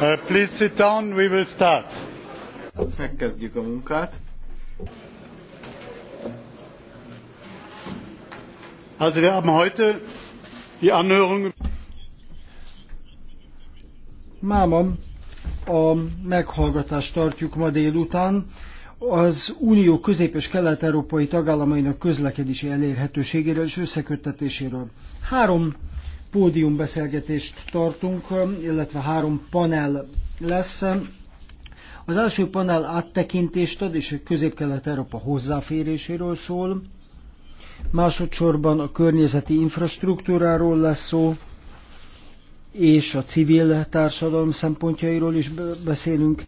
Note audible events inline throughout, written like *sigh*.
Uh, please sit down, we will start. Megkezdjük a munkát. Also wir haben heute die Anhörung. Mámam, a meghallgatást tartjuk ma délután az Unió közép- és kelet-európai tagállamainak közlekedési elérhetőségéről és összeköttetéséről. Három pódiumbeszélgetést tartunk, illetve három panel lesz. Az első panel áttekintést ad, és Közép-Kelet-Európa hozzáféréséről szól. Másodszorban a környezeti infrastruktúráról lesz szó, és a civil társadalom szempontjairól is beszélünk.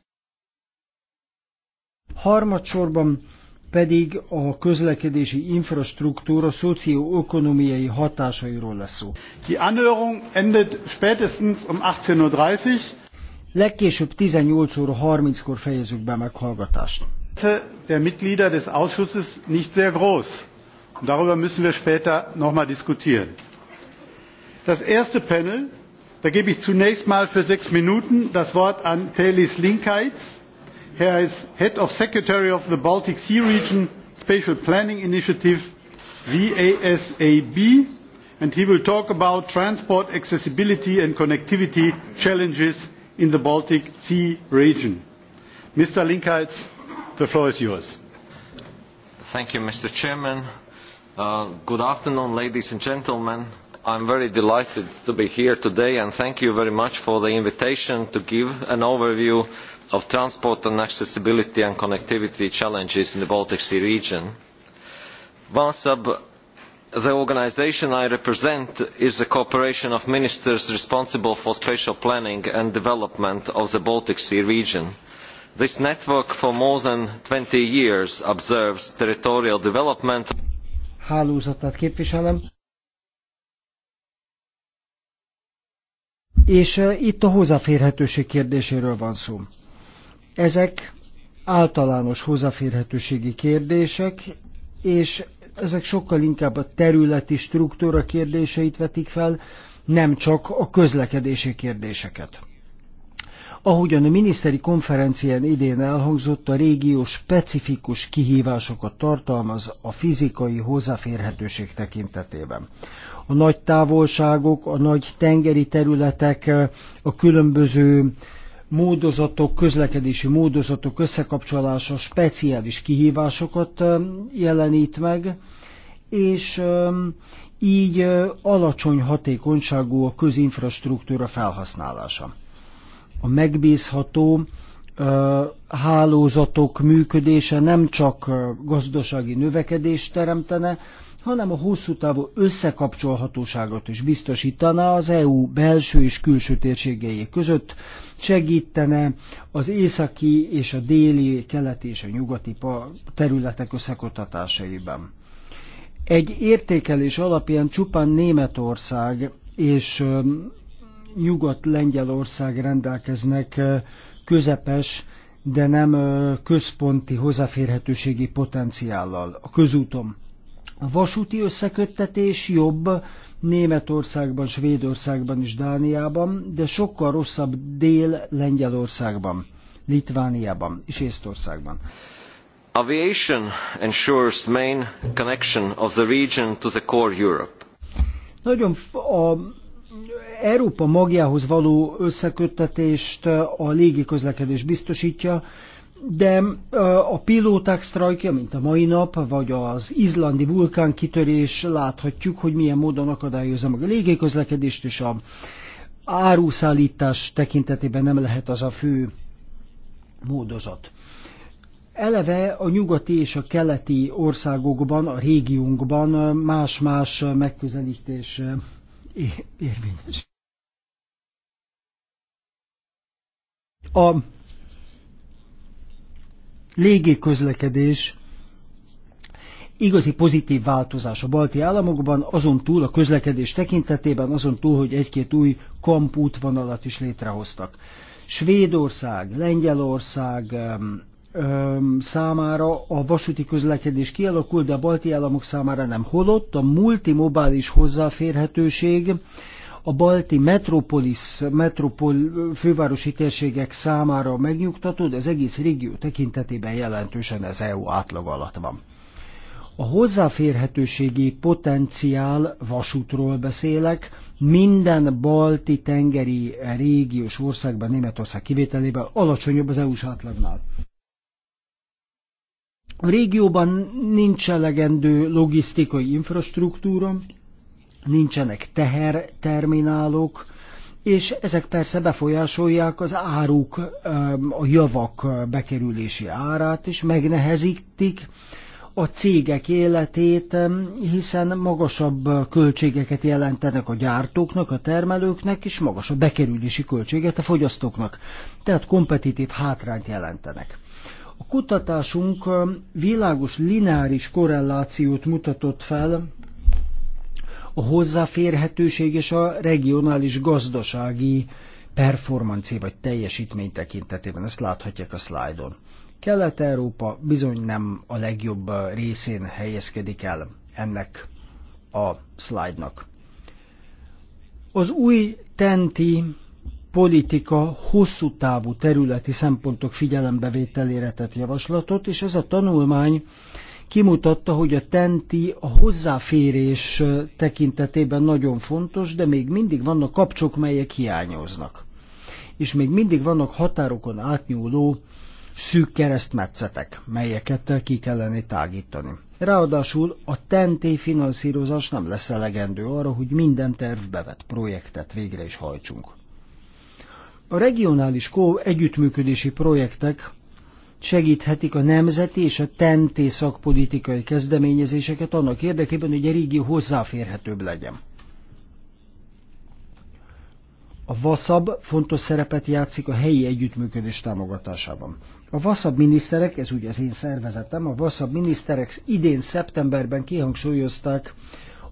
Harmadsorban pedig a közlekedési infrastruktúra szocioökonomiai hatásairól lesz szó. Die Anhörung endet spätestens um 18.30 Uhr. Legkésőbb 18 óra 30-kor fejezzük be meghallgatást. Der Mitglieder des Ausschusses nicht sehr groß. darüber müssen wir später nochmal diskutieren. Das erste Panel, da gebe ich zunächst mal für sechs Minuten das Wort an Telis Linkaitz Here is Head of Secretary of the Baltic Sea Region Spatial Planning Initiative, VASAB, and he will talk about transport accessibility and connectivity challenges in the Baltic Sea region. Mr. Linkheitz, the floor is yours. Thank you, Mr. Chairman. Uh, good afternoon, ladies and gentlemen. I am very delighted to be here today and thank you very much for the invitation to give an overview of transport and accessibility and connectivity challenges in the Baltic Sea region. VASAB, the organization I represent, is a cooperation of ministers responsible for spatial planning and development of the Baltic Sea region. This network for more than 20 years observes territorial development. Hálózatát képviselem. És eh, itt a hozzáférhetőség kérdéséről van szó. Ezek általános hozzáférhetőségi kérdések, és ezek sokkal inkább a területi struktúra kérdéseit vetik fel, nem csak a közlekedési kérdéseket. Ahogyan a miniszteri konferencián idén elhangzott, a régió specifikus kihívásokat tartalmaz a fizikai hozzáférhetőség tekintetében. A nagy távolságok, a nagy tengeri területek, a különböző módozatok, közlekedési módozatok összekapcsolása speciális kihívásokat jelenít meg, és így alacsony hatékonyságú a közinfrastruktúra felhasználása. A megbízható hálózatok működése nem csak gazdasági növekedést teremtene, hanem a hosszú távú összekapcsolhatóságot is biztosítaná az EU belső és külső térségei között, segítene az északi és a déli, keleti és a nyugati területek összekotatásaiban. Egy értékelés alapján csupán Németország és Nyugat-Lengyelország rendelkeznek közepes, de nem központi hozzáférhetőségi potenciállal a közúton a vasúti összeköttetés jobb Németországban, Svédországban és Dániában, de sokkal rosszabb Dél-Lengyelországban, Litvániában és Észtországban. Aviation ensures main connection of the region to the core Europe. Nagyon a Európa magjához való összeköttetést a légiközlekedés biztosítja, de a pilóták sztrajkja, mint a mai nap, vagy az izlandi vulkán kitörés, láthatjuk, hogy milyen módon akadályozza meg a légéközlekedést, és a áruszállítás tekintetében nem lehet az a fő módozat. Eleve a nyugati és a keleti országokban, a régiónkban más-más megközelítés érvényes. A légi közlekedés, igazi pozitív változás a balti államokban, azon túl a közlekedés tekintetében, azon túl, hogy egy-két új kamputvonalat is létrehoztak. Svédország, Lengyelország öm, számára a vasúti közlekedés kialakult, de a balti államok számára nem. Holott a multimobális hozzáférhetőség, a balti metropolis, metropol fővárosi térségek számára megnyugtató, de az egész régió tekintetében jelentősen az EU átlag alatt van. A hozzáférhetőségi potenciál vasútról beszélek, minden balti tengeri régiós országban, Németország kivételével alacsonyabb az EU-s átlagnál. A régióban nincs elegendő logisztikai infrastruktúra, nincsenek teherterminálok, és ezek persze befolyásolják az áruk, a javak bekerülési árát, és megnehezítik a cégek életét, hiszen magasabb költségeket jelentenek a gyártóknak, a termelőknek, és magasabb bekerülési költséget a fogyasztóknak. Tehát kompetitív hátrányt jelentenek. A kutatásunk világos lineáris korrelációt mutatott fel a hozzáférhetőség és a regionális gazdasági performancé vagy teljesítmény tekintetében. Ezt láthatják a szlájdon. Kelet-Európa bizony nem a legjobb részén helyezkedik el ennek a szlájdnak. Az új tenti politika hosszú távú területi szempontok figyelembevételére tett javaslatot, és ez a tanulmány kimutatta, hogy a tenti a hozzáférés tekintetében nagyon fontos, de még mindig vannak kapcsok, melyek hiányoznak. És még mindig vannak határokon átnyúló szűk keresztmetszetek, melyeket ki kellene tágítani. Ráadásul a TNT finanszírozás nem lesz elegendő arra, hogy minden tervbe vett projektet végre is hajtsunk. A regionális kó együttműködési projektek segíthetik a nemzeti és a tenté szakpolitikai kezdeményezéseket annak érdekében, hogy a régió hozzáférhetőbb legyen. A VASZAB fontos szerepet játszik a helyi együttműködés támogatásában. A VASZAB miniszterek, ez ugye az én szervezetem, a VASZAB miniszterek idén szeptemberben kihangsúlyozták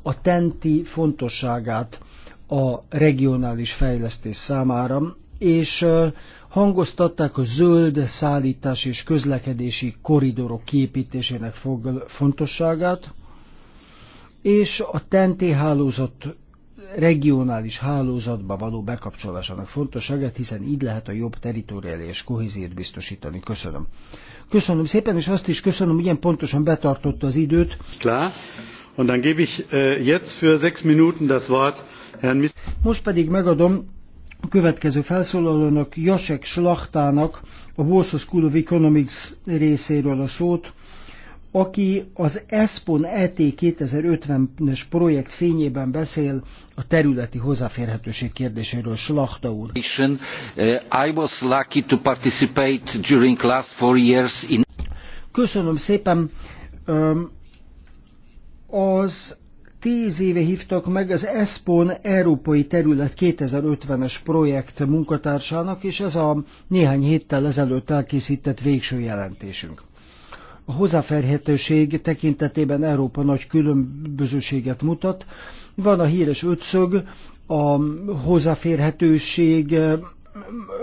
a tenti fontosságát a regionális fejlesztés számára, és hangoztatták a zöld szállítás és közlekedési koridorok képítésének fontosságát, és a tenté hálózat regionális hálózatba való bekapcsolásának fontosságát, hiszen így lehet a jobb teritoriális kohéziót biztosítani. Köszönöm. Köszönöm szépen, és azt is köszönöm, hogy ilyen pontosan betartotta az időt. Klar. Und dann gebe ich äh, jetzt für sechs Minuten das Wort Herrn Most pedig megadom a következő felszólalónak, Jasek Slachtának, a Warsaw School of Economics részéről a szót, aki az ESPON ET 2050-es projekt fényében beszél a területi hozzáférhetőség kérdéséről. Slachta úr. Eh, I was lucky to participate during last four years in... Köszönöm szépen. Az tíz éve hívtak meg az ESPON Európai Terület 2050-es projekt munkatársának, és ez a néhány héttel ezelőtt elkészített végső jelentésünk. A hozzáférhetőség tekintetében Európa nagy különbözőséget mutat. Van a híres ötszög, a hozzáférhetőség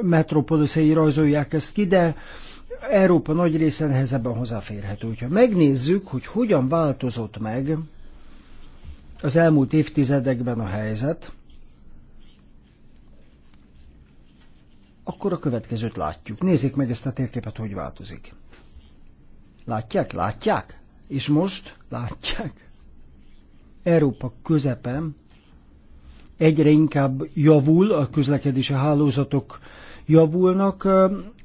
metropoliszei rajzolják ezt ki, de Európa nagy része nehezebben hozzáférhető. Ha megnézzük, hogy hogyan változott meg az elmúlt évtizedekben a helyzet, akkor a következőt látjuk. Nézzék meg ezt a térképet, hogy változik. Látják? Látják? És most? Látják? Európa közepen egyre inkább javul, a közlekedési hálózatok javulnak,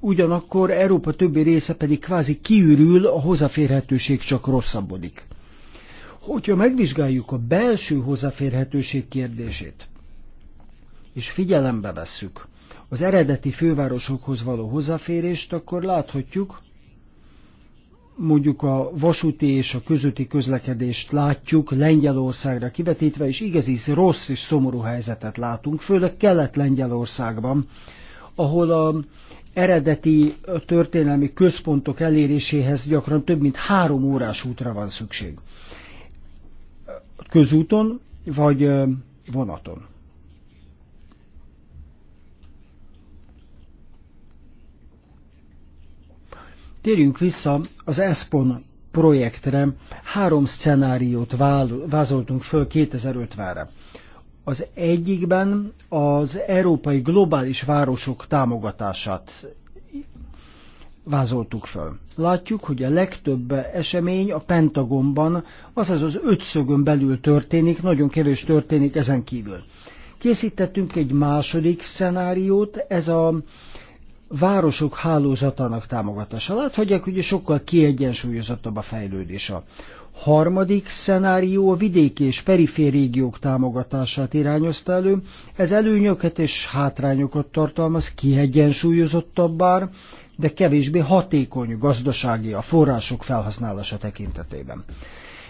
ugyanakkor Európa többi része pedig kvázi kiürül, a hozzáférhetőség csak rosszabbodik. Hogyha megvizsgáljuk a belső hozzáférhetőség kérdését, és figyelembe vesszük az eredeti fővárosokhoz való hozzáférést, akkor láthatjuk, mondjuk a vasúti és a közúti közlekedést látjuk Lengyelországra kivetítve, és igazi rossz és szomorú helyzetet látunk, főleg Kelet-Lengyelországban, ahol a eredeti történelmi központok eléréséhez gyakran több mint három órás útra van szükség közúton vagy vonaton. Térjünk vissza az ESPON projektre. Három szcenáriót vázoltunk föl 2050-re. Az egyikben az európai globális városok támogatását vázoltuk föl. Látjuk, hogy a legtöbb esemény a Pentagonban, azaz az ötszögön belül történik, nagyon kevés történik ezen kívül. Készítettünk egy második szenáriót, ez a városok hálózatának támogatása. Láthatják, hogy sokkal kiegyensúlyozottabb a fejlődés. A harmadik szenárió a vidéki és régiók támogatását irányozta elő. Ez előnyöket és hátrányokat tartalmaz, kiegyensúlyozottabb bár, de kevésbé hatékony gazdasági a források felhasználása tekintetében.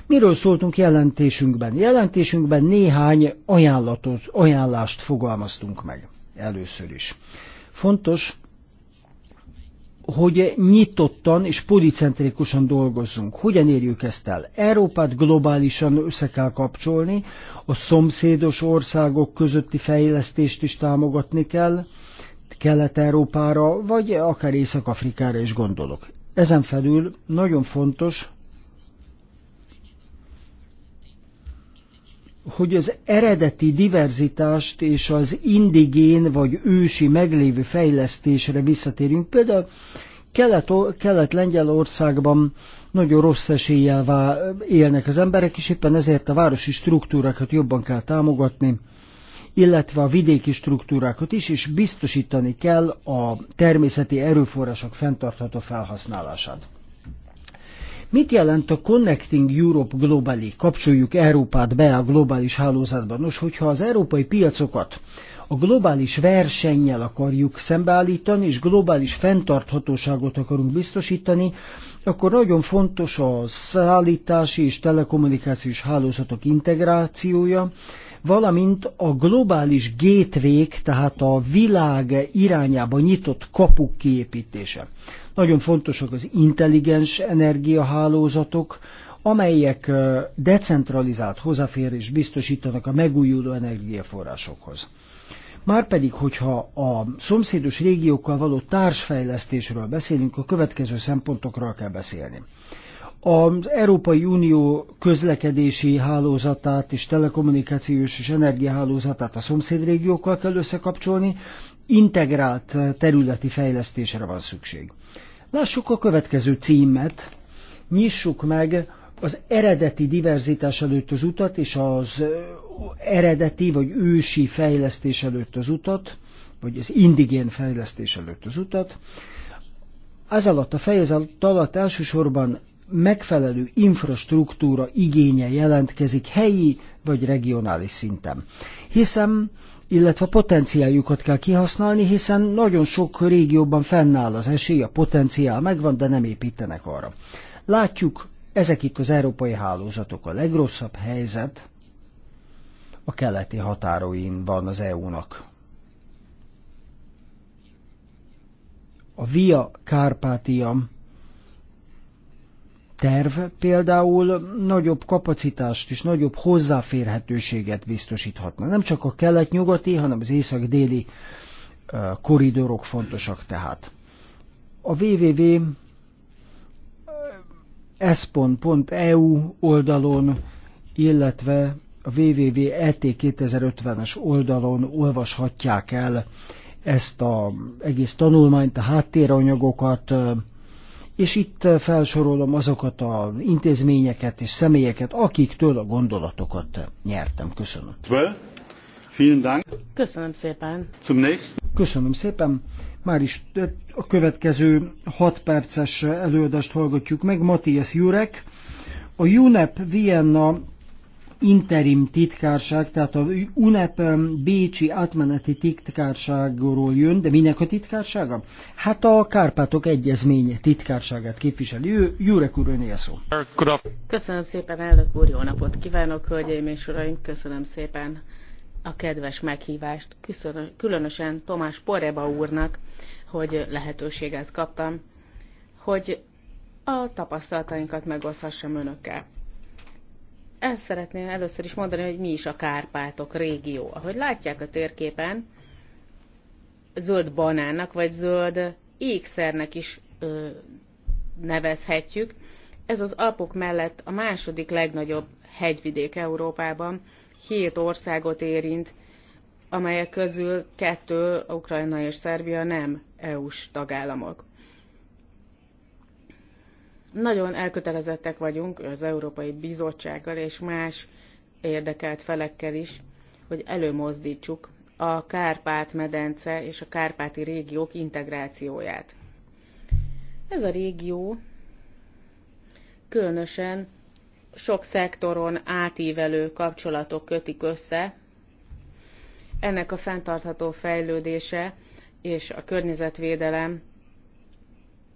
Miről szóltunk jelentésünkben? Jelentésünkben néhány ajánlatot, ajánlást fogalmaztunk meg először is. Fontos, hogy nyitottan és policentrikusan dolgozzunk. Hogyan érjük ezt el? Európát globálisan össze kell kapcsolni, a szomszédos országok közötti fejlesztést is támogatni kell, Kelet-Európára, vagy akár Észak-Afrikára is gondolok. Ezen felül nagyon fontos, hogy az eredeti diverzitást és az indigén vagy ősi meglévő fejlesztésre visszatérjünk. Például Kelet-Lengyelországban Kelet nagyon rossz eséllyel élnek az emberek, és éppen ezért a városi struktúrákat jobban kell támogatni illetve a vidéki struktúrákat is, és biztosítani kell a természeti erőforrások fenntartható felhasználását. Mit jelent a Connecting Europe Globally? Kapcsoljuk Európát be a globális hálózatban? Nos, hogyha az európai piacokat a globális versennyel akarjuk szembeállítani, és globális fenntarthatóságot akarunk biztosítani, akkor nagyon fontos a szállítási és telekommunikációs hálózatok integrációja, valamint a globális gétvék, tehát a világ irányába nyitott kapuk kiépítése. Nagyon fontosak az intelligens energiahálózatok, amelyek decentralizált hozzáférés biztosítanak a megújuló energiaforrásokhoz. Márpedig, hogyha a szomszédos régiókkal való társfejlesztésről beszélünk, a következő szempontokról kell beszélni. Az Európai Unió közlekedési hálózatát és telekommunikációs és energiahálózatát a szomszédrégiókkal kell összekapcsolni, integrált területi fejlesztésre van szükség. Lássuk a következő címet, nyissuk meg az eredeti diverzitás előtt az utat, és az eredeti vagy ősi fejlesztés előtt az utat, vagy az indigén fejlesztés előtt az utat. Ez alatt a fejezet alatt elsősorban megfelelő infrastruktúra igénye jelentkezik helyi vagy regionális szinten. Hiszen illetve potenciáljukat kell kihasználni, hiszen nagyon sok régióban fennáll az esély, a potenciál megvan, de nem építenek arra. Látjuk, ezek itt az európai hálózatok a legrosszabb helyzet, a keleti határoin van az EU-nak. A Via Carpatia terv például nagyobb kapacitást és nagyobb hozzáférhetőséget biztosíthatna. Nem csak a kelet-nyugati, hanem az észak-déli eh, koridorok fontosak tehát. A www eh, e oldalon, illetve a www.et2050-es oldalon olvashatják el ezt az egész tanulmányt, a háttéranyagokat, eh, és itt felsorolom azokat az intézményeket és személyeket, akiktől a gondolatokat nyertem. Köszönöm. Köszönöm szépen. Köszönöm szépen. Már is a következő 6 perces előadást hallgatjuk meg. Matthias Jurek, a UNEP Vienna interim titkárság, tehát a UNEP um, Bécsi átmeneti titkárságról jön, de minek a titkársága? Hát a Kárpátok Egyezmény titkárságát képviseli. Ő, Jurek úr, önél szó. Köszönöm szépen, elnök úr, jó napot kívánok, hölgyeim és uraim, köszönöm szépen a kedves meghívást, különösen Tomás Poreba úrnak, hogy lehetőséget kaptam, hogy a tapasztalatainkat megoszhassam önökkel el szeretném először is mondani, hogy mi is a Kárpátok régió. Ahogy látják a térképen, zöld banánnak vagy zöld ékszernek is ö, nevezhetjük. Ez az Alpok mellett a második legnagyobb hegyvidék Európában. Hét országot érint, amelyek közül kettő, Ukrajna és Szerbia nem EU-s tagállamok. Nagyon elkötelezettek vagyunk az Európai Bizottsággal és más érdekelt felekkel is, hogy előmozdítsuk a Kárpát-medence és a kárpáti régiók integrációját. Ez a régió különösen sok szektoron átívelő kapcsolatok kötik össze. Ennek a fenntartható fejlődése és a környezetvédelem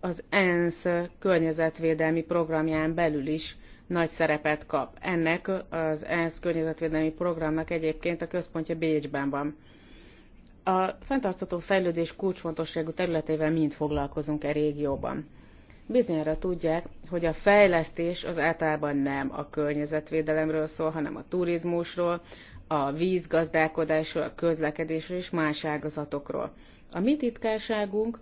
az ENSZ környezetvédelmi programján belül is nagy szerepet kap. Ennek az ENSZ környezetvédelmi programnak egyébként a központja Bécsben van. A fenntartható fejlődés kulcsfontosságú területével mind foglalkozunk e régióban. Bizonyára tudják, hogy a fejlesztés az általában nem a környezetvédelemről szól, hanem a turizmusról, a vízgazdálkodásról, a közlekedésről és más ágazatokról. A mi titkárságunk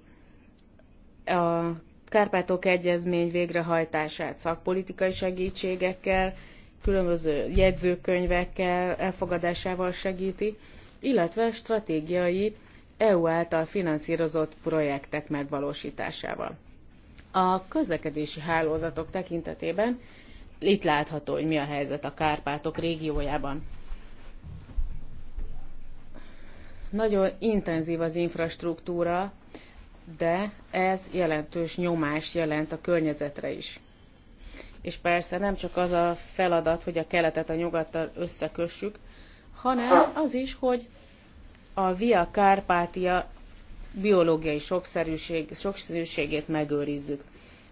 a Kárpátok Egyezmény végrehajtását szakpolitikai segítségekkel, különböző jegyzőkönyvekkel, elfogadásával segíti, illetve stratégiai EU által finanszírozott projektek megvalósításával. A közlekedési hálózatok tekintetében itt látható, hogy mi a helyzet a Kárpátok régiójában. Nagyon intenzív az infrastruktúra, de ez jelentős nyomás jelent a környezetre is. És persze nem csak az a feladat, hogy a keletet a nyugattal összekössük, hanem az is, hogy a Via Kárpátia biológiai sokszerűség, sokszerűségét megőrizzük.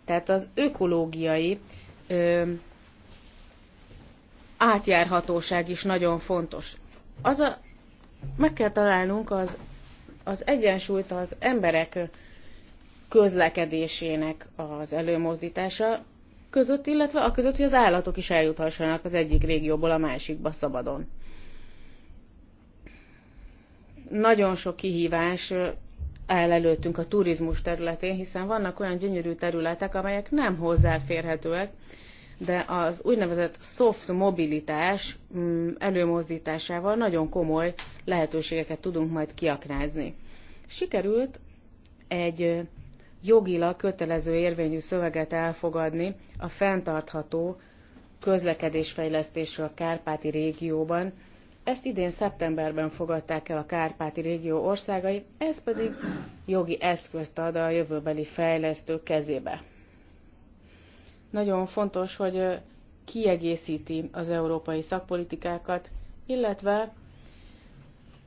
Tehát az ökológiai ö, átjárhatóság is nagyon fontos. Az a, meg kell találnunk az, az egyensúlyt az emberek közlekedésének az előmozdítása között, illetve a között, hogy az állatok is eljuthassanak az egyik régióból a másikba szabadon. Nagyon sok kihívás áll előttünk a turizmus területén, hiszen vannak olyan gyönyörű területek, amelyek nem hozzáférhetőek, de az úgynevezett soft mobilitás mm, előmozdításával nagyon komoly lehetőségeket tudunk majd kiaknázni. Sikerült egy jogilag kötelező érvényű szöveget elfogadni a fenntartható közlekedésfejlesztésről a Kárpáti régióban. Ezt idén szeptemberben fogadták el a Kárpáti régió országai, ez pedig jogi eszközt ad a jövőbeli fejlesztő kezébe. Nagyon fontos, hogy kiegészíti az európai szakpolitikákat, illetve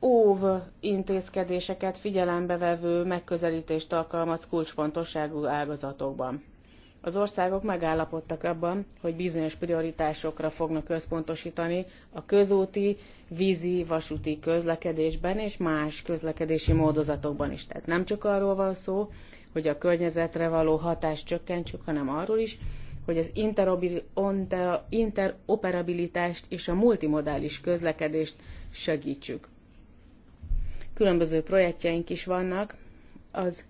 óv intézkedéseket figyelembe vevő megközelítést alkalmaz kulcsfontosságú ágazatokban. Az országok megállapodtak abban, hogy bizonyos prioritásokra fognak központosítani a közúti, vízi, vasúti közlekedésben és más közlekedési módozatokban is. Tehát nem csak arról van szó, hogy a környezetre való hatást csökkentsük, hanem arról is, hogy az interoperabilitást és a multimodális közlekedést segítsük. Különböző projektjeink is vannak. Az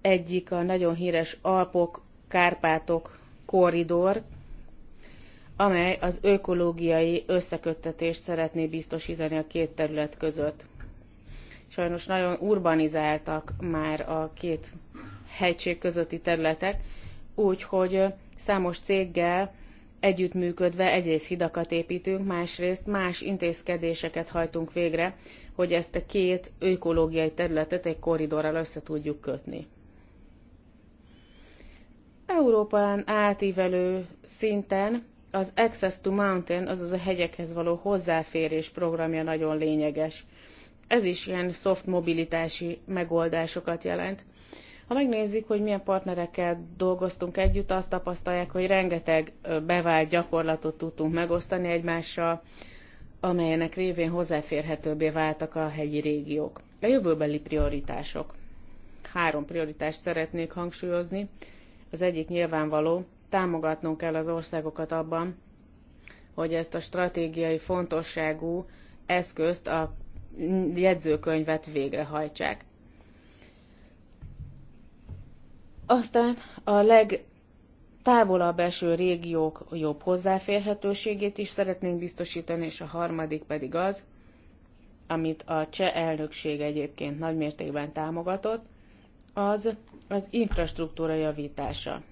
egyik a nagyon híres Alpok, Kárpátok korridor, amely az ökológiai összeköttetést szeretné biztosítani a két terület között. Sajnos nagyon urbanizáltak már a két hegység közötti területek, úgyhogy számos céggel együttműködve egyrészt hidakat építünk, másrészt más intézkedéseket hajtunk végre, hogy ezt a két ökológiai területet egy korridorral össze tudjuk kötni. Európán átívelő szinten az Access to Mountain, azaz a hegyekhez való hozzáférés programja nagyon lényeges. Ez is ilyen soft mobilitási megoldásokat jelent, ha megnézzük, hogy milyen partnerekkel dolgoztunk együtt, azt tapasztalják, hogy rengeteg bevált gyakorlatot tudtunk megosztani egymással, amelyenek révén hozzáférhetőbbé váltak a hegyi régiók. A jövőbeli prioritások. Három prioritást szeretnék hangsúlyozni. Az egyik nyilvánvaló, támogatnunk kell az országokat abban, hogy ezt a stratégiai fontosságú eszközt, a jegyzőkönyvet végrehajtsák. Aztán a legtávolabb eső régiók jobb hozzáférhetőségét is szeretnénk biztosítani, és a harmadik pedig az, amit a cseh elnökség egyébként nagymértékben támogatott, az az infrastruktúra javítása.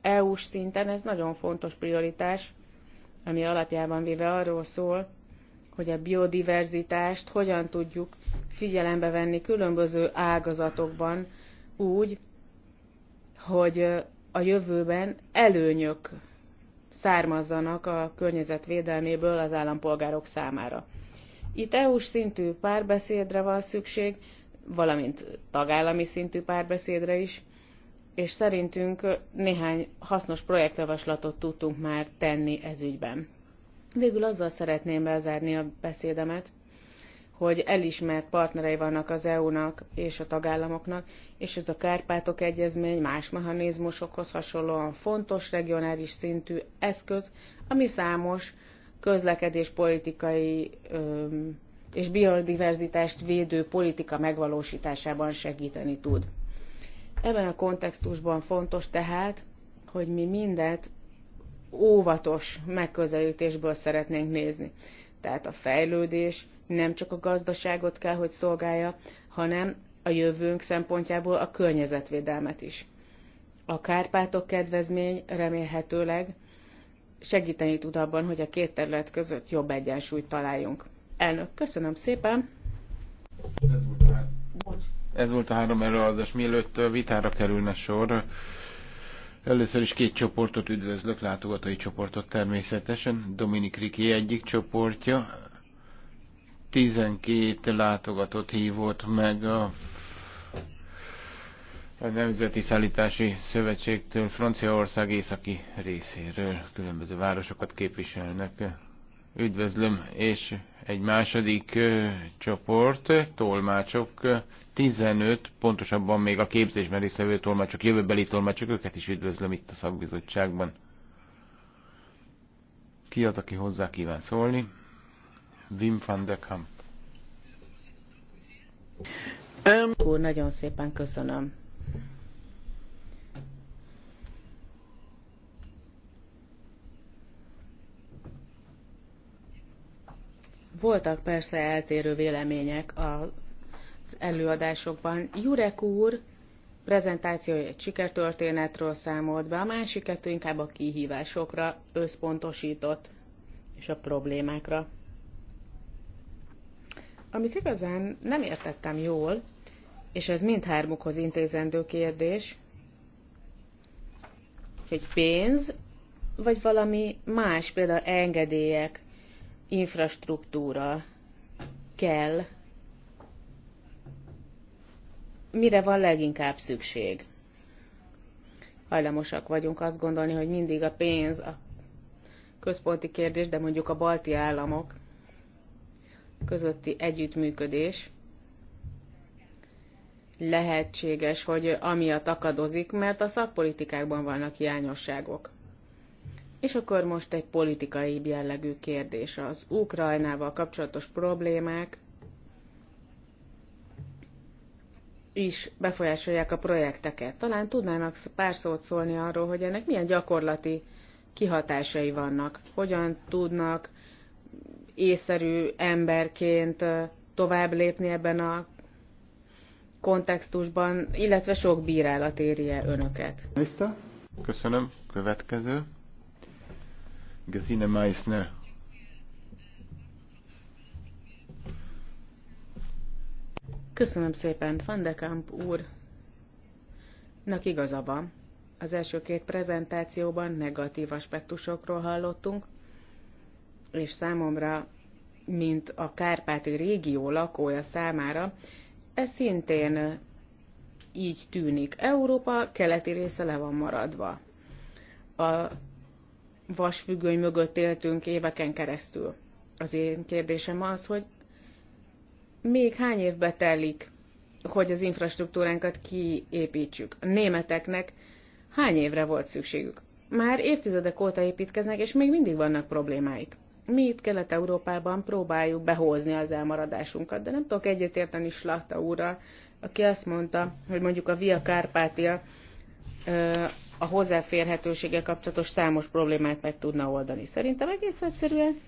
EU-s szinten ez nagyon fontos prioritás, ami alapjában véve arról szól, hogy a biodiverzitást hogyan tudjuk figyelembe venni különböző ágazatokban úgy, hogy a jövőben előnyök származzanak a környezetvédelméből az állampolgárok számára. Itt EU-s szintű párbeszédre van szükség, valamint tagállami szintű párbeszédre is, és szerintünk néhány hasznos projektjavaslatot tudtunk már tenni ez ügyben. Végül azzal szeretném bezárni a beszédemet, hogy elismert partnerei vannak az EU-nak és a tagállamoknak, és ez a Kárpátok Egyezmény más mechanizmusokhoz hasonlóan fontos regionális szintű eszköz, ami számos közlekedéspolitikai öm, és biodiverzitást védő politika megvalósításában segíteni tud. Ebben a kontextusban fontos tehát, hogy mi mindet óvatos megközelítésből szeretnénk nézni. Tehát a fejlődés, nem csak a gazdaságot kell, hogy szolgálja, hanem a jövőnk szempontjából a környezetvédelmet is. A Kárpátok kedvezmény remélhetőleg segíteni tud abban, hogy a két terület között jobb egyensúlyt találjunk. Elnök, köszönöm szépen! Ez volt a, Ez volt a három előadás. Mielőtt vitára kerülne sor, Először is két csoportot üdvözlök, látogatói csoportot természetesen. Dominik Riki egyik csoportja, 12 látogatót hívott meg a a Nemzeti Szállítási Szövetségtől Franciaország északi részéről különböző városokat képviselnek. Üdvözlöm, és egy második ö, csoport, tolmácsok, 15, pontosabban még a képzésben résztvevő tolmácsok, jövőbeli tolmácsok, őket is üdvözlöm itt a szakbizottságban. Ki az, aki hozzá kíván szólni? Wim van de Kamp. Úr, nagyon szépen köszönöm. Voltak persze eltérő vélemények az előadásokban. Jurek úr prezentációja egy sikertörténetről számolt be, a másik kettő inkább a kihívásokra összpontosított és a problémákra. Amit igazán nem értettem jól, és ez mindhármukhoz intézendő kérdés, hogy pénz, vagy valami más, például engedélyek, infrastruktúra kell, mire van leginkább szükség. Hajlamosak vagyunk azt gondolni, hogy mindig a pénz a központi kérdés, de mondjuk a balti államok közötti együttműködés lehetséges, hogy amiatt akadozik, mert a szakpolitikákban vannak hiányosságok. És akkor most egy politikai jellegű kérdés. Az Ukrajnával kapcsolatos problémák is befolyásolják a projekteket. Talán tudnának pár szót szólni arról, hogy ennek milyen gyakorlati kihatásai vannak, hogyan tudnak észszerű emberként tovább lépni ebben a kontextusban, illetve sok bírálat érje önöket. Köszönöm. Következő. Gesine Meissner. Köszönöm szépen, Van de Kamp úr. Nak igaza van. Az első két prezentációban negatív aspektusokról hallottunk, és számomra, mint a Kárpáti régió lakója számára, ez szintén így tűnik. Európa keleti része le van maradva. A vasfüggöny mögött éltünk éveken keresztül. Az én kérdésem az, hogy még hány évbe telik, hogy az infrastruktúránkat kiépítsük. A németeknek hány évre volt szükségük? Már évtizedek óta építkeznek, és még mindig vannak problémáik mi itt Kelet-Európában próbáljuk behozni az elmaradásunkat, de nem tudok egyetérteni Slata úrral, aki azt mondta, hogy mondjuk a Via Kárpátia a hozzáférhetősége kapcsolatos számos problémát meg tudna oldani. Szerintem egész egyszerűen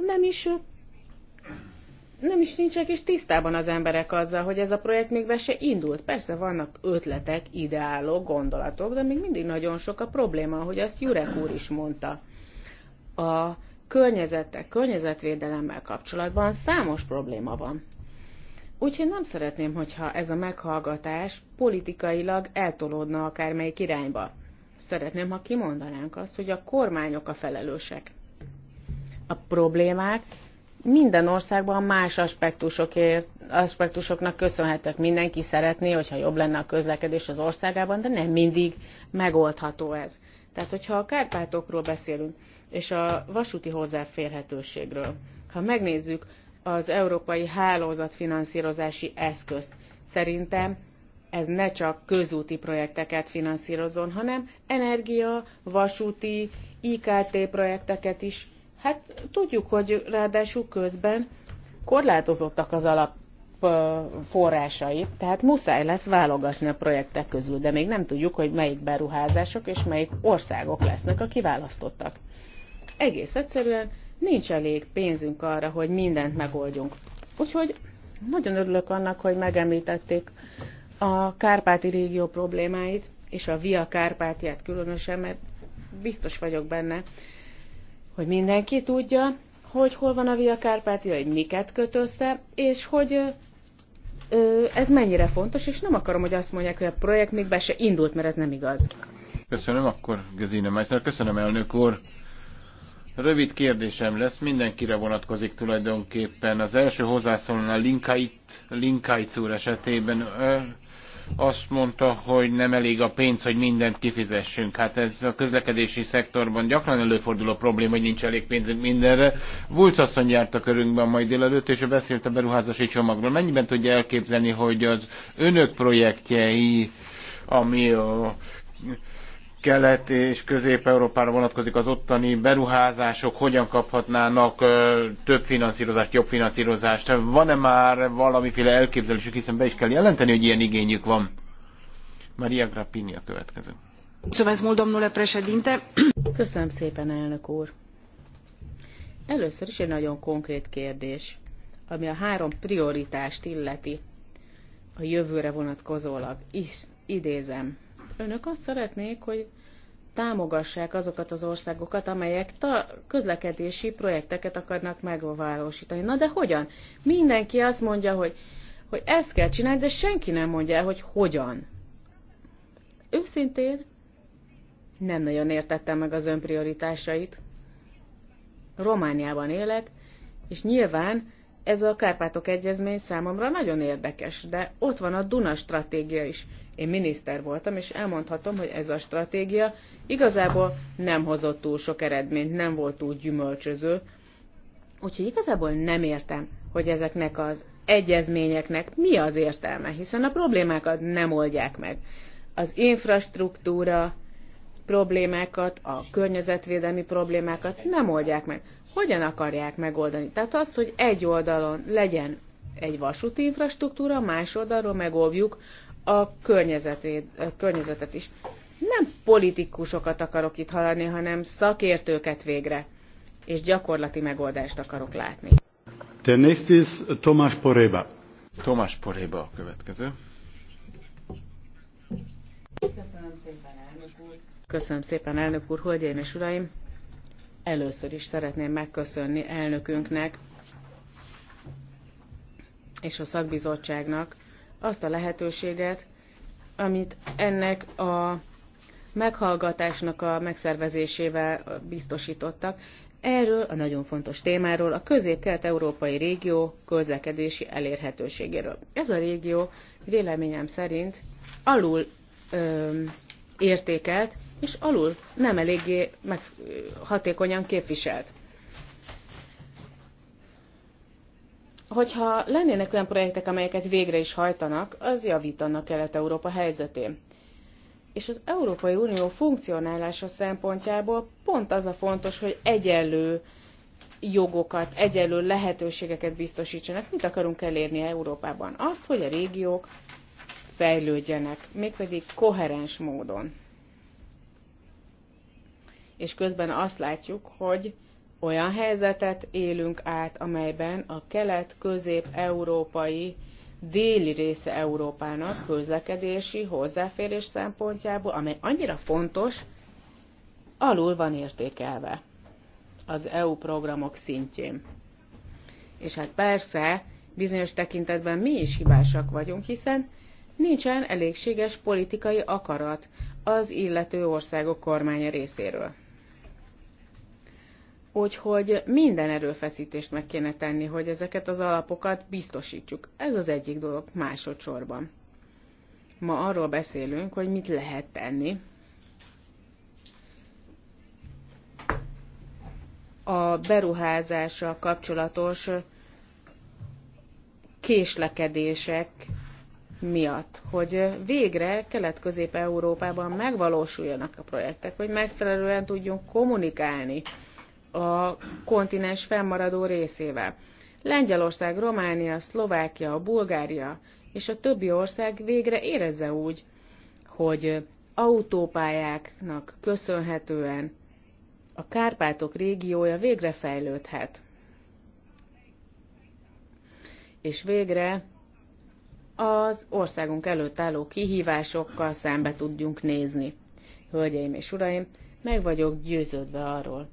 nem is nem is nincsenek is tisztában az emberek azzal, hogy ez a projekt még be se indult. Persze vannak ötletek, ideálok, gondolatok, de még mindig nagyon sok a probléma, ahogy azt Jurek úr is mondta. A környezettel, környezetvédelemmel kapcsolatban számos probléma van. Úgyhogy nem szeretném, hogyha ez a meghallgatás politikailag eltolódna akármelyik irányba. Szeretném, ha kimondanánk azt, hogy a kormányok a felelősek. A problémák minden országban más aspektusokért, aspektusoknak köszönhetők. Mindenki szeretné, hogyha jobb lenne a közlekedés az országában, de nem mindig megoldható ez. Tehát, hogyha a Kárpátokról beszélünk, és a vasúti hozzáférhetőségről. Ha megnézzük az európai hálózatfinanszírozási eszközt, szerintem ez ne csak közúti projekteket finanszírozon, hanem energia, vasúti, IKT projekteket is. Hát tudjuk, hogy ráadásul közben korlátozottak az alap forrásai, tehát muszáj lesz válogatni a projektek közül, de még nem tudjuk, hogy melyik beruházások és melyik országok lesznek a kiválasztottak egész egyszerűen nincs elég pénzünk arra, hogy mindent megoldjunk. Úgyhogy nagyon örülök annak, hogy megemlítették a Kárpáti régió problémáit, és a Via Kárpátiát különösen, mert biztos vagyok benne, hogy mindenki tudja, hogy hol van a Via Kárpátia, hogy miket köt össze, és hogy ö, ez mennyire fontos, és nem akarom, hogy azt mondják, hogy a projekt még be se indult, mert ez nem igaz. Köszönöm, akkor gazina, Meissner, köszönöm elnök úr. Rövid kérdésem lesz, mindenkire vonatkozik tulajdonképpen. Az első hozzászólóan a Linkait, Linkait úr esetében ö, azt mondta, hogy nem elég a pénz, hogy mindent kifizessünk. Hát ez a közlekedési szektorban gyakran előforduló probléma, hogy nincs elég pénzünk mindenre. Vulc asszony járt a körünkben majd délelőtt, és ő beszélt a beruházási csomagról. Mennyiben tudja elképzelni, hogy az önök projektjei, ami a Kelet és Közép-Európára vonatkozik az ottani beruházások, hogyan kaphatnának több finanszírozást, jobb finanszírozást? Van-e már valamiféle elképzelésük, hiszen be is kell jelenteni, hogy ilyen igényük van? Maria Grappini a következő. Köszönöm szépen, elnök úr. Először is egy nagyon konkrét kérdés, ami a három prioritást illeti a jövőre vonatkozólag. Is idézem, önök azt szeretnék, hogy támogassák azokat az országokat, amelyek ta- közlekedési projekteket akarnak megvalósítani. Na de hogyan? Mindenki azt mondja, hogy, hogy ezt kell csinálni, de senki nem mondja el, hogy hogyan. Őszintén nem nagyon értettem meg az önprioritásait. Romániában élek, és nyilván ez a Kárpátok Egyezmény számomra nagyon érdekes, de ott van a Duna stratégia is. Én miniszter voltam, és elmondhatom, hogy ez a stratégia igazából nem hozott túl sok eredményt, nem volt túl gyümölcsöző. Úgyhogy igazából nem értem, hogy ezeknek az egyezményeknek mi az értelme, hiszen a problémákat nem oldják meg. Az infrastruktúra problémákat, a környezetvédelmi problémákat nem oldják meg. Hogyan akarják megoldani? Tehát azt, hogy egy oldalon legyen egy vasúti infrastruktúra, más oldalról megoldjuk a, környezetét, a környezetet is. Nem politikusokat akarok itt hallani, hanem szakértőket végre, és gyakorlati megoldást akarok látni. The next is Tomás Poréba. Tomás Poréba a következő. Köszönöm szépen, elnök úr. Köszönöm szépen, elnök úr, hölgyeim és uraim. Először is szeretném megköszönni elnökünknek és a szakbizottságnak, azt a lehetőséget, amit ennek a meghallgatásnak a megszervezésével biztosítottak. Erről a nagyon fontos témáról, a közép-kelet-európai régió közlekedési elérhetőségéről. Ez a régió véleményem szerint alul ö, értékelt és alul nem eléggé meg, hatékonyan képviselt. hogyha lennének olyan projektek, amelyeket végre is hajtanak, az javítanak Kelet-Európa helyzetén. És az Európai Unió funkcionálása szempontjából pont az a fontos, hogy egyenlő jogokat, egyenlő lehetőségeket biztosítsanak. Mit akarunk elérni Európában? Azt, hogy a régiók fejlődjenek, mégpedig koherens módon. És közben azt látjuk, hogy olyan helyzetet élünk át, amelyben a kelet-közép-európai déli része Európának közlekedési hozzáférés szempontjából, amely annyira fontos, alul van értékelve az EU programok szintjén. És hát persze, bizonyos tekintetben mi is hibásak vagyunk, hiszen nincsen elégséges politikai akarat az illető országok kormánya részéről. Úgyhogy minden erőfeszítést meg kéne tenni, hogy ezeket az alapokat biztosítsuk. Ez az egyik dolog másodszorban. Ma arról beszélünk, hogy mit lehet tenni. A beruházással kapcsolatos késlekedések miatt, hogy végre Kelet-Közép-Európában megvalósuljanak a projektek, hogy megfelelően tudjunk kommunikálni a kontinens fennmaradó részével. Lengyelország, Románia, Szlovákia, Bulgária és a többi ország végre érezze úgy, hogy autópályáknak köszönhetően a Kárpátok régiója végre fejlődhet. És végre az országunk előtt álló kihívásokkal szembe tudjunk nézni. Hölgyeim és uraim, meg vagyok győződve arról,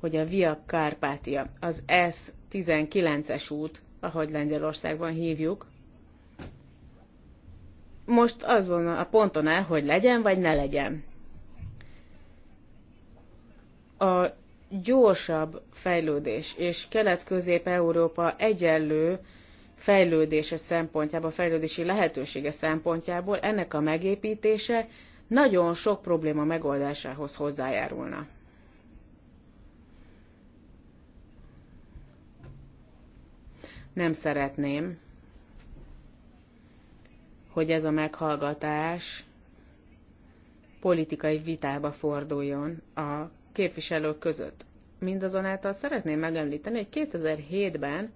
hogy a Via Carpatia, az S19-es út, ahogy Lengyelországban hívjuk, most azon a ponton el, hogy legyen vagy ne legyen. A gyorsabb fejlődés és Kelet-Közép-Európa egyenlő fejlődése szempontjából, fejlődési lehetősége szempontjából ennek a megépítése nagyon sok probléma megoldásához hozzájárulna. Nem szeretném, hogy ez a meghallgatás politikai vitába forduljon a képviselők között. Mindazonáltal szeretném megemlíteni, hogy 2007-ben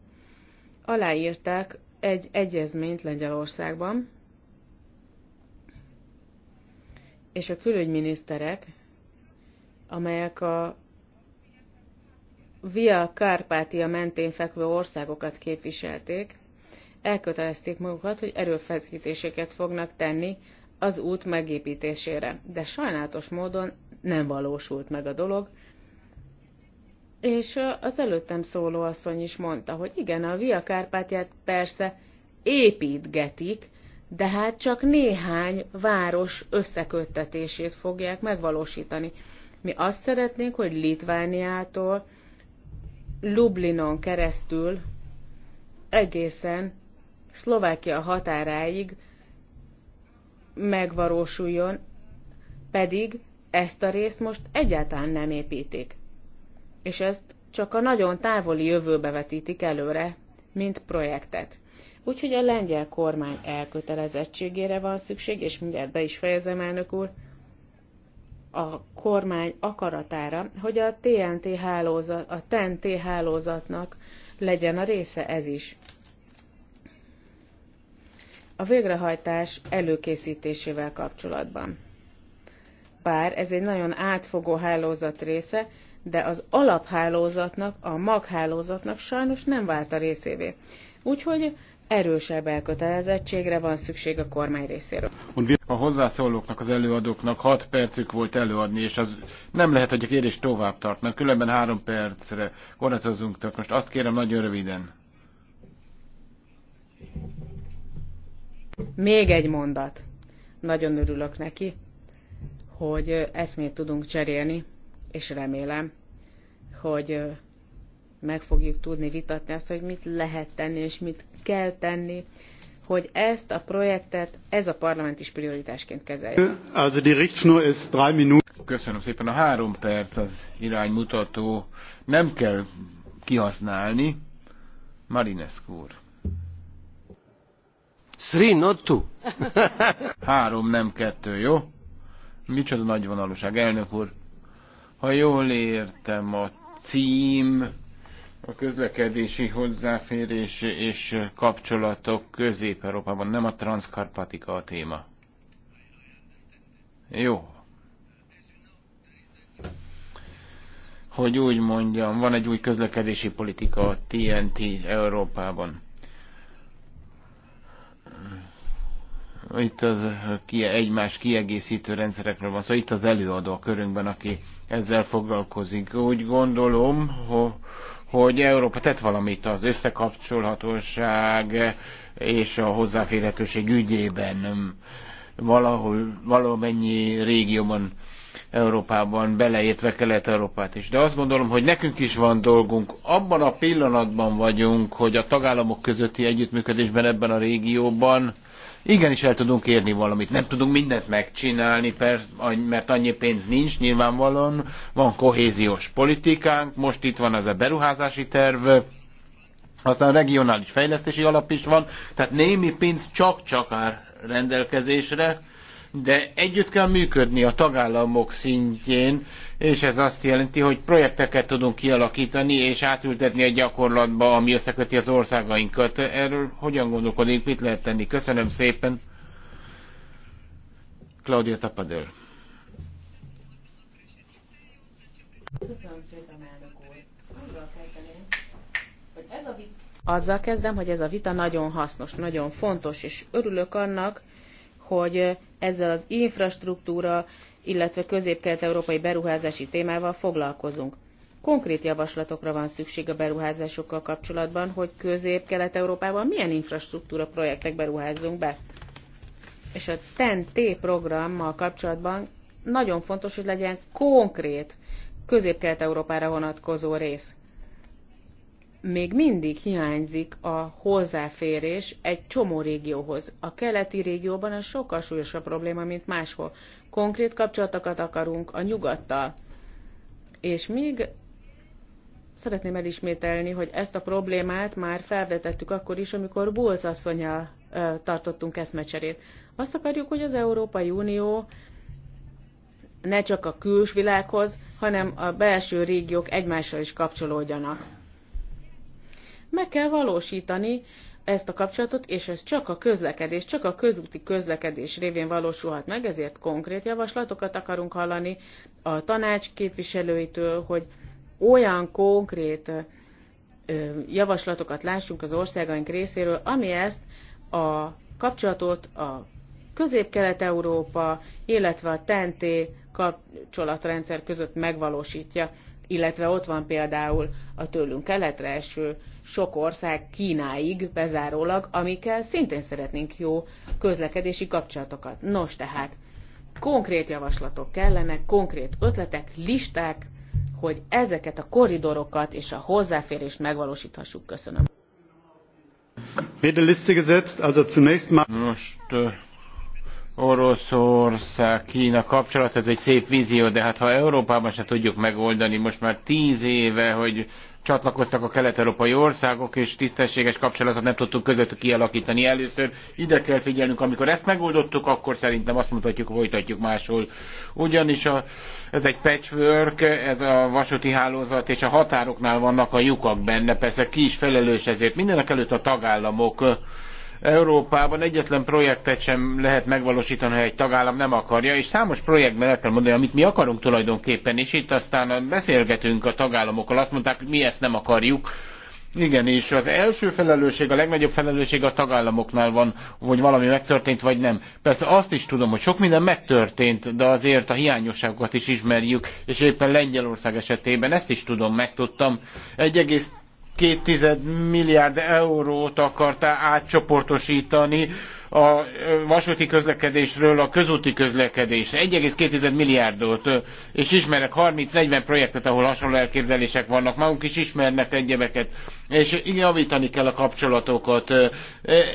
aláírták egy egyezményt Lengyelországban, és a külügyminiszterek, amelyek a Via Kárpátia mentén fekvő országokat képviselték, elkötelezték magukat, hogy erőfeszítéseket fognak tenni az út megépítésére. De sajnálatos módon nem valósult meg a dolog, és az előttem szóló asszony is mondta, hogy igen, a Via Kárpátiát persze építgetik, de hát csak néhány város összeköttetését fogják megvalósítani. Mi azt szeretnénk, hogy Litvániától Lublinon keresztül egészen Szlovákia határáig megvalósuljon, pedig ezt a részt most egyáltalán nem építik. És ezt csak a nagyon távoli jövőbe vetítik előre, mint projektet. Úgyhogy a lengyel kormány elkötelezettségére van szükség, és mindjárt be is fejezem, elnök úr, a kormány akaratára, hogy a TNT hálózat, a TNT hálózatnak legyen a része ez is. A végrehajtás előkészítésével kapcsolatban. Bár ez egy nagyon átfogó hálózat része, de az alaphálózatnak, a maghálózatnak sajnos nem vált a részévé. Úgyhogy erősebb elkötelezettségre van szükség a kormány részéről. A hozzászólóknak, az előadóknak 6 percük volt előadni, és az nem lehet, hogy a kérdés tovább mert Különben 3 percre korlátozunk, tehát most azt kérem nagyon röviden. Még egy mondat. Nagyon örülök neki, hogy eszmét tudunk cserélni, és remélem, hogy meg fogjuk tudni vitatni azt, hogy mit lehet tenni és mit kell tenni, hogy ezt a projektet ez a parlament is prioritásként kezelje. Köszönöm szépen. A három perc az iránymutató. Nem kell kihasználni. Marinescu úr. Three, not two. *laughs* Három, nem kettő, jó? Micsoda nagyvonalúság, elnök úr. Ha jól értem, a cím a közlekedési hozzáférés és kapcsolatok Közép-Európában, nem a transzkarpatika a téma. Jó. Hogy úgy mondjam, van egy új közlekedési politika a TNT Európában. Itt az egymás kiegészítő rendszerekről van szó, szóval itt az előadó a körünkben, aki ezzel foglalkozik. Úgy gondolom, hogy hogy Európa tett valamit az összekapcsolhatóság és a hozzáférhetőség ügyében valahol, valamennyi régióban Európában, beleértve Kelet-Európát is. De azt gondolom, hogy nekünk is van dolgunk. Abban a pillanatban vagyunk, hogy a tagállamok közötti együttműködésben ebben a régióban igenis el tudunk érni valamit. Nem tudunk mindent megcsinálni, mert annyi pénz nincs, nyilvánvalóan van kohéziós politikánk, most itt van az a beruházási terv, aztán regionális fejlesztési alap is van, tehát némi pénz csak-csak áll rendelkezésre, de együtt kell működni a tagállamok szintjén, és ez azt jelenti, hogy projekteket tudunk kialakítani és átültetni a gyakorlatba, ami összeköti az országainkat. Erről hogyan gondolkodik, mit lehet tenni? Köszönöm szépen. Claudia Tapadöl. a Azzal kezdem, hogy ez a vita nagyon hasznos, nagyon fontos, és örülök annak, hogy ezzel az infrastruktúra, illetve közép-kelet-európai beruházási témával foglalkozunk. Konkrét javaslatokra van szükség a beruházásokkal kapcsolatban, hogy közép-kelet-európában milyen infrastruktúra projektek beruházzunk be. És a TEN-T e programmal kapcsolatban nagyon fontos, hogy legyen konkrét közép-kelet-európára vonatkozó rész még mindig hiányzik a hozzáférés egy csomó régióhoz. A keleti régióban ez sokkal súlyosabb probléma, mint máshol. Konkrét kapcsolatokat akarunk a nyugattal. És még szeretném elismételni, hogy ezt a problémát már felvetettük akkor is, amikor Bulls asszonyjal tartottunk eszmecserét. Azt akarjuk, hogy az Európai Unió ne csak a külsvilághoz, hanem a belső régiók egymással is kapcsolódjanak meg kell valósítani ezt a kapcsolatot, és ez csak a közlekedés, csak a közúti közlekedés révén valósulhat meg, ezért konkrét javaslatokat akarunk hallani a tanács képviselőitől, hogy olyan konkrét javaslatokat lássunk az országaink részéről, ami ezt a kapcsolatot a közép-kelet-európa, illetve a TNT kapcsolatrendszer között megvalósítja illetve ott van például a tőlünk keletre eső sok ország Kínáig bezárólag, amikkel szintén szeretnénk jó közlekedési kapcsolatokat. Nos tehát, konkrét javaslatok kellenek, konkrét ötletek, listák, hogy ezeket a koridorokat és a hozzáférést megvalósíthassuk. Köszönöm. Rede Liste Most Oroszország-Kína kapcsolat, ez egy szép vízió, de hát ha Európában se tudjuk megoldani, most már tíz éve, hogy csatlakoztak a kelet-európai országok, és tisztességes kapcsolatot nem tudtuk közöttük kialakítani. Először ide kell figyelnünk, amikor ezt megoldottuk, akkor szerintem azt mutatjuk, hogy folytatjuk máshol. Ugyanis a, ez egy patchwork, ez a vasúti hálózat, és a határoknál vannak a lyukak benne, persze ki is felelős ezért. Mindenek előtt a tagállamok Európában egyetlen projektet sem lehet megvalósítani, ha egy tagállam nem akarja, és számos projektben el kell mondani, amit mi akarunk tulajdonképpen, és itt aztán beszélgetünk a tagállamokkal, azt mondták, hogy mi ezt nem akarjuk, igen, és az első felelősség, a legnagyobb felelősség a tagállamoknál van, hogy valami megtörtént, vagy nem. Persze azt is tudom, hogy sok minden megtörtént, de azért a hiányosságokat is ismerjük, és éppen Lengyelország esetében ezt is tudom, megtudtam két milliárd eurót akart átcsoportostani a vasúti közlekedésről a közúti közlekedésre. 1,2 milliárdot, és ismerek 30-40 projektet, ahol hasonló elképzelések vannak. Magunk is ismernek egyebeket, és javítani kell a kapcsolatokat.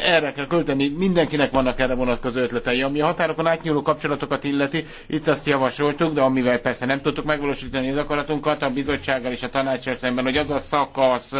Erre kell költeni, mindenkinek vannak erre vonatkozó ötletei. Ami a határokon átnyúló kapcsolatokat illeti, itt azt javasoltuk, de amivel persze nem tudtuk megvalósítani az akaratunkat, a bizottsággal és a tanácsal szemben, hogy az a szakasz,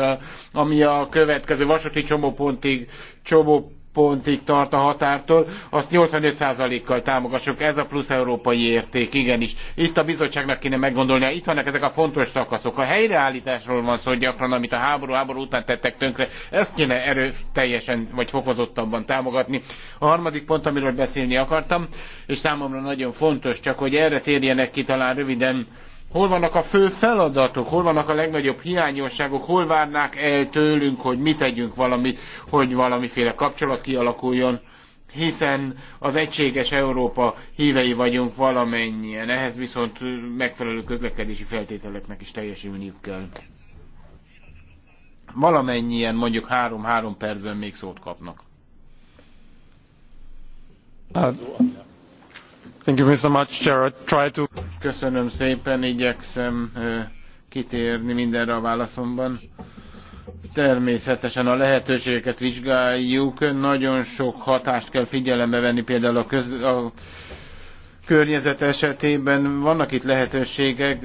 ami a következő vasúti csomópontig csomó pontig tart a határtól, azt 85%-kal támogassuk. Ez a plusz európai érték, igenis. Itt a bizottságnak kéne meggondolnia, itt vannak ezek a fontos szakaszok. A helyreállításról van szó gyakran, amit a háború, háború után tettek tönkre, ezt kéne erőteljesen vagy fokozottabban támogatni. A harmadik pont, amiről beszélni akartam, és számomra nagyon fontos, csak hogy erre térjenek ki talán röviden, hol vannak a fő feladatok, hol vannak a legnagyobb hiányosságok, hol várnák el tőlünk, hogy mi tegyünk valamit, hogy valamiféle kapcsolat kialakuljon, hiszen az egységes Európa hívei vagyunk valamennyien, ehhez viszont megfelelő közlekedési feltételeknek is teljesülniük kell. Valamennyien mondjuk három-három percben még szót kapnak. Hát, Köszönöm szépen, igyekszem kitérni mindenre a válaszomban. Természetesen a lehetőségeket vizsgáljuk, nagyon sok hatást kell figyelembe venni, például a, köz, a környezet esetében vannak itt lehetőségek,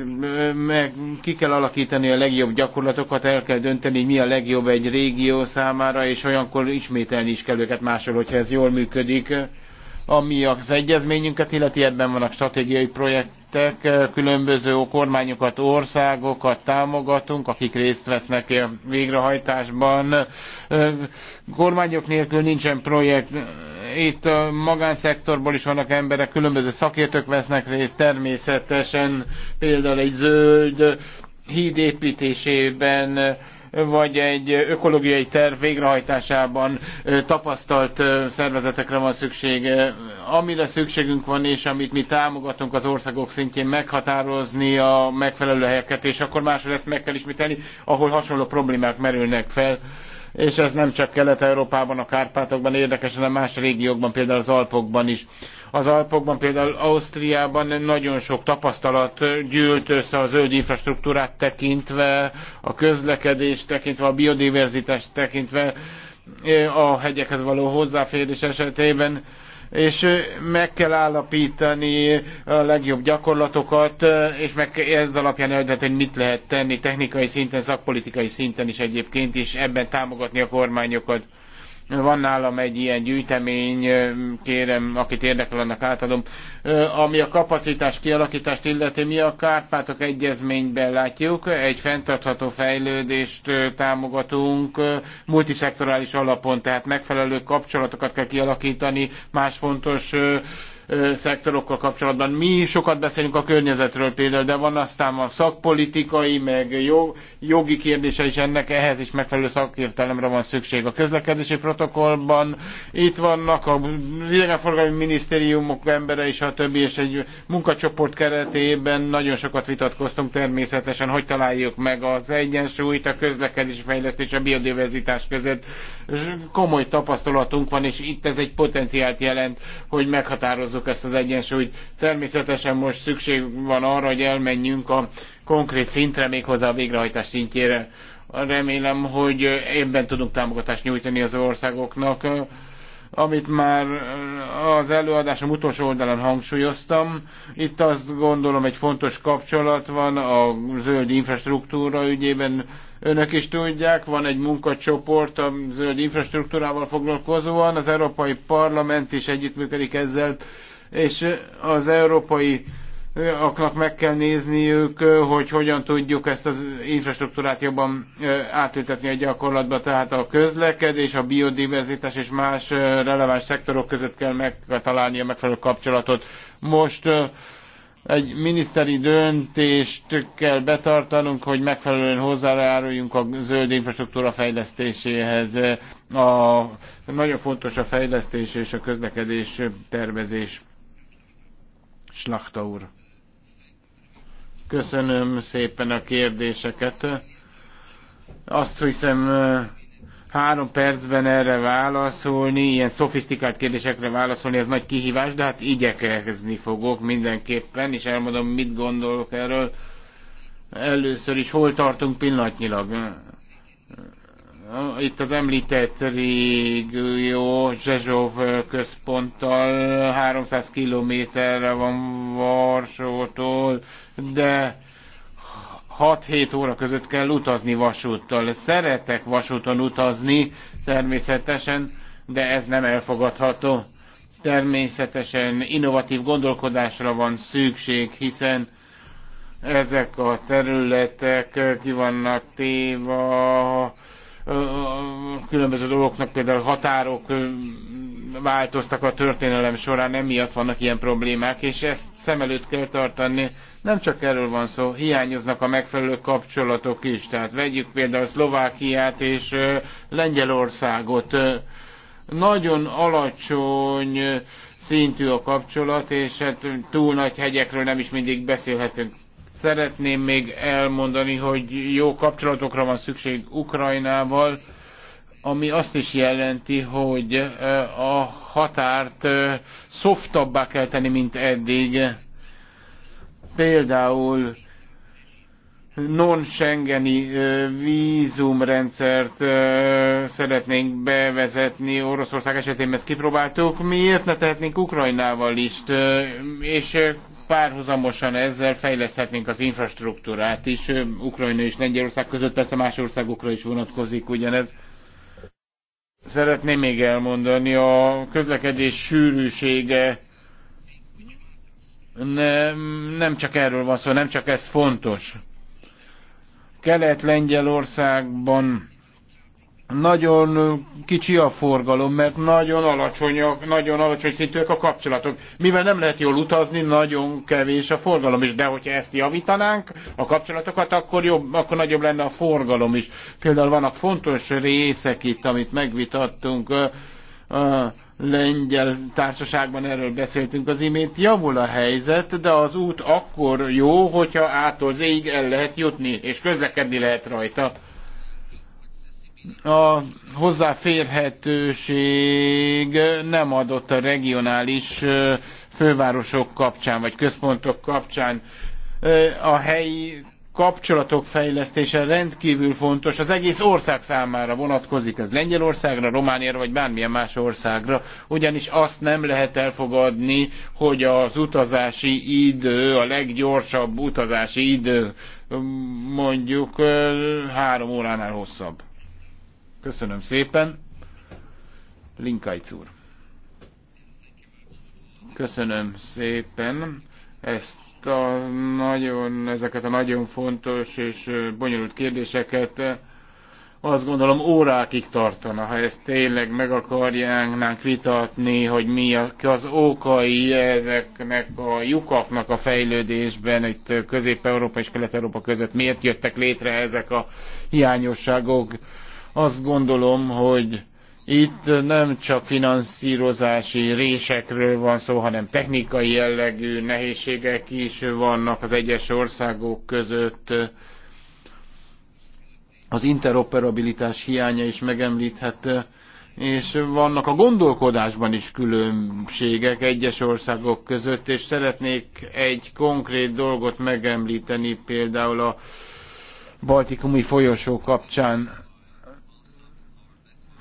meg ki kell alakítani a legjobb gyakorlatokat, el kell dönteni, mi a legjobb egy régió számára, és olyankor ismételni is kell őket máshol, hogyha ez jól működik ami az egyezményünket illeti, ebben vannak stratégiai projektek, különböző kormányokat, országokat támogatunk, akik részt vesznek a végrehajtásban. Kormányok nélkül nincsen projekt. Itt a magánszektorból is vannak emberek, különböző szakértők vesznek részt, természetesen például egy zöld híd építésében vagy egy ökológiai terv végrehajtásában tapasztalt szervezetekre van szükség. Amire szükségünk van, és amit mi támogatunk az országok szintjén meghatározni a megfelelő helyeket, és akkor máshol ezt meg kell ismételni, ahol hasonló problémák merülnek fel és ez nem csak Kelet-Európában, a Kárpátokban érdekes, hanem más régiókban, például az Alpokban is. Az Alpokban, például Ausztriában nagyon sok tapasztalat gyűlt össze a zöld infrastruktúrát tekintve, a közlekedést tekintve, a biodiverzitást tekintve, eh, a hegyekhez való hozzáférés esetében és meg kell állapítani a legjobb gyakorlatokat, és meg ez alapján eldönteni, hogy mit lehet tenni technikai szinten, szakpolitikai szinten is egyébként, és ebben támogatni a kormányokat. Van nálam egy ilyen gyűjtemény, kérem, akit érdekel, annak átadom. Ami a kapacitás kialakítást illeti, mi a Kárpátok egyezményben látjuk, egy fenntartható fejlődést támogatunk multisektorális alapon, tehát megfelelő kapcsolatokat kell kialakítani, más fontos szektorokkal kapcsolatban. Mi sokat beszélünk a környezetről például, de van aztán a szakpolitikai, meg jogi kérdése is ennek, ehhez is megfelelő szakértelemre van szükség. A közlekedési protokollban itt vannak a idegenforgalmi minisztériumok embere és a többi, és egy munkacsoport keretében nagyon sokat vitatkoztunk természetesen, hogy találjuk meg az egyensúlyt a közlekedési fejlesztés a biodiverzitás között. Komoly tapasztalatunk van, és itt ez egy potenciált jelent, hogy meghatározzuk találtuk ezt az egyensúlyt. Természetesen most szükség van arra, hogy elmenjünk a konkrét szintre, méghozzá a végrehajtás szintjére. Remélem, hogy ebben tudunk támogatást nyújtani az országoknak, amit már az előadásom utolsó oldalán hangsúlyoztam. Itt azt gondolom, egy fontos kapcsolat van a zöld infrastruktúra ügyében, önök is tudják, van egy munkacsoport a zöld infrastruktúrával foglalkozóan, az Európai Parlament is együttműködik ezzel, és az európai aknak meg kell nézniük, hogy hogyan tudjuk ezt az infrastruktúrát jobban átültetni a gyakorlatba, tehát a közlekedés, a biodiverzitás és más releváns szektorok között kell megtalálni a megfelelő kapcsolatot. Most egy miniszteri döntést kell betartanunk, hogy megfelelően hozzájáruljunk a zöld infrastruktúra fejlesztéséhez. A, nagyon fontos a fejlesztés és a közlekedés tervezés Slachta úr. Köszönöm szépen a kérdéseket. Azt hiszem, három percben erre válaszolni, ilyen szofisztikált kérdésekre válaszolni, ez nagy kihívás, de hát igyekezni fogok mindenképpen, és elmondom, mit gondolok erről. Először is hol tartunk pillanatnyilag itt az említett régió Zsezsov központtal 300 kilométerre van Varsótól, de 6-7 óra között kell utazni vasúttal. Szeretek vasúton utazni természetesen, de ez nem elfogadható. Természetesen innovatív gondolkodásra van szükség, hiszen ezek a területek ki vannak téva különböző dolgoknak, például határok változtak a történelem során, emiatt vannak ilyen problémák, és ezt szem előtt kell tartani. Nem csak erről van szó, hiányoznak a megfelelő kapcsolatok is. Tehát vegyük például Szlovákiát és Lengyelországot. Nagyon alacsony szintű a kapcsolat, és hát túl nagy hegyekről nem is mindig beszélhetünk. Szeretném még elmondani, hogy jó kapcsolatokra van szükség Ukrajnával, ami azt is jelenti, hogy eh, a határt eh, szoftabbá kell tenni, mint eddig. Például non-schengeni eh, vízumrendszert szeretnénk bevezetni Oroszország esetében, ezt kipróbáltuk. Miért ne tehetnénk Ukrajnával is? És párhuzamosan ezzel fejleszthetnénk az infrastruktúrát is. Ukrajna és Lengyelország között persze más országokra is vonatkozik ugyanez. Szeretném még elmondani, a közlekedés sűrűsége nem, nem csak erről van szó, nem csak ez fontos. Kelet-Lengyelországban nagyon kicsi a forgalom, mert nagyon alacsonyak, nagyon alacsony szintűek a kapcsolatok. Mivel nem lehet jól utazni, nagyon kevés a forgalom is, de hogyha ezt javítanánk, a kapcsolatokat, akkor, jobb, akkor nagyobb lenne a forgalom is. Például vannak fontos részek itt, amit megvitattunk, a lengyel társaságban erről beszéltünk az imént, javul a helyzet, de az út akkor jó, hogyha ától zéig el lehet jutni, és közlekedni lehet rajta a hozzáférhetőség nem adott a regionális fővárosok kapcsán, vagy központok kapcsán. A helyi kapcsolatok fejlesztése rendkívül fontos, az egész ország számára vonatkozik, ez Lengyelországra, Romániára, vagy bármilyen más országra, ugyanis azt nem lehet elfogadni, hogy az utazási idő, a leggyorsabb utazási idő mondjuk három óránál hosszabb. Köszönöm szépen. Linkajc úr. Köszönöm szépen ezt a nagyon, ezeket a nagyon fontos és bonyolult kérdéseket. Azt gondolom órákig tartana, ha ezt tényleg meg akarjánk vitatni, hogy mi az okai ezeknek a lyukaknak a fejlődésben, itt Közép-Európa és Kelet-Európa között miért jöttek létre ezek a hiányosságok azt gondolom, hogy itt nem csak finanszírozási résekről van szó, hanem technikai jellegű nehézségek is vannak az egyes országok között. Az interoperabilitás hiánya is megemlíthető és vannak a gondolkodásban is különbségek egyes országok között, és szeretnék egy konkrét dolgot megemlíteni, például a Baltikumi folyosó kapcsán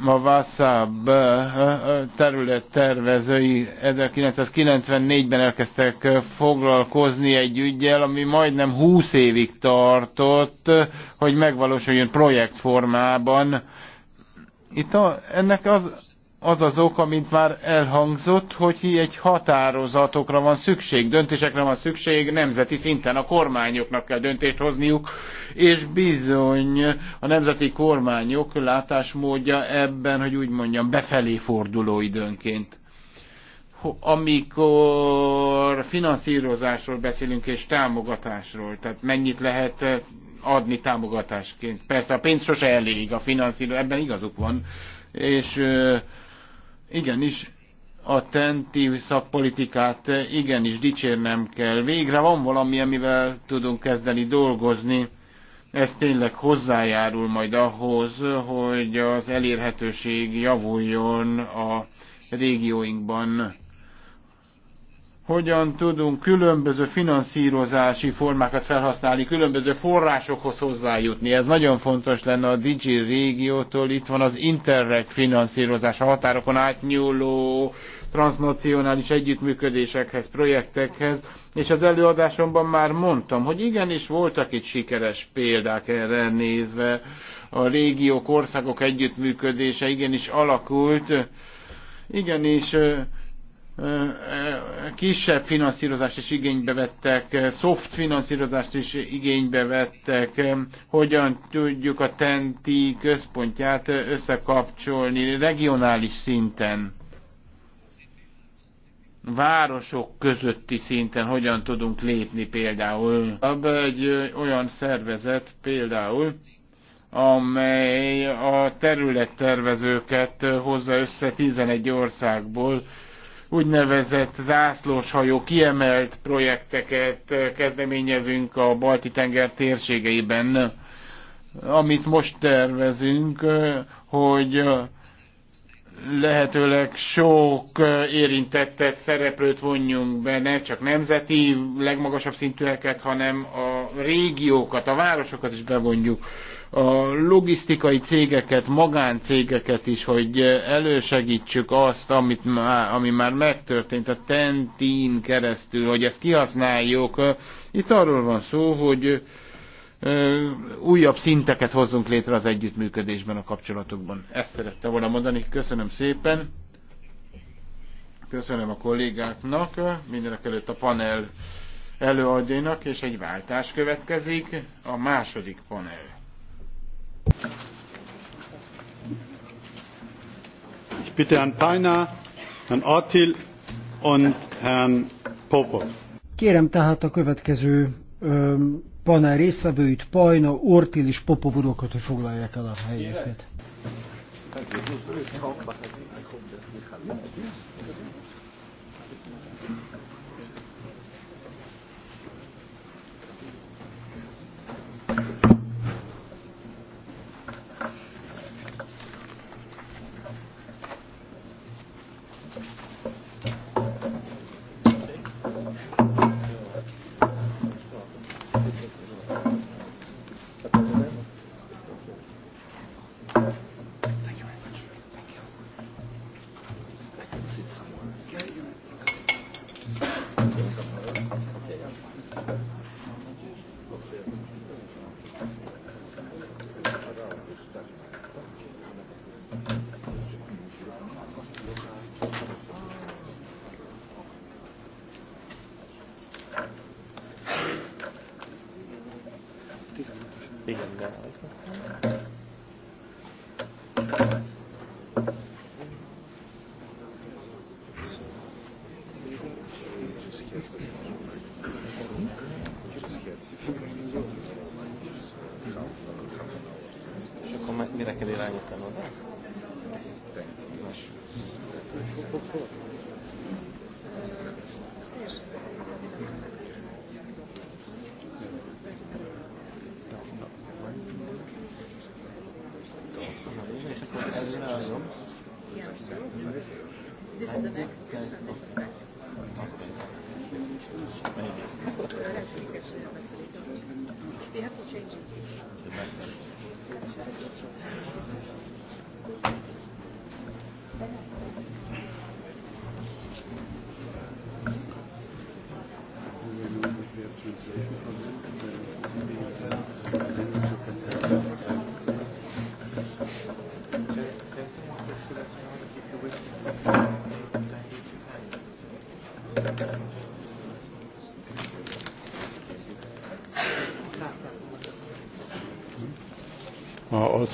a Vassab területtervezői 1994-ben elkezdtek foglalkozni egy ügyjel, ami majdnem 20 évig tartott, hogy megvalósuljon projektformában. Itt a, ennek az az az ok, mint már elhangzott, hogy egy határozatokra van szükség, döntésekre van szükség, nemzeti szinten a kormányoknak kell döntést hozniuk, és bizony a nemzeti kormányok látásmódja ebben, hogy úgy mondjam, befelé forduló időnként amikor finanszírozásról beszélünk és támogatásról, tehát mennyit lehet eh, adni támogatásként. Persze a pénz sose elég a finanszírozás, ebben igazuk van, és eh, igenis a tenti szakpolitikát igenis dicsérnem kell. Végre van valami, amivel tudunk kezdeni dolgozni. Ez tényleg hozzájárul majd ahhoz, hogy az elérhetőség javuljon a régióinkban hogyan tudunk különböző finanszírozási formákat felhasználni, különböző forrásokhoz hozzájutni. Ez nagyon fontos lenne a Digi régiótól. Itt van az Interreg finanszírozás, a határokon átnyúló transnacionális együttműködésekhez, projektekhez. És az előadásomban már mondtam, hogy igenis voltak itt sikeres példák erre nézve. A régiók, országok együttműködése igenis alakult, igenis kisebb finanszírozást is igénybe vettek, soft finanszírozást is igénybe vettek, hogyan tudjuk a TENTI központját összekapcsolni regionális szinten, városok közötti szinten hogyan tudunk lépni például. Egy olyan szervezet például, amely a területtervezőket hozza össze 11 országból, úgynevezett zászlós hajó kiemelt projekteket kezdeményezünk a balti tenger térségeiben. Amit most tervezünk, hogy lehetőleg sok érintettet, szereplőt vonjunk be, ne csak nemzeti, legmagasabb szintűeket, hanem a régiókat, a városokat is bevonjuk a logisztikai cégeket, magáncégeket is, hogy elősegítsük azt, amit már, ami már megtörtént a Tentin keresztül, hogy ezt kihasználjuk. Itt arról van szó, hogy újabb szinteket hozzunk létre az együttműködésben, a kapcsolatokban. Ezt szerette volna mondani. Köszönöm szépen. Köszönöm a kollégáknak, mindenek előtt a panel előadjainak, és egy váltás következik, a második panel. bitte Herrn Herrn Ortil und Herrn Popov. Kérem tehát a következő ö, panel résztvevőit, Pajna, Ortil és Popov urokat, hogy foglalják el a helyeket.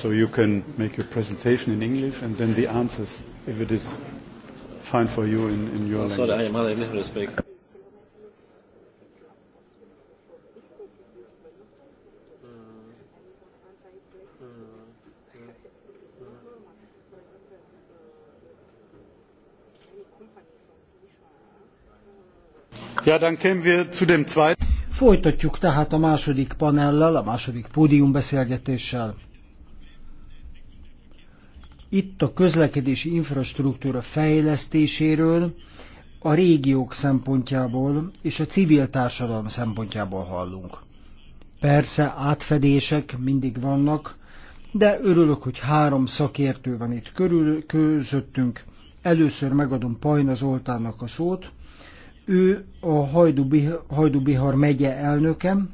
so you can make your presentation in English and then the answers, if it is fine for you in, in your oh, language. Sorry, I am unable to speak. Ja, dann kämen wir zu dem zweiten. Folytatjuk tehát a második panellel, a második pódiumbeszélgetéssel. Itt a közlekedési infrastruktúra fejlesztéséről, a régiók szempontjából és a civil társadalom szempontjából hallunk. Persze átfedések mindig vannak, de örülök, hogy három szakértő van itt körül, közöttünk. Először megadom Pajna Zoltánnak a szót. Ő a Hajdubihar megye elnökem,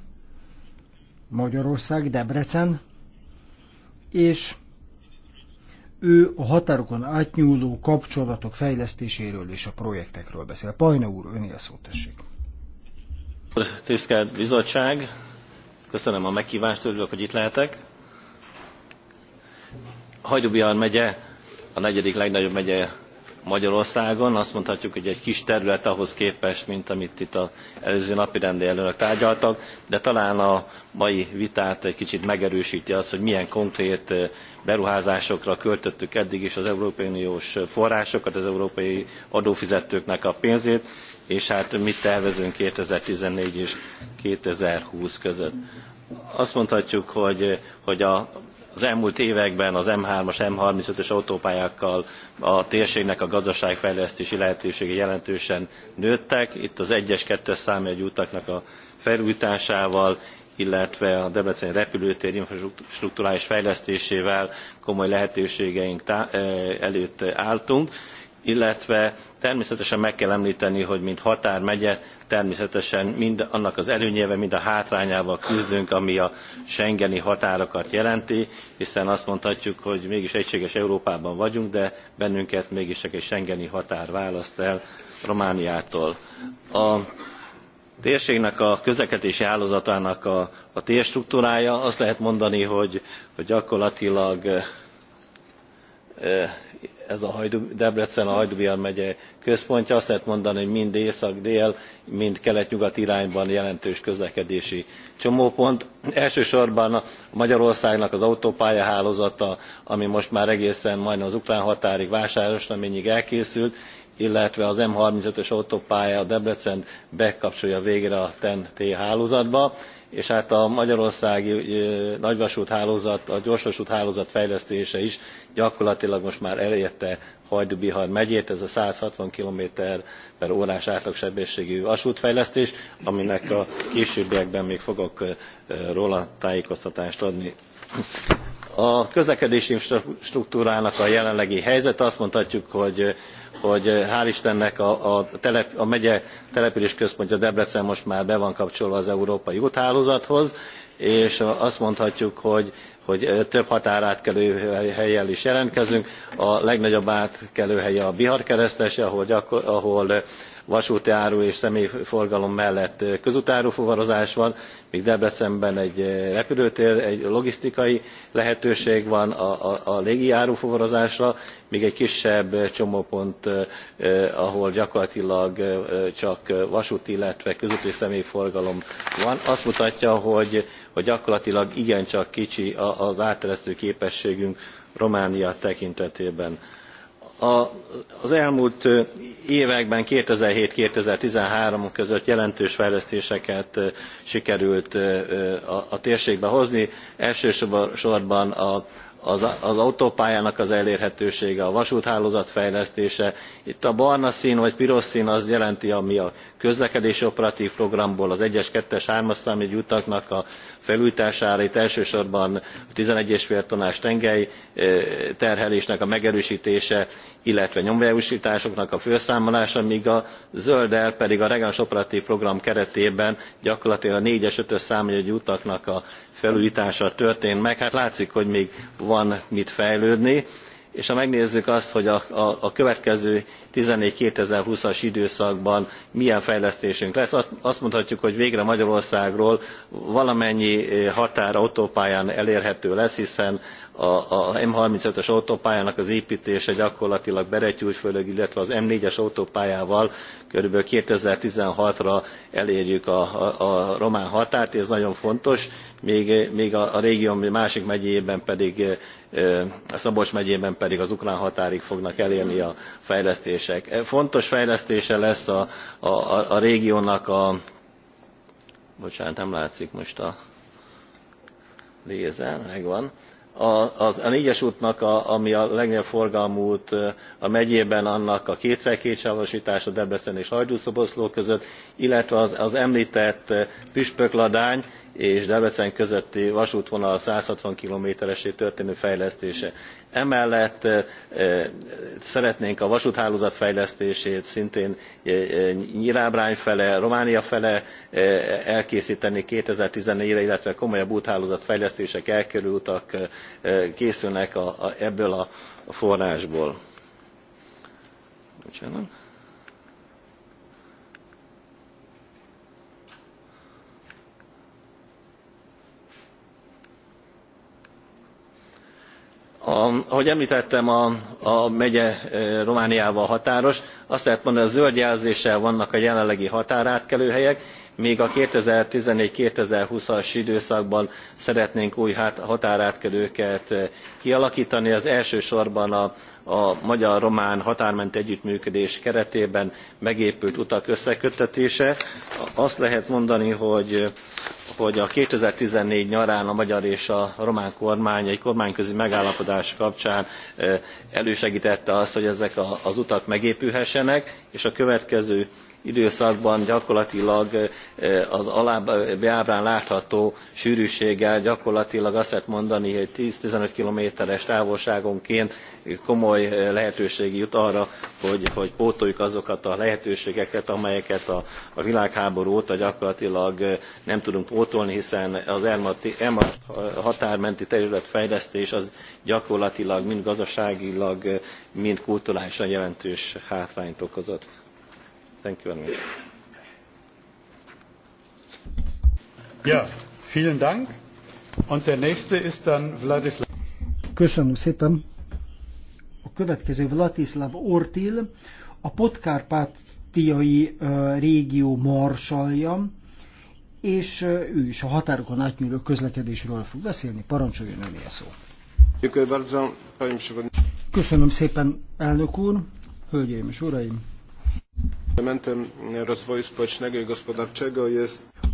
Magyarország, Debrecen, és ő a határokon átnyúló kapcsolatok fejlesztéséről és a projektekről beszél. Pajna úr, öné a szót tessék. Tisztelt Bizottság, köszönöm a meghívást, örülök, hogy itt lehetek. Hajdubihar megye a negyedik legnagyobb megye magyarországon azt mondhatjuk hogy egy kis terület ahhoz képest mint amit itt az előző napirendi előtt tárgyaltak de talán a mai vitát egy kicsit megerősti az hogy milyen konkrét beruházásokra költöttük eddig is az európai uniós forrásokat az európai adófizetőknek a pénzét és hát mit tervezünk two thousand and fourteen és two thousand and twenty között. azt mondhatjuk hogy, hogy a az elmúlt években az m three as m thirty five ös autópályákkal a térségnek a gazdaságfejlesztési lehetőségei jelentősen nőttek itt az one es two es számjegyű utaknak a felújtásával illetve a debreceni repülőtér infrastrukturális fejlesztésével komoly lehetőségeink előtt álltunk illetve természetesen meg kell emlteni hogy mint határmegye természetesen mind annak az előnyével mind a hátrányával küzdünk ami a schengeni határokat jelenti hiszen azt mondhatjuk hogy mégis egységes európában vagyunk de bennünket mégiscsak egy schengeni határ választ el romániától. a térségnek a közlekedési hálózatának a, a térstruktúrája azt lehet mondani hogy, hogy gyakorlatilag e, ez a Hajdu, Debrecen a Hajdubjan megye központja. Azt lehet mondani, hogy mind észak-dél, mind kelet-nyugat irányban jelentős közlekedési csomópont. Elsősorban Magyarországnak az autópályahálózata, ami most már egészen majdnem az ukrán határig, vásárosnaményig elkészült, illetve az M35-ös autópálya Debrecen bekapcsolja végre a TEN-T hálózatba és hát a magyarországi nagyvasúthálózat a gyorsvasúthálózat fejlesztése is gyakorlatilag most már elérte hajdú bihar megyét ez a one hundred and sixty km per órás átlagsebességű vasútfejlesztés aminek a későbbiekben még fogok róla tájékoztatást adni a közlekedési infrastruktúrának a jelenlegi helyzete azt mondhatjuk hogy hogy eh, hál' istennek a, megye településközpontja debrecen most már be van kapcsolva az európai úthálózathoz és azt mondhatjuk hogy eh, több határátkelő hellyel is jelentkezünk a legnagyobb átkelőhelye a biharkeresztese ahol, ahol vasúti áru és személyforgalom mellett eh, közutáru fuvarozás van még debrecenben egy eh, repülőtér egy logisztikai lehetőség van a, a, a légi árufuvarozásra még egy kisebb eh, csomópont eh, ahol gyakorlatilag csak vasúti illetve közúti személyforgalom van azt mutatja hogy, hogy gyakorlatilag igencsak kicsi az átteresztő képességünk románia tekintetében az elmúlt években two thousand and seven two thousand and thirteen között jelentős fejlesztéseket sikerült a térségbe hozni elsősorban a az, autópályának az elérhetősége a vasúthálózat fejlesztése itt a barna szín vagy piros szín az jelenti ami a közlekedési operatv programból az egyes kettes hármas számjegyű utaknak a felújtására itt elsősorban a eleven és fél tonnás tengelyterhelésnek eh, a megerőstése illetve nyomjárustásoknak a főszámolása, mg a zöldel pedig a regionális operatv program keretében gyakorlatilag a four es five ös számjegyű utaknak a felújítása történt meg hát látszik hogy még van mit fejlődni és ha megnézzük azt hogy a, a, a következő 14 2020 as időszakban milyen fejlesztésünk lesz azt, azt mondhatjuk hogy végre magyarországról valamennyi eh, határ autópályán elérhető lesz hiszen a, a m 35 ös autópályának az építése gyakorlatilag beretyújföldig illetve az m 4 es autópályával körülbelül 2016 thousand ra elérjük a román határt ez nagyon fontos még, még a, a régió másik megyéjében pedig a szabolcs megyében pedig az ukrán határig fognak elérni a fejlesztések. E, fontos fejlesztése lesz a, a, a régiónak a bocsánat nem látszik most a lézer megvan a, az, a négyes útnak, a, ami a legnagyobb forgalmú út a megyében, annak a kétszer kétsávosítása Debrecen és Hajdúszoboszló között, illetve az, az említett püspökladány és debrecen közötti vasútvonal one hundred and sixty km esé történő fejlesztése. emellett eh, szeretnénk a vasúthálózat fejlesztését szintén eh, Nyírábrány fele románia fele eh, elkészteni two thousand and fourteen re illetve komolyabb úthálózat fejlesztések elkerültak készülnek ebből a forrásból. Bocsánat. ahogy emltettem a megye e, romániával határos azt lehet mondani hogy zöld jelzéssel vannak a jelenlegi határátkelőhelyek mg a two thousand and fourteen two thousand and twenty as időszakban szeretnénk új hát-, határátkelőket eh, kialaktani ez elsősorban a magyar román határmenti együttműködés keretében megépült utak összeköttetése. azt lehet mondani hogy hogy a two thousand and fourteen nyarán a magyar és a román kormány egy kormányközi megállapodás kapcsán eh, elősegtette azt hogy ezek az utak megépülhessenek és a következő időszakban gyakorlatilag az alábbiábrán látható sűrűséggel gyakorlatilag azt lehet mondani hogy ten fifteen kilométeres távolságonként komoly lehetőség jut arra hogy, hogy pótoljuk azokat a lehetőségeket amelyeket a, a világháború óta gyakorlatilag nem tudunk pótolni hiszen az elmaradt határmenti területfejlesztés az gyakorlatilag mind gazdaságilag mind kulturálisan jelentős hátrányt okozott. Thank you very much. Ja, vielen Dank. Und der nächste ist dann Vladislav. Köszönöm szépen. A következő Vladislav Ortil, a Podkárpátiai régió marsalja, és ő is a határokon átnyúló közlekedésről fog beszélni. Parancsoljon öné szó. Köszönöm szépen, elnök úr, hölgyeim és uraim!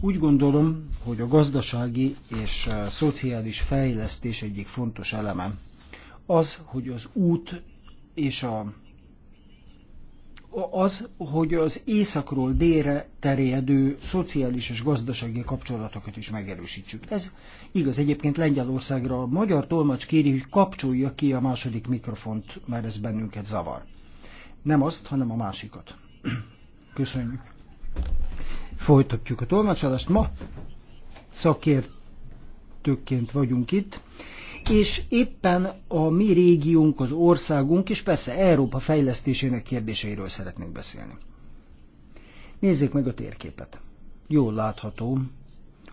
Úgy gondolom, hogy a gazdasági és a e, szociális fejlesztés egyik fontos eleme az, hogy az út és a az, hogy az északról délre terjedő szociális és gazdasági kapcsolatokat is megerősítsük. Ez igaz egyébként Lengyelországra. A magyar tolmacs kéri, hogy kapcsolja ki a második mikrofont, mert ez bennünket zavar. Nem azt, hanem a másikat. Köszönjük. Folytatjuk a tolmácsolást. Ma szakértőként vagyunk itt, és éppen a mi régiónk, az országunk, és persze Európa fejlesztésének kérdéseiről szeretnénk beszélni. Nézzék meg a térképet. Jól látható,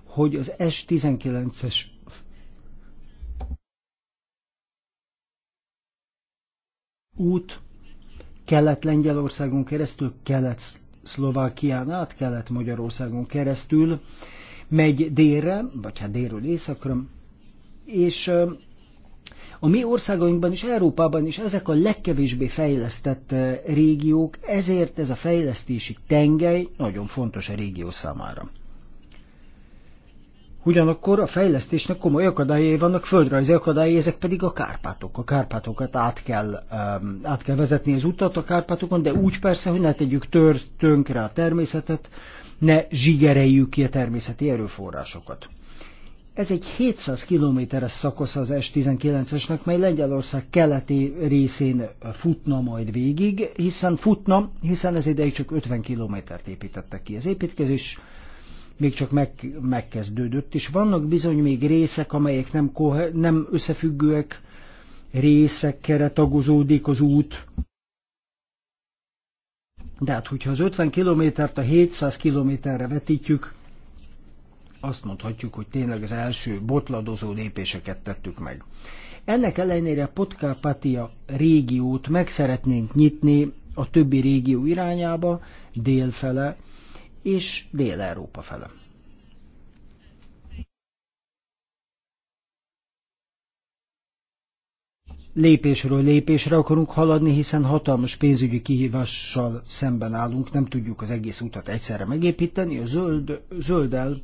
hogy az S19-es út Kelet-Lengyelországon keresztül, Kelet-Szlovákián át, Kelet-Magyarországon keresztül megy délre, vagy hát délről északra, és a mi országainkban és Európában is ezek a legkevésbé fejlesztett régiók, ezért ez a fejlesztési tengely nagyon fontos a régió számára. Ugyanakkor a fejlesztésnek komoly akadályai vannak, földrajzi akadályai, ezek pedig a Kárpátok. A Kárpátokat át kell, um, át kell vezetni az utat a Kárpátokon, de úgy persze, hogy ne tegyük tör, tönkre a természetet, ne zsigereljük ki a természeti erőforrásokat. Ez egy 700 kilométeres szakasz az S19-esnek, mely Lengyelország keleti részén futna majd végig, hiszen futna, hiszen ez ideig csak 50 kilométert építettek ki. Az építkezés még csak meg, megkezdődött, és vannak bizony még részek, amelyek nem, kohe, nem összefüggőek, részekre tagozódik az út. De hát, hogyha az 50 kilométert a 700 kilométerre vetítjük, azt mondhatjuk, hogy tényleg az első botladozó lépéseket tettük meg. Ennek ellenére Potkápatia régiót meg szeretnénk nyitni a többi régió irányába, délfele, és Dél-Európa fele. Lépésről lépésre akarunk haladni, hiszen hatalmas pénzügyi kihívással szemben állunk, nem tudjuk az egész utat egyszerre megépíteni. A zöld, zölddel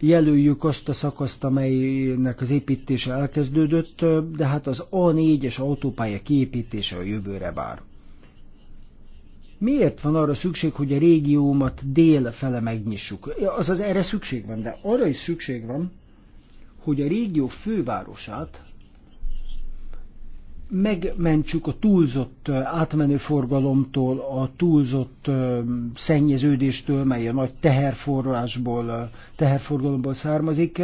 jelöljük azt a szakaszt, amelynek az építése elkezdődött, de hát az A4-es autópálya kiépítése a jövőre vár. Miért van arra szükség, hogy a régiómat dél fele megnyissuk? Azaz erre szükség van, de arra is szükség van, hogy a régió fővárosát megmentsük a túlzott átmenő forgalomtól, a túlzott szennyeződéstől, mely a nagy teherforrásból, teherforgalomból származik,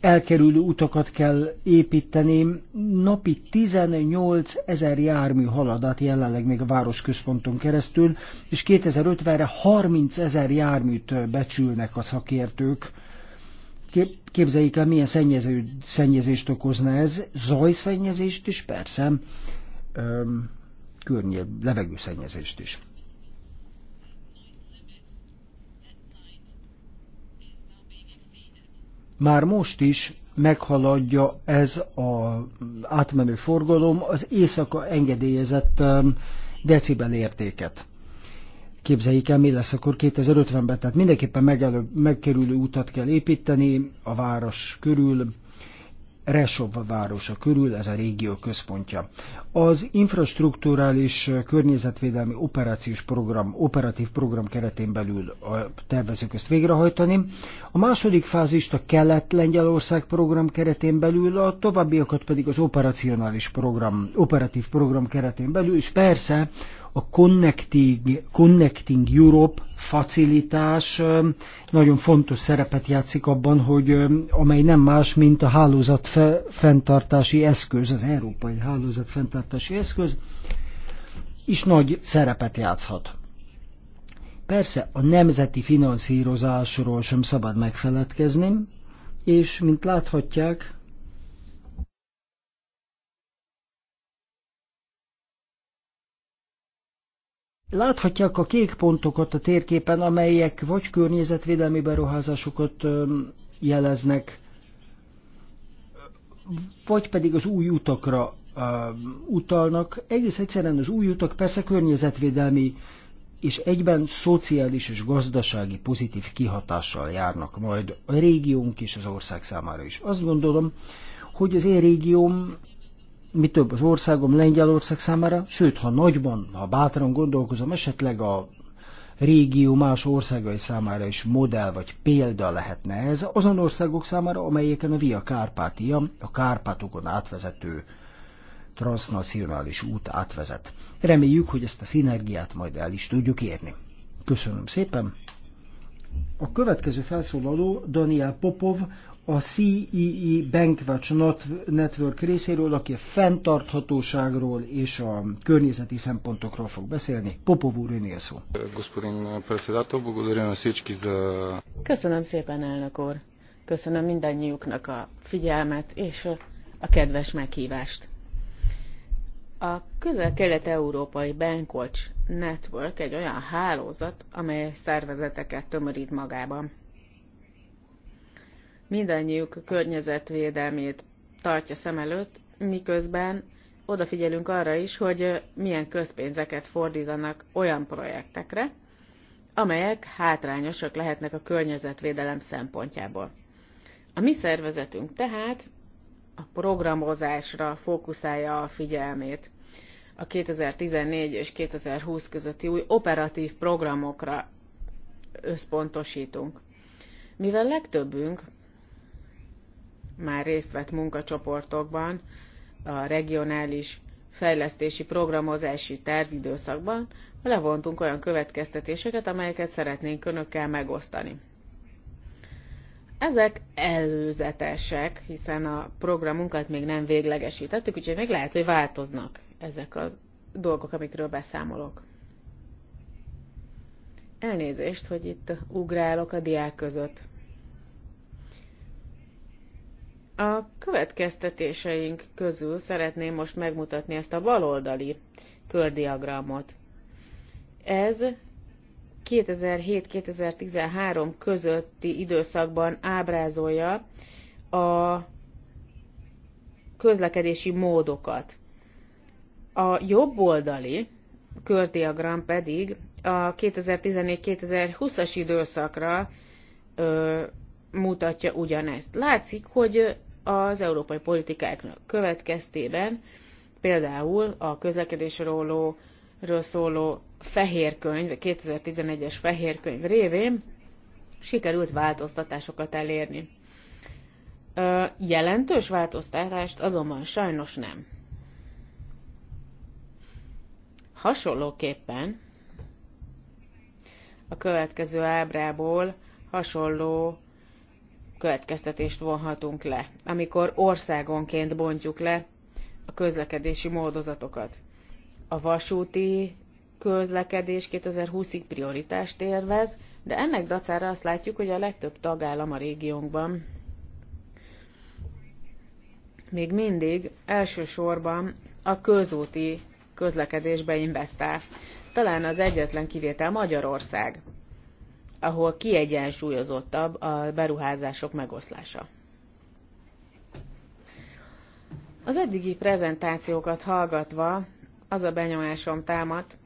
elkerülő utakat kell építeni. Napi 18 ezer jármű haladat jelenleg még a városközponton keresztül, és 2050-re 30 ezer járműt becsülnek a szakértők. Képzeljék el, milyen szennyező, szennyezést okozna ez. Zajszennyezést is, persze. környe levegőszennyezést is. már most is meghaladja ez az átmenő forgalom az éjszaka engedélyezett um, decibel értéket. Képzeljék el, mi lesz akkor 2050-ben, tehát mindenképpen megelő, megkerülő utat kell építeni a város körül, Resov városa körül, ez a régió központja. Az infrastruktúrális eh, környezetvédelmi operációs program, operatív program keretén belül eh, tervezők ezt végrehajtani. A második fázist a Kelet-Lengyelország program keretén belül, a továbbiakat pedig az operacionális program, operatív program keretén belül, és persze a Connecting, Connecting Europe facilitás nagyon fontos szerepet játszik abban, hogy amely nem más, mint a hálózat fenntartási eszköz, az európai hálózat fenntartási eszköz, is nagy szerepet játszhat. Persze a nemzeti finanszírozásról sem szabad megfeledkezni, és mint láthatják, Láthatják a kék pontokat a térképen, amelyek vagy környezetvédelmi beruházásokat jeleznek, vagy pedig az új utakra utalnak. Egész egyszerűen az új utak persze környezetvédelmi és egyben szociális és gazdasági pozitív kihatással járnak majd a régiónk és az ország számára is. Azt gondolom, hogy az én régióm mi több az országom Lengyelország számára, sőt, ha nagyban, ha bátran gondolkozom, esetleg a régió más országai számára is modell vagy példa lehetne ez azon országok számára, amelyeken a Via Kárpátia, a Kárpátokon átvezető transnacionális út átvezet. Reméljük, hogy ezt a szinergiát majd el is tudjuk érni. Köszönöm szépen! A következő felszólaló Daniel Popov, a CEE Bankwatch Network részéről, aki a fenntarthatóságról és a környezeti szempontokról fog beszélni. Popov úr, önél szó. Köszönöm szépen, elnök úr. Köszönöm mindannyiuknak a figyelmet és a kedves meghívást. A közel-kelet-európai Bankwatch Network egy olyan hálózat, amely szervezeteket tömörít magában mindannyiuk környezetvédelmét tartja szem előtt, miközben odafigyelünk arra is, hogy milyen közpénzeket fordítanak olyan projektekre, amelyek hátrányosak lehetnek a környezetvédelem szempontjából. A mi szervezetünk tehát a programozásra fókuszálja a figyelmét. A 2014 és 2020 közötti új operatív programokra összpontosítunk. Mivel legtöbbünk már részt vett munkacsoportokban a regionális fejlesztési programozási tervidőszakban, levontunk olyan következtetéseket, amelyeket szeretnénk önökkel megosztani. Ezek előzetesek, hiszen a programunkat még nem véglegesítettük, úgyhogy még lehet, hogy változnak ezek a dolgok, amikről beszámolok. Elnézést, hogy itt ugrálok a diák között. A következtetéseink közül szeretném most megmutatni ezt a baloldali kördiagramot. Ez 2007-2013 közötti időszakban ábrázolja a közlekedési módokat. A jobb oldali kördiagram pedig a 2014-2020-as időszakra ö, mutatja ugyanezt. Látszik, hogy az európai politikáknak következtében, például a közlekedésről szóló fehér könyv, 2011-es fehér könyv révén sikerült változtatásokat elérni. Jelentős változtatást azonban sajnos nem. Hasonlóképpen a következő ábrából hasonló következtetést vonhatunk le, amikor országonként bontjuk le a közlekedési módozatokat. A vasúti közlekedés 2020-ig prioritást élvez, de ennek dacára azt látjuk, hogy a legtöbb tagállam a régiónkban még mindig elsősorban a közúti közlekedésbe investál. Talán az egyetlen kivétel Magyarország ahol kiegyensúlyozottabb a beruházások megoszlása. Az eddigi prezentációkat hallgatva az a benyomásom támadt,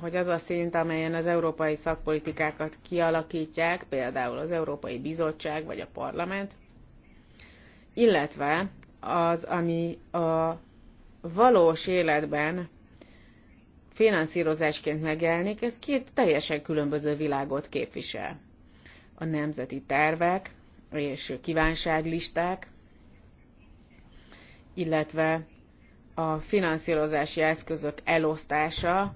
hogy az a szint, amelyen az európai szakpolitikákat kialakítják, például az Európai Bizottság vagy a Parlament, illetve az, ami a valós életben finanszírozásként megjelenik, ez két teljesen különböző világot képvisel. A nemzeti tervek és kívánságlisták, illetve a finanszírozási eszközök elosztása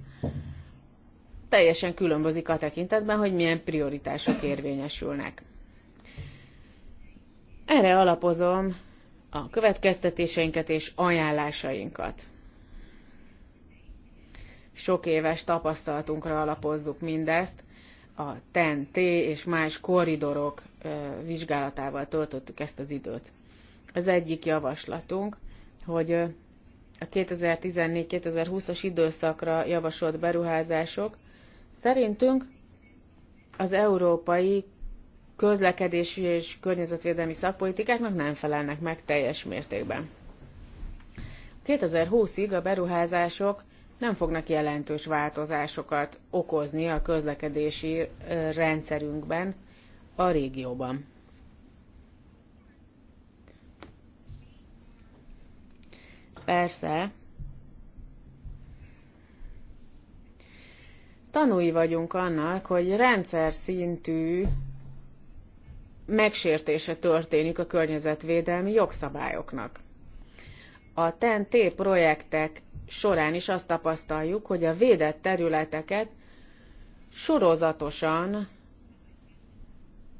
teljesen különbözik a tekintetben, hogy milyen prioritások érvényesülnek. Erre alapozom a következtetéseinket és ajánlásainkat sok éves tapasztalatunkra alapozzuk mindezt. A TEN-T és más korridorok vizsgálatával töltöttük ezt az időt. Az egyik javaslatunk, hogy a 2014-2020-as időszakra javasolt beruházások szerintünk az európai közlekedési és környezetvédelmi szakpolitikáknak nem felelnek meg teljes mértékben. 2020-ig a beruházások nem fognak jelentős változásokat okozni a közlekedési rendszerünkben a régióban. Persze, tanúi vagyunk annak, hogy rendszer szintű megsértése történik a környezetvédelmi jogszabályoknak. A TEN-T projektek során is azt tapasztaljuk, hogy a védett területeket sorozatosan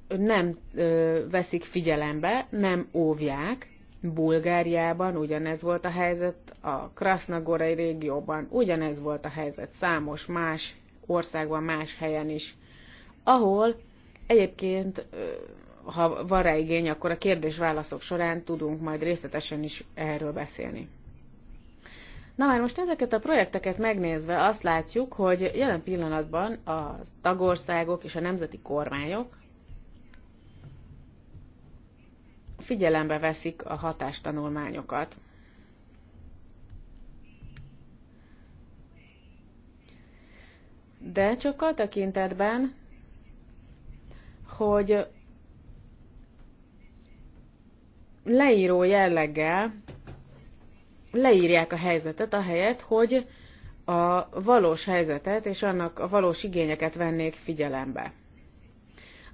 nem ö, veszik figyelembe, nem óvják. Bulgáriában ugyanez volt a helyzet, a Krasznagorai régióban ugyanez volt a helyzet, számos más országban, más helyen is, ahol egyébként, ha van rá igény, akkor a kérdés-válaszok során tudunk majd részletesen is erről beszélni. Na már most ezeket a projekteket megnézve azt látjuk, hogy jelen pillanatban a tagországok és a nemzeti kormányok figyelembe veszik a hatástanulmányokat. De csak a tekintetben, hogy leíró jelleggel leírják a helyzetet, ahelyett, hogy a valós helyzetet és annak a valós igényeket vennék figyelembe.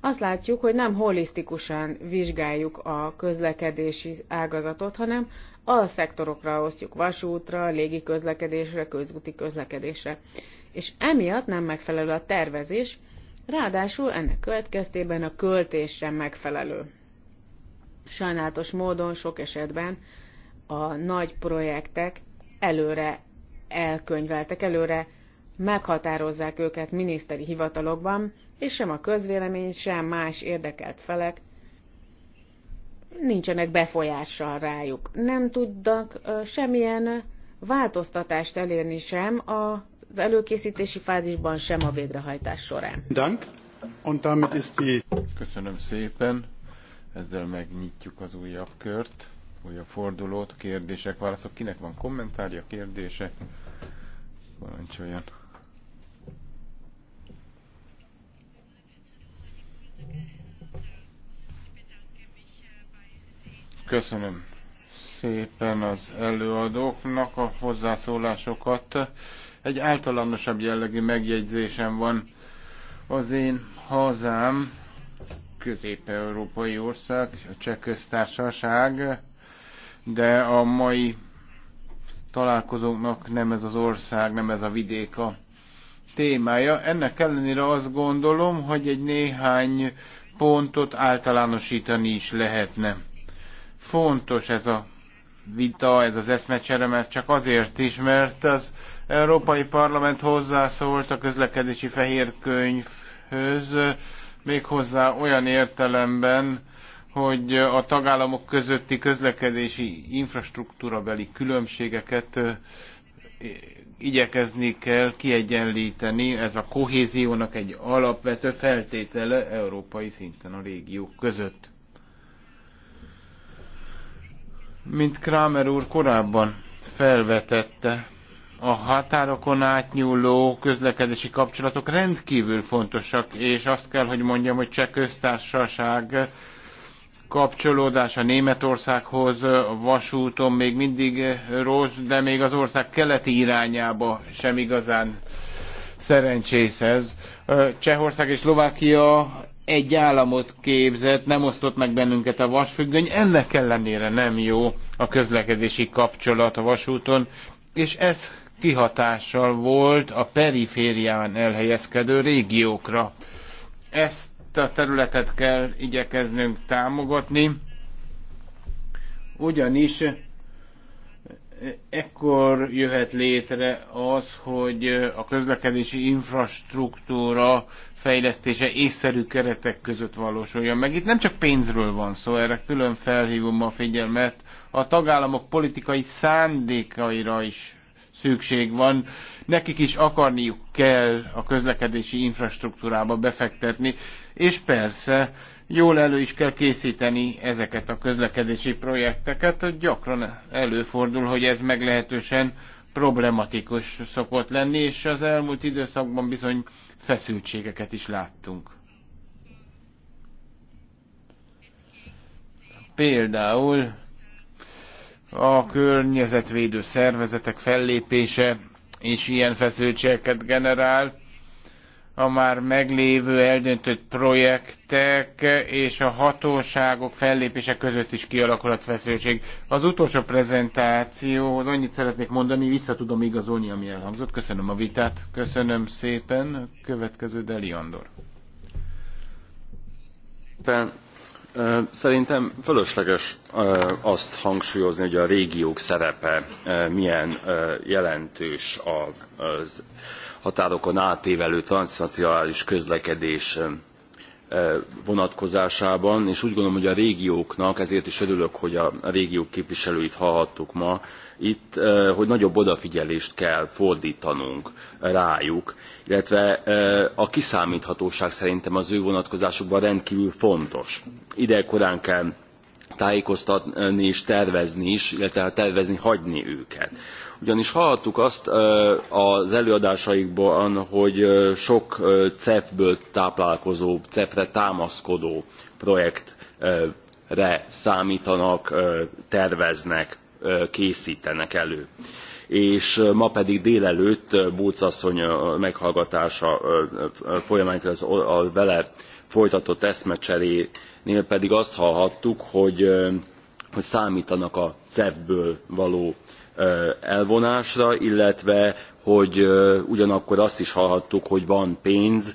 Azt látjuk, hogy nem holisztikusan vizsgáljuk a közlekedési ágazatot, hanem a szektorokra osztjuk vasútra, légi közlekedésre, közúti közlekedésre. És emiatt nem megfelelő a tervezés, ráadásul ennek következtében a költés sem megfelelő. Sajnálatos módon sok esetben a nagy projektek előre elkönyveltek, előre meghatározzák őket miniszteri hivatalokban, és sem a közvélemény, sem más érdekelt felek nincsenek befolyással rájuk. Nem tudnak semmilyen változtatást elérni sem az előkészítési fázisban, sem a végrehajtás során. Köszönöm szépen. Ezzel megnyitjuk az újabb kört újabb fordulót, kérdések, válaszok. Kinek van kommentárja, kérdése? Parancsoljon. Köszönöm szépen az előadóknak a hozzászólásokat. Egy általánosabb jellegű megjegyzésem van. Az én hazám közép-európai ország, a cseh köztársaság de a mai találkozóknak nem ez az ország, nem ez a vidék a témája. Ennek ellenére azt gondolom, hogy egy néhány pontot általánosítani is lehetne. Fontos ez a vita, ez az eszmecsere, mert csak azért is, mert az Európai Parlament hozzászólt a közlekedési fehérkönyvhöz, méghozzá olyan értelemben, hogy a tagállamok közötti közlekedési infrastruktúrabeli különbségeket igyekezni kell kiegyenlíteni. Ez a kohéziónak egy alapvető feltétele európai szinten a régiók között. Mint Kramer úr korábban felvetette, a határokon átnyúló közlekedési kapcsolatok rendkívül fontosak, és azt kell, hogy mondjam, hogy cseh köztársaság kapcsolódása Németországhoz a vasúton még mindig rossz, de még az ország keleti irányába sem igazán szerencsés ez. Csehország és Szlovákia egy államot képzett, nem osztott meg bennünket a vasfüggöny, ennek ellenére nem jó a közlekedési kapcsolat a vasúton, és ez kihatással volt a periférián elhelyezkedő régiókra. Ezt ezt a területet kell igyekeznünk támogatni, ugyanis ekkor jöhet létre az, hogy a közlekedési infrastruktúra fejlesztése észszerű keretek között valósuljon meg. Itt nem csak pénzről van szó, erre külön felhívom a figyelmet. A tagállamok politikai szándékaira is szükség van. Nekik is akarniuk kell a közlekedési infrastruktúrába befektetni és persze jól elő is kell készíteni ezeket a közlekedési projekteket. Gyakran előfordul, hogy ez meglehetősen problematikus szokott lenni, és az elmúlt időszakban bizony feszültségeket is láttunk. Például a környezetvédő szervezetek fellépése és ilyen feszültségeket generál, a már meglévő eldöntött projektek és a hatóságok fellépése között is kialakulhat feszültség. Az utolsó prezentációhoz annyit szeretnék mondani, vissza tudom igazolni, ami elhangzott. Köszönöm a vitát, köszönöm szépen. Következő Deli Andor. Szerintem fölösleges azt hangsúlyozni, hogy a régiók szerepe milyen jelentős az határokon átévelő transznacionális közlekedés vonatkozásában és úgy gondolom hogy a régióknak ezért is örülök hogy a régiók képviselőit hallhattuk ma itt hogy nagyobb odafigyelést kell fordtanunk rájuk illetve a kiszámthatóság szerintem az ő vonatkozásukban rendkvül fontos. korán kell tájékoztatni és tervezni is illetve hát tervezni hagyni őket ugyanis hallhattuk azt az előadásaikban hogy sok cef ből táplálkozó cef re támaszkodó projektre számtanak terveznek késztenek elő és ma pedig délelőtt bulc asszony meghallgatása folyamán a vele folytatott eszmecserénél pedig azt hallhattuk hogy hogy számtanak a cef ből való elvonásra, illetve hogy ugyanakkor azt is hallhattuk, hogy van pénz,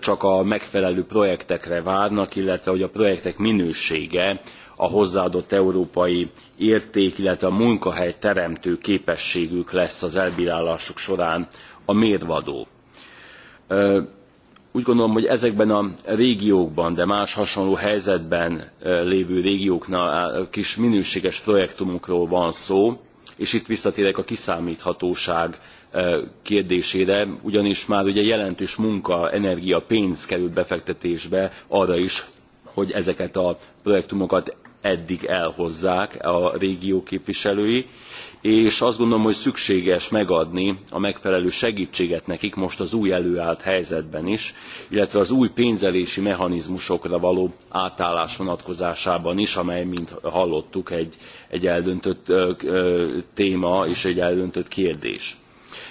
csak a megfelelő projektekre várnak, illetve hogy a projektek minősége a hozzáadott európai érték, illetve a munkahely teremtő képességük lesz az elbírálások során a mérvadó. Úgy gondolom, hogy ezekben a régiókban, de más hasonló helyzetben lévő régióknál kis minőséges projektumokról van szó, és itt visszatérek a kiszámíthatóság e, kérdésére ugyanis már ugye jelentős munka energia pénz került befektetésbe arra is hogy ezeket a projektumokat eddig elhozzák a régió képviselői és azt gondolom, hogy szükséges megadni a megfelelő segítséget nekik most az új előállt helyzetben is, illetve az új pénzelési mechanizmusokra való átállás vonatkozásában is, amely, mint hallottuk, egy, egy eldöntött ö, ö, téma és egy eldöntött kérdés.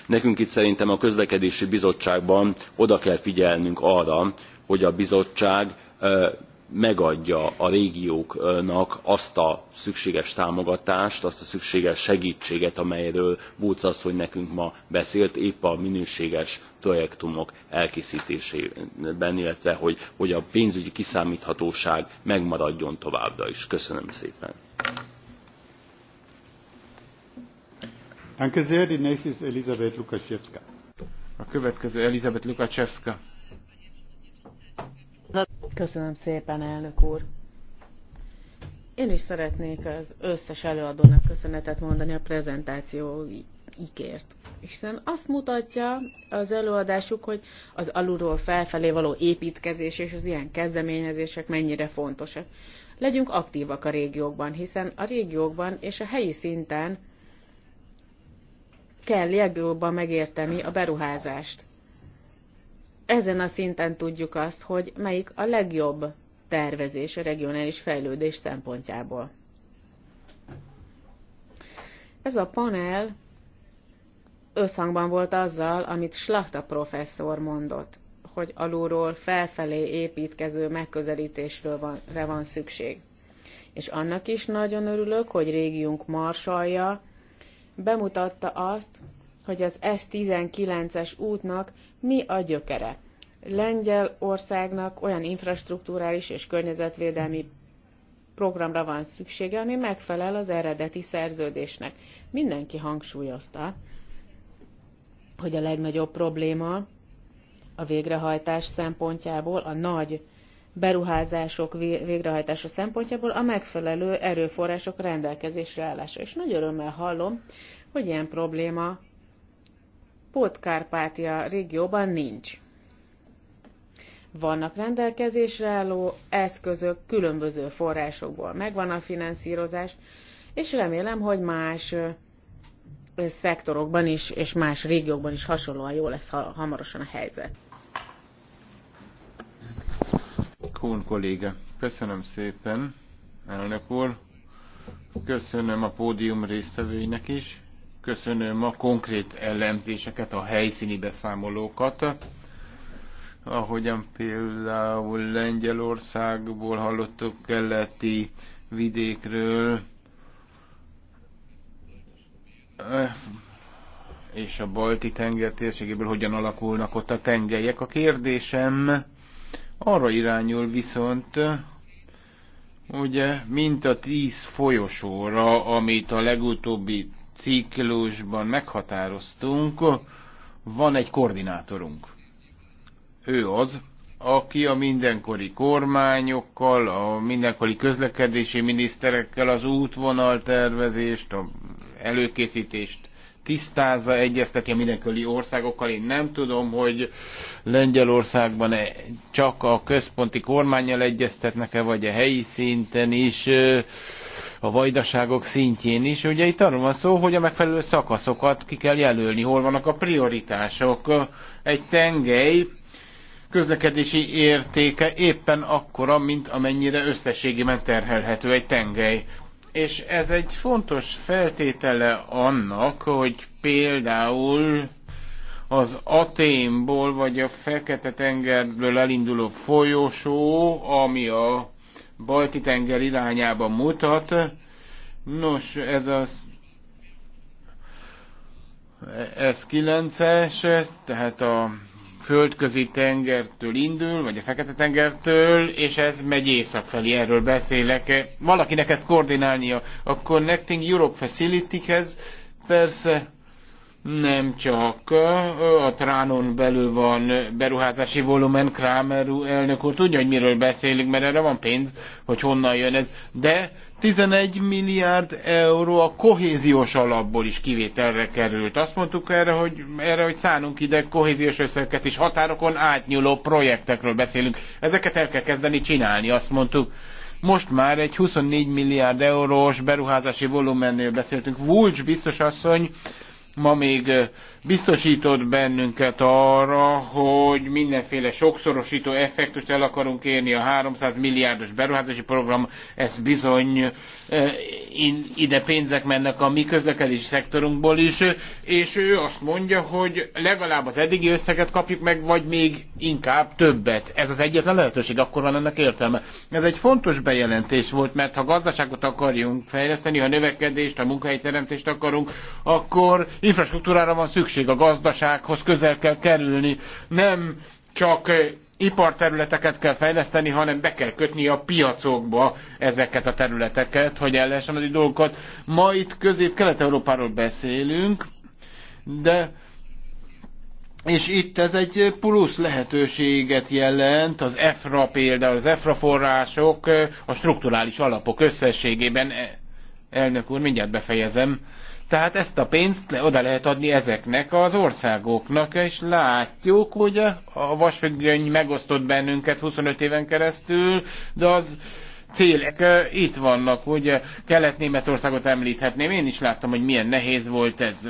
Nekünk itt szerintem a közlekedési bizottságban oda kell figyelnünk arra, hogy a bizottság ö, megadja a régióknak azt a szükséges támogatást, azt a szükséges segítséget, amelyről Bulc asszony nekünk ma beszélt, épp a minőséges projektumok elkészítésében, illetve hogy, hogy a pénzügyi kiszámíthatóság megmaradjon továbbra is. Köszönöm szépen. Danke sehr. Die nächste ist Elisabeth Lukaszewska. A következő Elisabeth Lukaszewska. Köszönöm szépen, elnök úr. Én is szeretnék az összes előadónak köszönetet mondani a prezentációikért. Hiszen azt mutatja az előadásuk, hogy az alulról felfelé való építkezés és az ilyen kezdeményezések mennyire fontosak. Legyünk aktívak a régiókban, hiszen a régiókban és a helyi szinten kell legjobban megérteni a beruházást ezen a szinten tudjuk azt, hogy melyik a legjobb tervezés a regionális fejlődés szempontjából. Ez a panel összhangban volt azzal, amit Slachta professzor mondott, hogy alulról felfelé építkező megközelítésről van, van szükség. És annak is nagyon örülök, hogy régiunk marsalja bemutatta azt, hogy az S19-es útnak mi a gyökere. Lengyelországnak olyan infrastruktúrális és környezetvédelmi programra van szüksége, ami megfelel az eredeti szerződésnek. Mindenki hangsúlyozta, hogy a legnagyobb probléma a végrehajtás szempontjából, a nagy beruházások végrehajtása szempontjából a megfelelő erőforrások rendelkezésre állása. És nagy örömmel hallom, hogy ilyen probléma Pótkárpátia régióban nincs. Vannak rendelkezésre álló eszközök különböző forrásokból, megvan a finanszírozás, és remélem, hogy más szektorokban is, és más régiókban is hasonlóan jó lesz ha, hamarosan a helyzet. Kón kolléga, köszönöm szépen, elnök úr. Köszönöm a pódium résztvevőinek is Köszönöm a konkrét ellenzéseket, a helyszíni beszámolókat. Ahogyan például Lengyelországból hallottuk keleti vidékről, és a balti tenger térségéből hogyan alakulnak ott a tengelyek. A kérdésem arra irányul viszont, ugye, mint a tíz folyosóra, amit a legutóbbi ciklusban meghatároztunk, van egy koordinátorunk. Ő az, aki a mindenkori kormányokkal, a mindenkori közlekedési miniszterekkel az útvonaltervezést, a előkészítést tisztázza, egyezteti a mindenkori országokkal. Én nem tudom, hogy Lengyelországban e csak a központi kormányjal egyeztetnek-e, vagy a helyi szinten is a vajdaságok szintjén is. Ugye itt arról van szó, hogy a megfelelő szakaszokat ki kell jelölni, hol vannak a prioritások. Egy tengely közlekedési értéke éppen akkora, mint amennyire összességében terhelhető egy tengely. És ez egy fontos feltétele annak, hogy például az Aténból vagy a Fekete-tengerből elinduló folyosó, ami a balti tenger irányába mutat. Nos, ez az ez 9-es, tehát a földközi tengertől indul, vagy a fekete tengertől, és ez megy észak felé, erről beszélek. Valakinek ezt koordinálnia, a Connecting Europe Facility-hez persze nem csak a Tránon belül van beruházási volumen, Kramer elnök úr tudja, hogy miről beszélünk, mert erre van pénz, hogy honnan jön ez, de 11 milliárd euró a kohéziós alapból is kivételre került. Azt mondtuk erre, hogy, erre, hogy szánunk ide kohéziós összeget és határokon átnyúló projektekről beszélünk. Ezeket el kell kezdeni csinálni, azt mondtuk most már egy 24 milliárd eurós beruházási volumennél beszéltünk. Vulcs biztos asszony ma még eh, biztosított bennünket arra, hogy mindenféle sokszorosító effektust el akarunk érni a 300 milliárdos beruházási program, ezt bizony ide pénzek mennek a mi közlekedési szektorunkból is, és ő azt mondja, hogy legalább az eddigi összeget kapjuk meg, vagy még inkább többet. Ez az egyetlen lehetőség, akkor van ennek értelme. Ez egy fontos bejelentés volt, mert ha gazdaságot akarjunk fejleszteni, ha növekedést, ha munkahelyteremtést akarunk, akkor infrastruktúrára van szükség, a gazdasághoz közel kell kerülni. Nem csak iparterületeket kell fejleszteni, hanem be kell kötni a piacokba ezeket a területeket, hogy el lehessen adni dolgokat. Ma itt Közép-Kelet-Európáról beszélünk, de és itt ez egy plusz lehetőséget jelent, az EFRA például, az EFRA források a strukturális alapok összességében. E, elnök úr, mindjárt befejezem tehát ezt a pénzt le, oda lehet adni ezeknek az országoknak, és látjuk, hogy a vasfüggöny megosztott bennünket 25 éven keresztül, de az célek itt vannak, hogy Kelet-Németországot említhetném. Én is láttam, hogy milyen nehéz volt ez.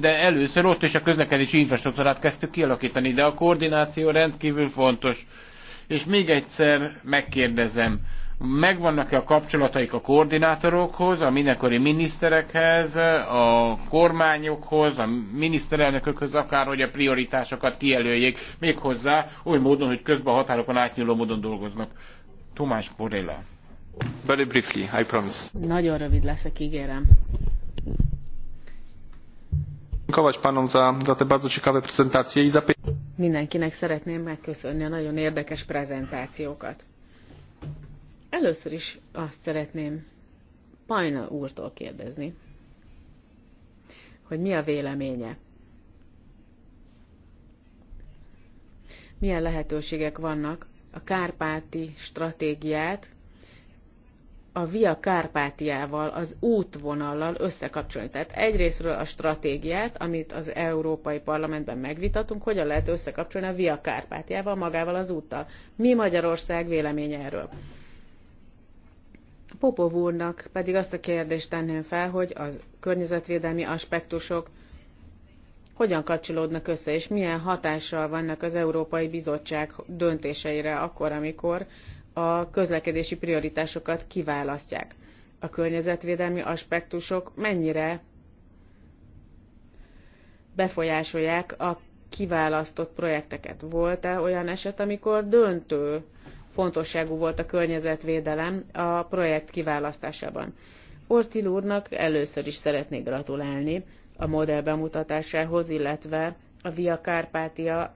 De először ott is a közlekedési infrastruktúrát kezdtük kialakítani, de a koordináció rendkívül fontos. És még egyszer megkérdezem, megvannak-e a kapcsolataik a koordinátorokhoz, a mindenkori miniszterekhez, a kormányokhoz, a miniszterelnökökhöz akár, hogy a prioritásokat kijelöljék, méghozzá oly módon, hogy közben a határokon átnyúló módon dolgoznak. Tomás Borella. Very briefly, I promise. Nagyon rövid leszek, ígérem. Dziękować panom za, za te bardzo ciekawe prezentacje i Mindenkinek szeretném megköszönni a nagyon érdekes prezentációkat. Először is azt szeretném Pajna úrtól kérdezni, hogy mi a véleménye. Milyen lehetőségek vannak a kárpáti stratégiát a Via Kárpátiával, az útvonallal összekapcsolni. Tehát egyrésztről a stratégiát, amit az Európai Parlamentben megvitatunk, hogyan lehet összekapcsolni a Via Kárpátiával, magával az úttal. Mi Magyarország véleménye erről? Popov úrnak pedig azt a kérdést tenném fel, hogy a környezetvédelmi aspektusok hogyan kapcsolódnak össze, és milyen hatással vannak az Európai Bizottság döntéseire akkor, amikor a közlekedési prioritásokat kiválasztják. A környezetvédelmi aspektusok mennyire befolyásolják a kiválasztott projekteket. Volt-e olyan eset, amikor döntő fontosságú volt a környezetvédelem a projekt kiválasztásában. Ortil úrnak először is szeretnék gratulálni a modell bemutatásához, illetve a Via Kárpátia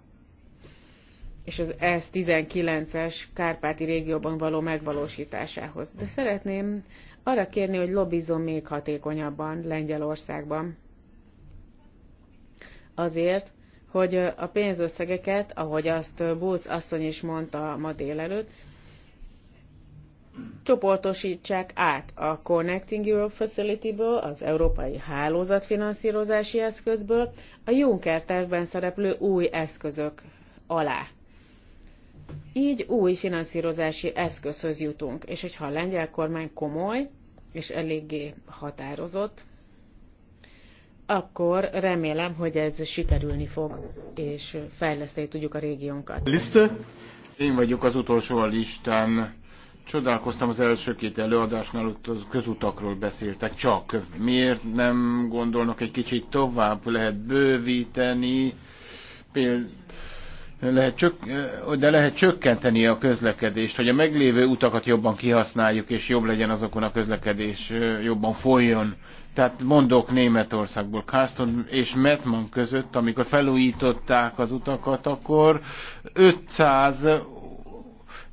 és az S19-es Kárpáti régióban való megvalósításához. De szeretném arra kérni, hogy lobbizom még hatékonyabban Lengyelországban. Azért, hogy a pénzösszegeket, ahogy azt Bulc asszony is mondta ma délelőtt, csoportosítsák át a Connecting Europe Facility-ből, az Európai Hálózatfinanszírozási Eszközből, a Juncker tervben szereplő új eszközök alá. Így új finanszírozási eszközhöz jutunk, és hogyha a lengyel kormány komoly és eléggé határozott, akkor remélem, hogy ez sikerülni fog, és fejleszteni tudjuk a régiónkat. Liste? Én vagyok az utolsó a listán. Csodálkoztam az első két előadásnál, ott az közutakról beszéltek. Csak miért nem gondolnak egy kicsit tovább? Lehet bővíteni, például lehet csök, de lehet csökkenteni a közlekedést, hogy a meglévő utakat jobban kihasználjuk, és jobb legyen azokon a közlekedés, jobban folyjon. Tehát mondok Németországból, Kárszton és Metman között, amikor felújították az utakat, akkor 500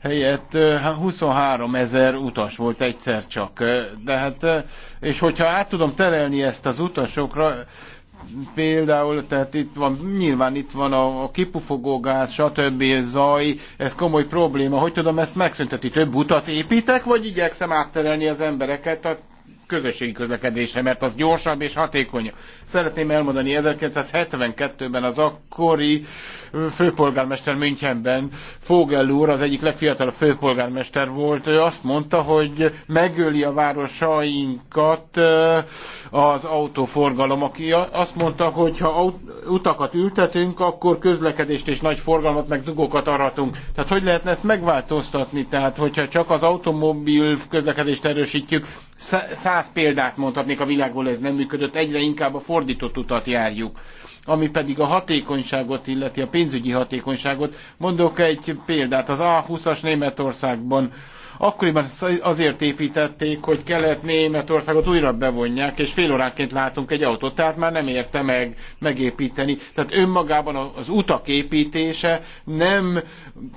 helyett 23 ezer utas volt egyszer csak. De hát, és hogyha át tudom terelni ezt az utasokra, például, tehát itt van, nyilván itt van a, a kipufogógáz, stb. zaj, ez komoly probléma. Hogy tudom ezt megszünteti? Több utat építek, vagy igyekszem átterelni az embereket Tehát közösségi közlekedése, mert az gyorsabb és hatékonyabb. Szeretném elmondani, 1972-ben az akkori főpolgármester Münchenben Fogel úr, az egyik legfiatalabb főpolgármester volt, ő azt mondta, hogy megöli a városainkat az autóforgalom, aki azt mondta, hogy ha utakat ültetünk, akkor közlekedést és nagy forgalmat, meg dugókat aratunk. Tehát hogy lehetne ezt megváltoztatni? Tehát hogyha csak az automobil közlekedést erősítjük, száz példát mondhatnék a világból, ez nem működött, egyre inkább a fordított utat járjuk. Ami pedig a hatékonyságot illeti, a pénzügyi hatékonyságot, mondok egy példát, az A20-as Németországban akkoriban azért építették, hogy Kelet-Németországot újra bevonják, és fél óránként látunk egy autót, tehát már nem érte meg megépíteni. Tehát önmagában az utak építése nem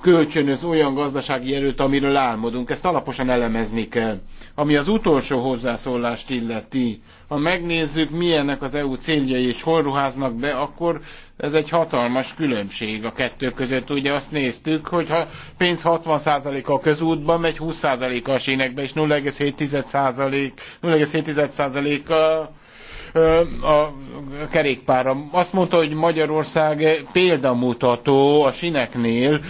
kölcsönöz olyan gazdasági erőt, amiről álmodunk. Ezt alaposan elemezni kell. Ami az utolsó hozzászólást illeti, ha megnézzük, milyenek az EU céljai és hol ruháznak be, akkor ez egy hatalmas különbség a kettő között. Ugye azt néztük, hogy ha pénz 60%-a a közútba megy, 20%-a a sínekbe, és 0,7%-a 07 a a kerékpára. Azt mondta, hogy Magyarország példamutató a sineknél,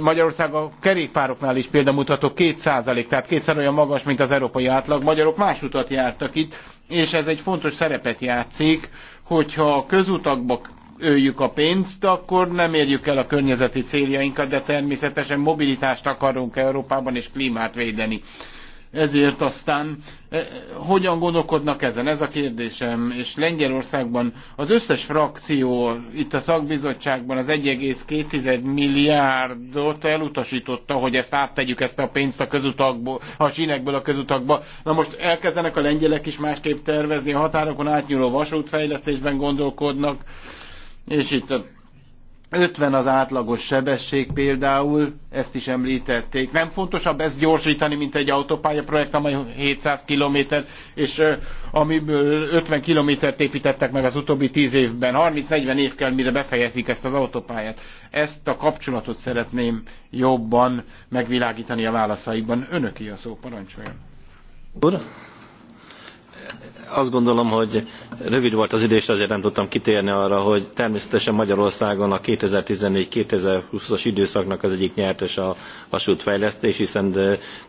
Magyarország a kerékpároknál is példamutató 2%, tehát kétszer olyan magas, mint az európai átlag. Magyarok más utat jártak itt, és ez egy fontos szerepet játszik, hogyha a közutakba öljük a pénzt, akkor nem érjük el a környezeti céljainkat, de természetesen mobilitást akarunk Európában és klímát védeni. Ezért aztán eh, hogyan gondolkodnak ezen? Ez a kérdésem. És Lengyelországban az összes frakció itt a szakbizottságban az 1,2 milliárdot elutasította, hogy ezt áttegyük ezt a pénzt a közutakból, a sínekből a közutakba. Na most elkezdenek a lengyelek is másképp tervezni, a határokon átnyúló vasútfejlesztésben gondolkodnak, és itt a 50 az átlagos sebesség például, ezt is említették. Nem fontosabb ezt gyorsítani, mint egy autópálya projekt, amely 700 km, és amiből 50 kilométert építettek meg az utóbbi 10 évben. 30-40 év kell, mire befejezik ezt az autópályát. Ezt a kapcsolatot szeretném jobban megvilágítani a válaszaikban. Önöki a szó, parancsoljon. Ura? azt gondolom, hogy rövid volt az idő, és azért nem tudtam kitérni arra, hogy természetesen Magyarországon a 2014-2020-as időszaknak az egyik nyertes a vasútfejlesztés, hiszen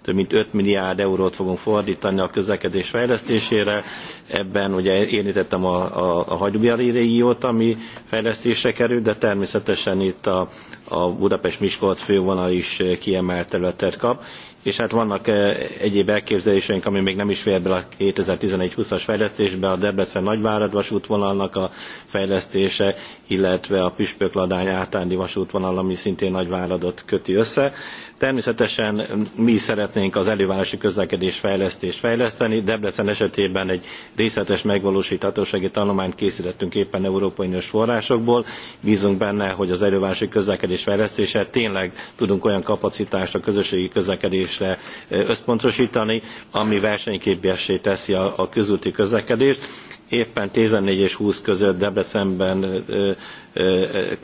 több mint 5 milliárd eurót fogunk fordítani a közlekedés fejlesztésére. Ebben ugye érintettem a, a, a hagyubjali régiót, ami fejlesztésre került, de természetesen itt a, a Budapest-Miskolc fővonal is kiemelt területet kap és hát vannak eh, egyéb elképzeléseink, ami még nem is fér bele a 2011-20-as fejlesztésbe, a Debrecen-Nagyvárad vasútvonalnak a fejlesztése, illetve a Püspökladány átándi vasútvonal, ami szintén Nagyváradot köti össze természetesen mi is szeretnénk az elővárosi közlekedés fejlesztést fejleszteni debrecen esetében egy részletes megvalósthatósági tanulmányt késztettünk éppen európai uniós forrásokból bzunk benne hogy az elővárosi közlekedés fejlesztése tényleg tudunk olyan kapacitást a közösségi közlekedésre összpontostani ami versenyképessé teszi a közúti közlekedést éppen fourteen és twenty között debrecenben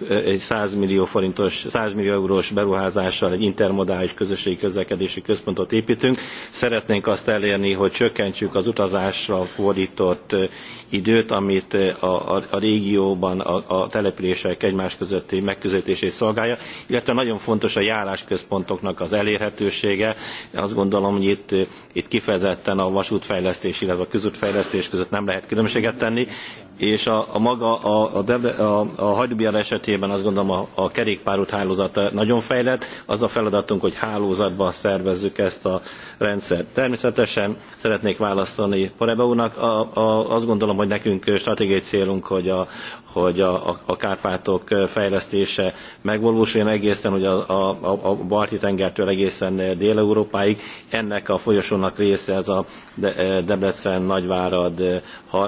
egy 100 millió forintos, 100 millió eurós beruházással egy intermodális közösségi közlekedési központot építünk. Szeretnénk azt elérni, hogy csökkentsük az utazásra fordított időt, amit a, a, a régióban a, a települések egymás közötti megközelítését szolgálja, illetve nagyon fontos a járásközpontoknak az elérhetősége. Azt gondolom, hogy itt, itt kifejezetten a vasútfejlesztés, illetve a közútfejlesztés között nem lehet különbséget tenni és a, a maga a, a, a, a Hajdubjár esetében azt gondolom a, a kerékpárút hálózata nagyon fejlett, az a feladatunk, hogy hálózatba szervezzük ezt a rendszert. Természetesen szeretnék válaszolni Porebe úrnak, a, a, azt gondolom, hogy nekünk stratégiai célunk, hogy a, hogy a, a, a Kárpátok fejlesztése megvalósuljon egészen, hogy a, a, a balti tengertől egészen Dél-Európáig. Ennek a folyosónak része ez a eh, Debrecen, Nagyvárad, eh,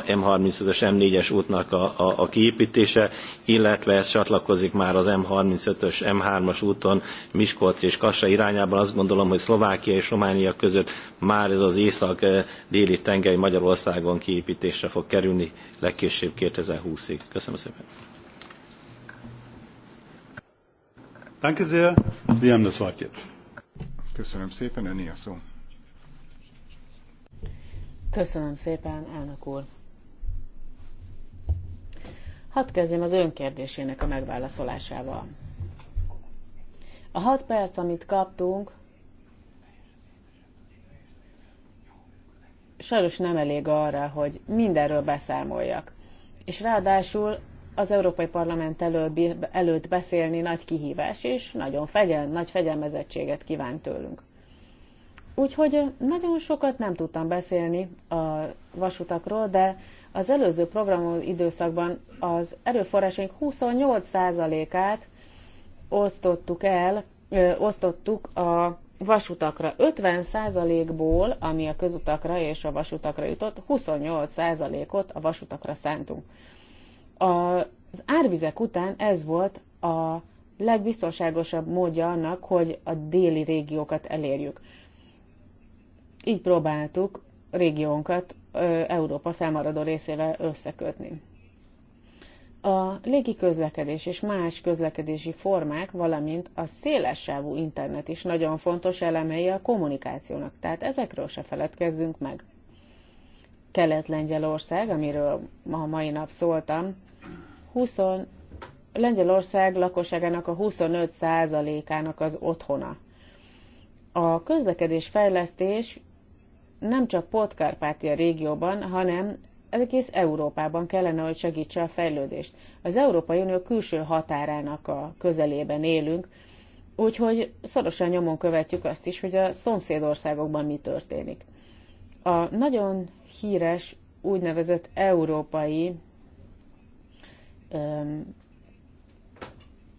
M35-ös, M4-es útnak a, a, a kiépítése, illetve ez csatlakozik már az M35-ös, M3-as úton Miskolc és Kassa irányában. Azt gondolom, hogy Szlovákia és Románia között már ez az észak-déli eh, tengely Magyarországon kiépítésre fog kerülni legkésőbb 2020-ig. Köszönöm. Köszönöm szépen. Danke sehr. Sie haben das Wort jetzt. Köszönöm szépen, Öné a szó. Köszönöm szépen, elnök úr. Hadd kezdjem az önkérdésének a megválaszolásával. A hat perc, amit kaptunk, sajnos nem elég arra, hogy mindenről beszámoljak és ráadásul az Európai Parlament előbb, előtt beszélni nagy kihívás, és nagyon fegyel, nagy fegyelmezettséget kíván tőlünk. Úgyhogy nagyon sokat nem tudtam beszélni a vasutakról, de az előző programozó időszakban az erőforrásaink 28%-át osztottuk el, ö, osztottuk a vasutakra. 50%-ból, ami a közutakra és a vasutakra jutott, 28%-ot a vasutakra szántunk. Az árvizek után ez volt a legbiztonságosabb módja annak, hogy a déli régiókat elérjük. Így próbáltuk régiónkat Európa felmaradó részével összekötni a légi közlekedés és más közlekedési formák, valamint a szélessávú internet is nagyon fontos elemei a kommunikációnak, tehát ezekről se feledkezzünk meg. Kelet-Lengyelország, amiről ma a mai nap szóltam, 20, Lengyelország lakosságának a 25%-ának az otthona. A közlekedés fejlesztés nem csak Podkárpátia régióban, hanem egész Európában kellene, hogy segítse a fejlődést. Az Európai Unió külső határának a közelében élünk, úgyhogy szorosan nyomon követjük azt is, hogy a szomszédországokban mi történik. A nagyon híres úgynevezett európai öm,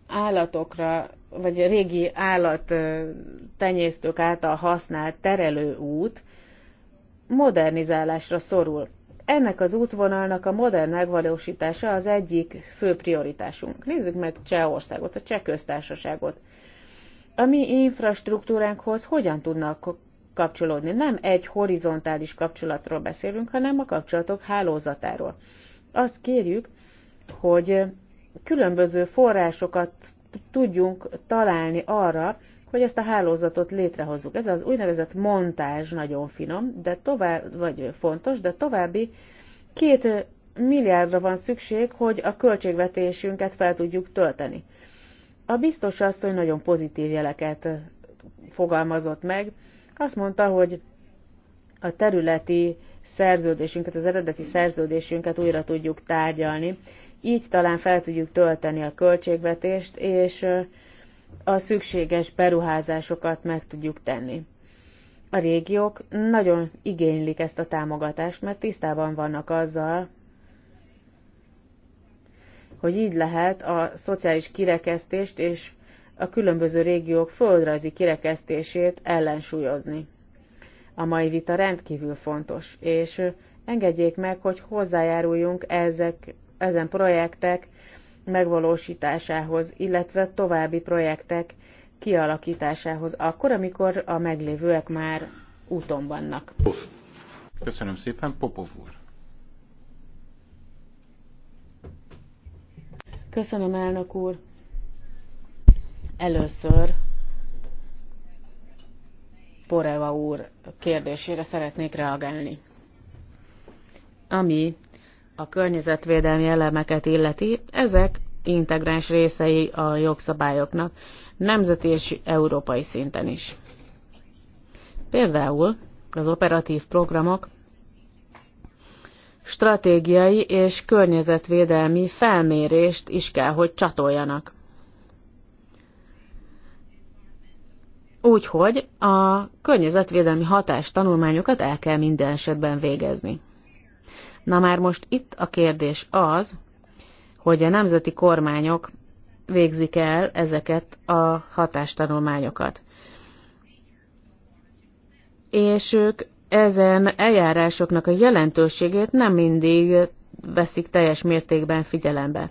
állatokra, vagy régi tenyésztők által használt terelő út modernizálásra szorul. Ennek az útvonalnak a modern megvalósítása az egyik fő prioritásunk. Nézzük meg Csehországot, a Cseh köztársaságot. A mi infrastruktúránkhoz hogyan tudnak kapcsolódni? Nem egy horizontális kapcsolatról beszélünk, hanem a kapcsolatok hálózatáról. Azt kérjük, hogy különböző forrásokat tudjunk találni arra, hogy ezt a hálózatot létrehozzuk. Ez az úgynevezett montázs nagyon finom, de tovább, vagy fontos, de további két milliárdra van szükség, hogy a költségvetésünket fel tudjuk tölteni. A biztos hogy nagyon pozitív jeleket fogalmazott meg. Azt mondta, hogy a területi szerződésünket, az eredeti szerződésünket újra tudjuk tárgyalni. Így talán fel tudjuk tölteni a költségvetést, és a szükséges beruházásokat meg tudjuk tenni. A régiók nagyon igénylik ezt a támogatást, mert tisztában vannak azzal, hogy így lehet a szociális kirekesztést és a különböző régiók földrajzi kirekesztését ellensúlyozni. A mai vita rendkívül fontos, és engedjék meg, hogy hozzájáruljunk ezek, ezen projektek megvalósításához, illetve további projektek kialakításához, akkor, amikor a meglévőek már úton vannak. Köszönöm szépen, Popov úr. Köszönöm, elnök úr. Először Poreva úr kérdésére szeretnék reagálni, ami a környezetvédelmi elemeket illeti, ezek integráns részei a jogszabályoknak, nemzeti és európai szinten is. Például az operatív programok stratégiai és környezetvédelmi felmérést is kell, hogy csatoljanak. Úgyhogy a környezetvédelmi hatás tanulmányokat el kell minden esetben végezni. Na már most itt a kérdés az, hogy a nemzeti kormányok végzik el ezeket a hatástanulmányokat. És ők ezen eljárásoknak a jelentőségét nem mindig veszik teljes mértékben figyelembe.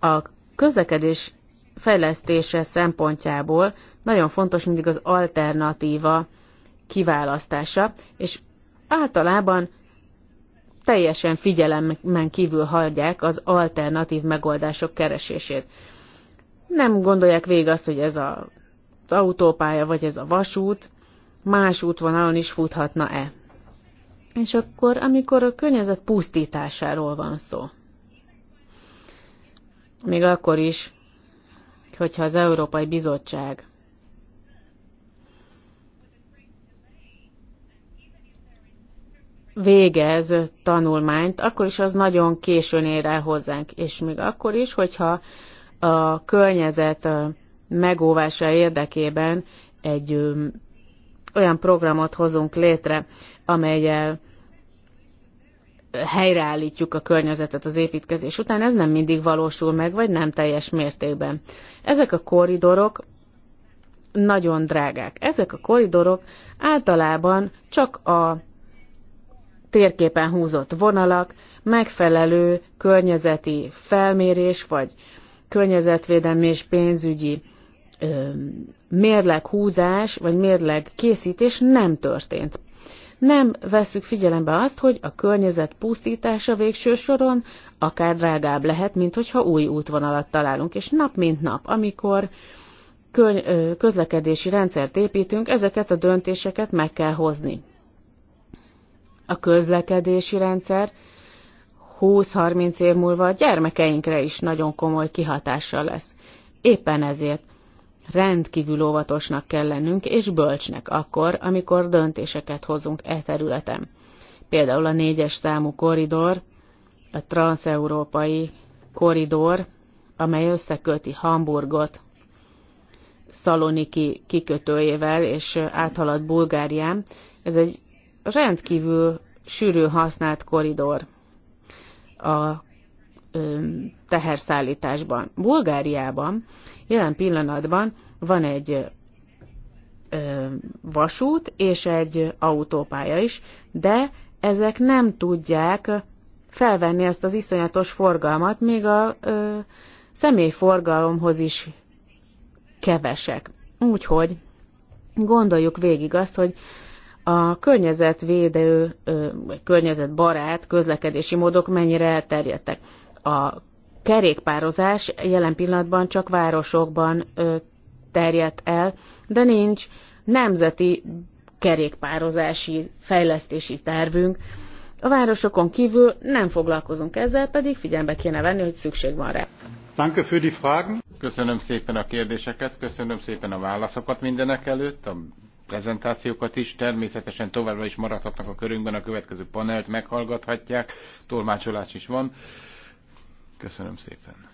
A közlekedés fejlesztése szempontjából nagyon fontos mindig az alternatíva kiválasztása, és általában teljesen figyelemmen kívül hagyják az alternatív megoldások keresését. Nem gondolják végig azt, hogy ez a, az autópálya vagy ez a vasút más útvonalon is futhatna-e. És akkor, amikor a környezet pusztításáról van szó, még akkor is, hogyha az Európai Bizottság végez tanulmányt, akkor is az nagyon későn ér el hozzánk. És még akkor is, hogyha a környezet megóvása érdekében egy olyan programot hozunk létre, amelyel helyreállítjuk a környezetet az építkezés után, ez nem mindig valósul meg, vagy nem teljes mértékben. Ezek a korridorok nagyon drágák. Ezek a korridorok általában csak a térképen húzott vonalak, megfelelő környezeti felmérés, vagy környezetvédelmi és pénzügyi ö, mérleg húzás, vagy mérleg készítés nem történt. Nem vesszük figyelembe azt, hogy a környezet pusztítása végső soron akár drágább lehet, mint hogyha új útvonalat találunk, és nap mint nap, amikor közlekedési rendszert építünk, ezeket a döntéseket meg kell hozni a közlekedési rendszer 20-30 év múlva a gyermekeinkre is nagyon komoly kihatással lesz. Éppen ezért rendkívül óvatosnak kell lennünk, és bölcsnek akkor, amikor döntéseket hozunk e területen. Például a négyes számú koridor, a transeurópai koridor, amely összeköti Hamburgot Szaloniki kikötőjével, és áthalad Bulgárián. Ez egy rendkívül sűrű használt koridor a teherszállításban. Bulgáriában jelen pillanatban van egy vasút és egy autópálya is, de ezek nem tudják felvenni ezt az iszonyatos forgalmat, még a ö, személyforgalomhoz is kevesek. Úgyhogy gondoljuk végig azt, hogy a környezetvédő, vagy környezetbarát közlekedési módok mennyire elterjedtek. A kerékpározás jelen pillanatban csak városokban terjedt el, de nincs nemzeti kerékpározási fejlesztési tervünk. A városokon kívül nem foglalkozunk ezzel, pedig figyelembe kéne venni, hogy szükség van rá. Köszönöm szépen a kérdéseket, köszönöm szépen a válaszokat mindenek előtt, a prezentációkat is. Természetesen továbbra is maradhatnak a körünkben, a következő panelt meghallgathatják, tolmácsolás is van. Köszönöm szépen.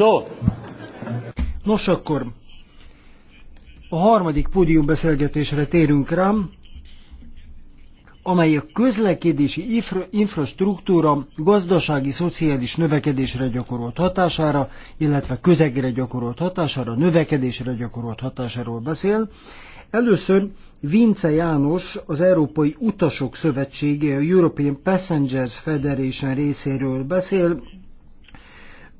szó. Nos akkor, a harmadik beszélgetésre térünk rám, amely a közlekedési infra infrastruktúra gazdasági, szociális növekedésre gyakorolt hatására, illetve közegre gyakorolt hatására, növekedésre gyakorolt hatásáról beszél. Először Vince János, az Európai Utasok Szövetsége, a European Passengers Federation részéről beszél,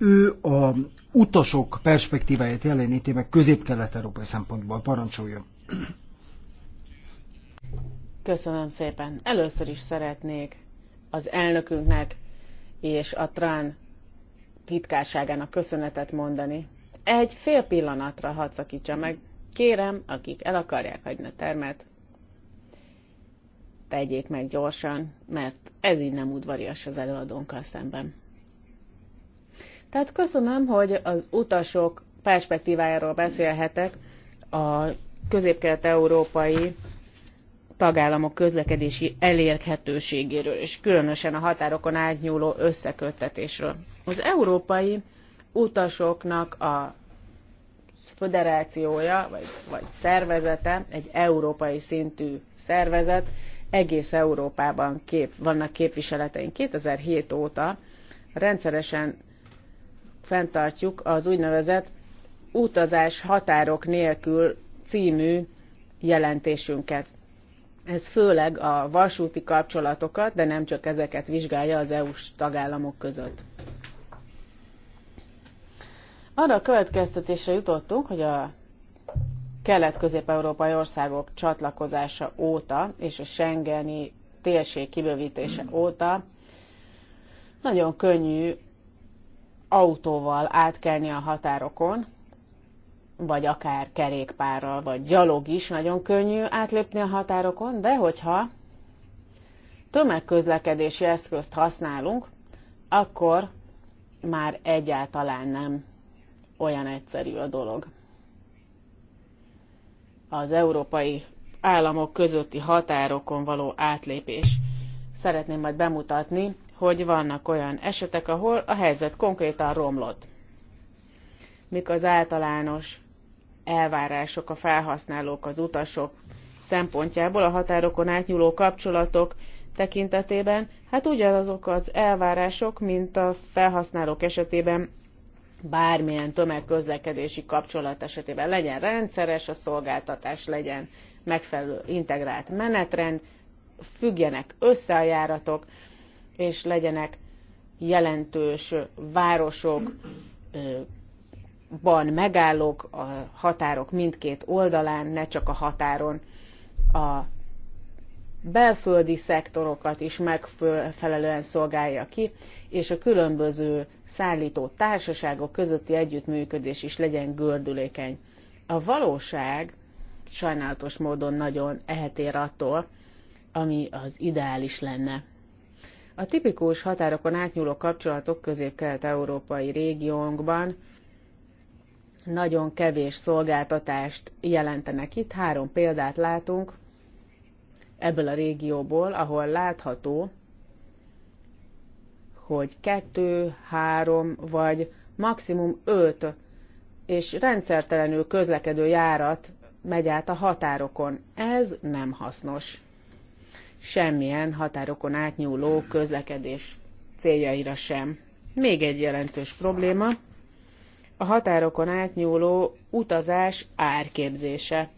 ő a utasok perspektíváját jeleníti meg közép-kelet-európai szempontból. Parancsoljon! Köszönöm szépen. Először is szeretnék az elnökünknek és a Trán titkárságának köszönetet mondani. Egy fél pillanatra hadd szakítsa meg. Kérem, akik el akarják hagyni a termet, tegyék meg gyorsan, mert ez így nem udvarias az előadónkkal szemben. Tehát köszönöm, hogy az utasok perspektívájáról beszélhetek a közép-kelet-európai tagállamok közlekedési elérhetőségéről, és különösen a határokon átnyúló összeköttetésről. Az európai utasoknak a föderációja, vagy, vagy szervezete, egy európai szintű szervezet, egész Európában kép, vannak képviseleteink. 2007 óta rendszeresen fenntartjuk az úgynevezett utazás határok nélkül című jelentésünket. Ez főleg a vasúti kapcsolatokat, de nem csak ezeket vizsgálja az EU-s tagállamok között. Arra a következtetésre jutottunk, hogy a kelet-közép-európai országok csatlakozása óta és a Schengeni térség kibővítése óta nagyon könnyű autóval átkelni a határokon, vagy akár kerékpárral, vagy gyalog is nagyon könnyű átlépni a határokon, de hogyha tömegközlekedési eszközt használunk, akkor már egyáltalán nem olyan egyszerű a dolog. Az európai államok közötti határokon való átlépés. Szeretném majd bemutatni hogy vannak olyan esetek, ahol a helyzet konkrétan romlott. Mik az általános elvárások a felhasználók, az utasok szempontjából a határokon átnyúló kapcsolatok tekintetében, hát ugyanazok az elvárások, mint a felhasználók esetében bármilyen tömegközlekedési kapcsolat esetében legyen rendszeres a szolgáltatás, legyen megfelelő integrált menetrend, függjenek össze a járatok, és legyenek jelentős városokban megállók a határok mindkét oldalán, ne csak a határon. A belföldi szektorokat is megfelelően szolgálja ki, és a különböző szállító társaságok közötti együttműködés is legyen gördülékeny. A valóság sajnálatos módon nagyon eltér attól, ami az ideális lenne. A tipikus határokon átnyúló kapcsolatok közép-kelet-európai régiónkban nagyon kevés szolgáltatást jelentenek. Itt három példát látunk ebből a régióból, ahol látható, hogy kettő, három vagy maximum öt és rendszertelenül közlekedő járat megy át a határokon. Ez nem hasznos semmilyen határokon átnyúló közlekedés céljaira sem. Még egy jelentős probléma, a határokon átnyúló utazás árképzése.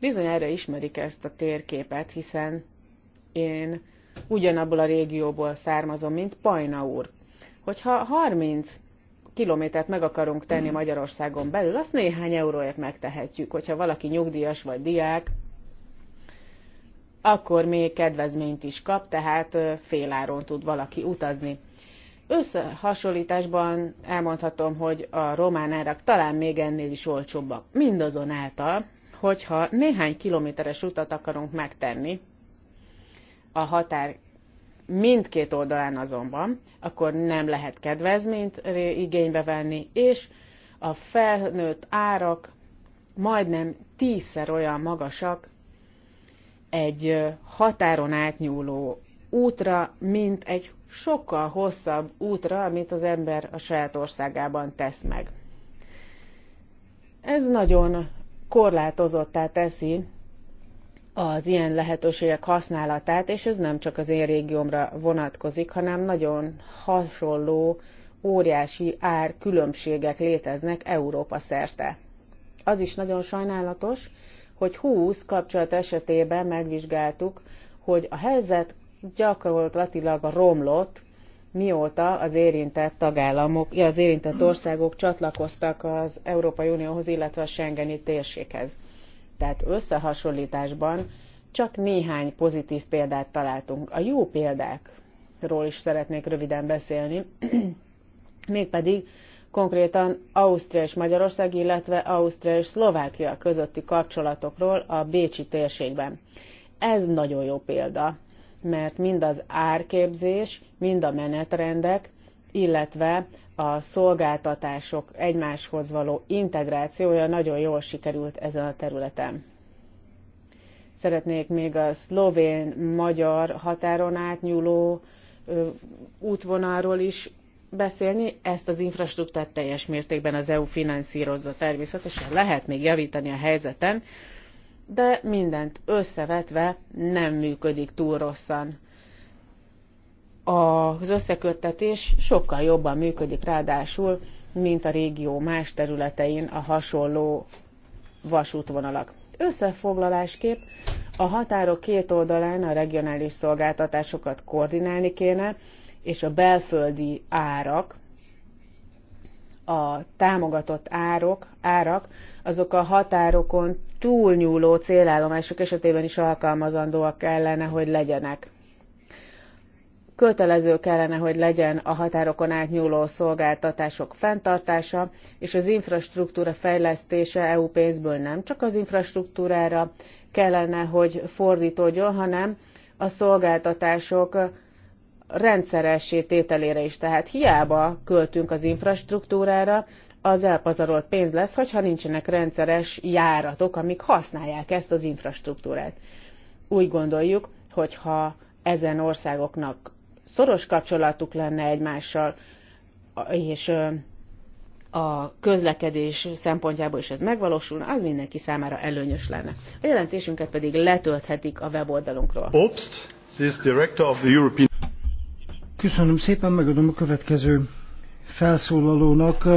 Bizonyára ismerik ezt a térképet, hiszen én ugyanabból a régióból származom, mint Pajna úr. Hogyha 30 kilométert meg akarunk tenni Magyarországon belül, azt néhány euróért megtehetjük. Hogyha valaki nyugdíjas vagy diák, akkor még kedvezményt is kap, tehát féláron tud valaki utazni. Összehasonlításban elmondhatom, hogy a román árak talán még ennél is olcsóbbak. Mindazonáltal, hogyha néhány kilométeres utat akarunk megtenni, a határ mindkét oldalán azonban, akkor nem lehet kedvezményt igénybe venni, és a felnőtt árak majdnem tízszer olyan magasak, egy határon átnyúló útra, mint egy sokkal hosszabb útra, amit az ember a saját országában tesz meg. Ez nagyon korlátozottá teszi az ilyen lehetőségek használatát, és ez nem csak az én régiómra vonatkozik, hanem nagyon hasonló óriási ár különbségek léteznek Európa szerte. Az is nagyon sajnálatos, hogy 20 kapcsolat esetében megvizsgáltuk, hogy a helyzet gyakorlatilag romlott, mióta az érintett tagállamok, az érintett országok csatlakoztak az Európai Unióhoz, illetve a Schengeni térséghez. Tehát összehasonlításban csak néhány pozitív példát találtunk. A jó példákról is szeretnék röviden beszélni, *clears throat* mégpedig konkrétan Ausztria és Magyarország, illetve Ausztria és Szlovákia közötti kapcsolatokról a Bécsi térségben. Ez nagyon jó példa, mert mind az árképzés, mind a menetrendek, illetve a szolgáltatások egymáshoz való integrációja nagyon jól sikerült ezen a területen. Szeretnék még a szlovén-magyar határon átnyúló útvonalról is beszélni, ezt az infrastruktúrát teljes mértékben az EU finanszírozza természetesen, lehet még javítani a helyzeten, de mindent összevetve nem működik túl rosszan. Az összeköttetés sokkal jobban működik ráadásul, mint a régió más területein a hasonló vasútvonalak. Összefoglalásképp a határok két oldalán a regionális szolgáltatásokat koordinálni kéne, és a belföldi árak, a támogatott árok, árak, azok a határokon túlnyúló célállomások esetében is alkalmazandóak kellene, hogy legyenek. Kötelező kellene, hogy legyen a határokon átnyúló szolgáltatások fenntartása, és az infrastruktúra fejlesztése EU pénzből nem csak az infrastruktúrára kellene, hogy fordítódjon, hanem a szolgáltatások rendszeressé tételére is. Tehát hiába költünk az infrastruktúrára, az elpazarolt pénz lesz, hogyha nincsenek rendszeres járatok, amik használják ezt az infrastruktúrát. Úgy gondoljuk, hogyha ezen országoknak szoros kapcsolatuk lenne egymással, és a közlekedés szempontjából is ez megvalósulna, az mindenki számára előnyös lenne. A jelentésünket pedig letölthetik a weboldalunkról. Obst, this director of the European Köszönöm szépen, megadom a következő felszólalónak,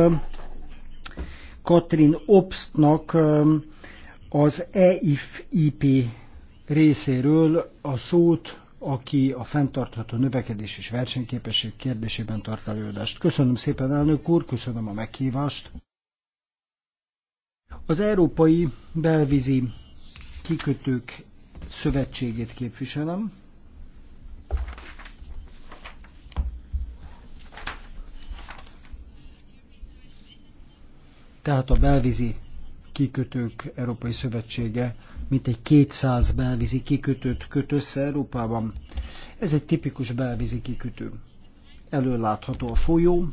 Katrin Obstnak az EIFIP részéről a szót, aki a fenntartható növekedés és versenyképesség kérdésében tart előadást. Köszönöm szépen, elnök úr, köszönöm a meghívást. Az Európai Belvízi Kikötők Szövetségét képviselem, Tehát a belvízi kikötők Európai Szövetsége mint egy 200 belvízi kikötőt köt össze Európában. Ez egy tipikus belvízi kikötő. Előlátható a folyó,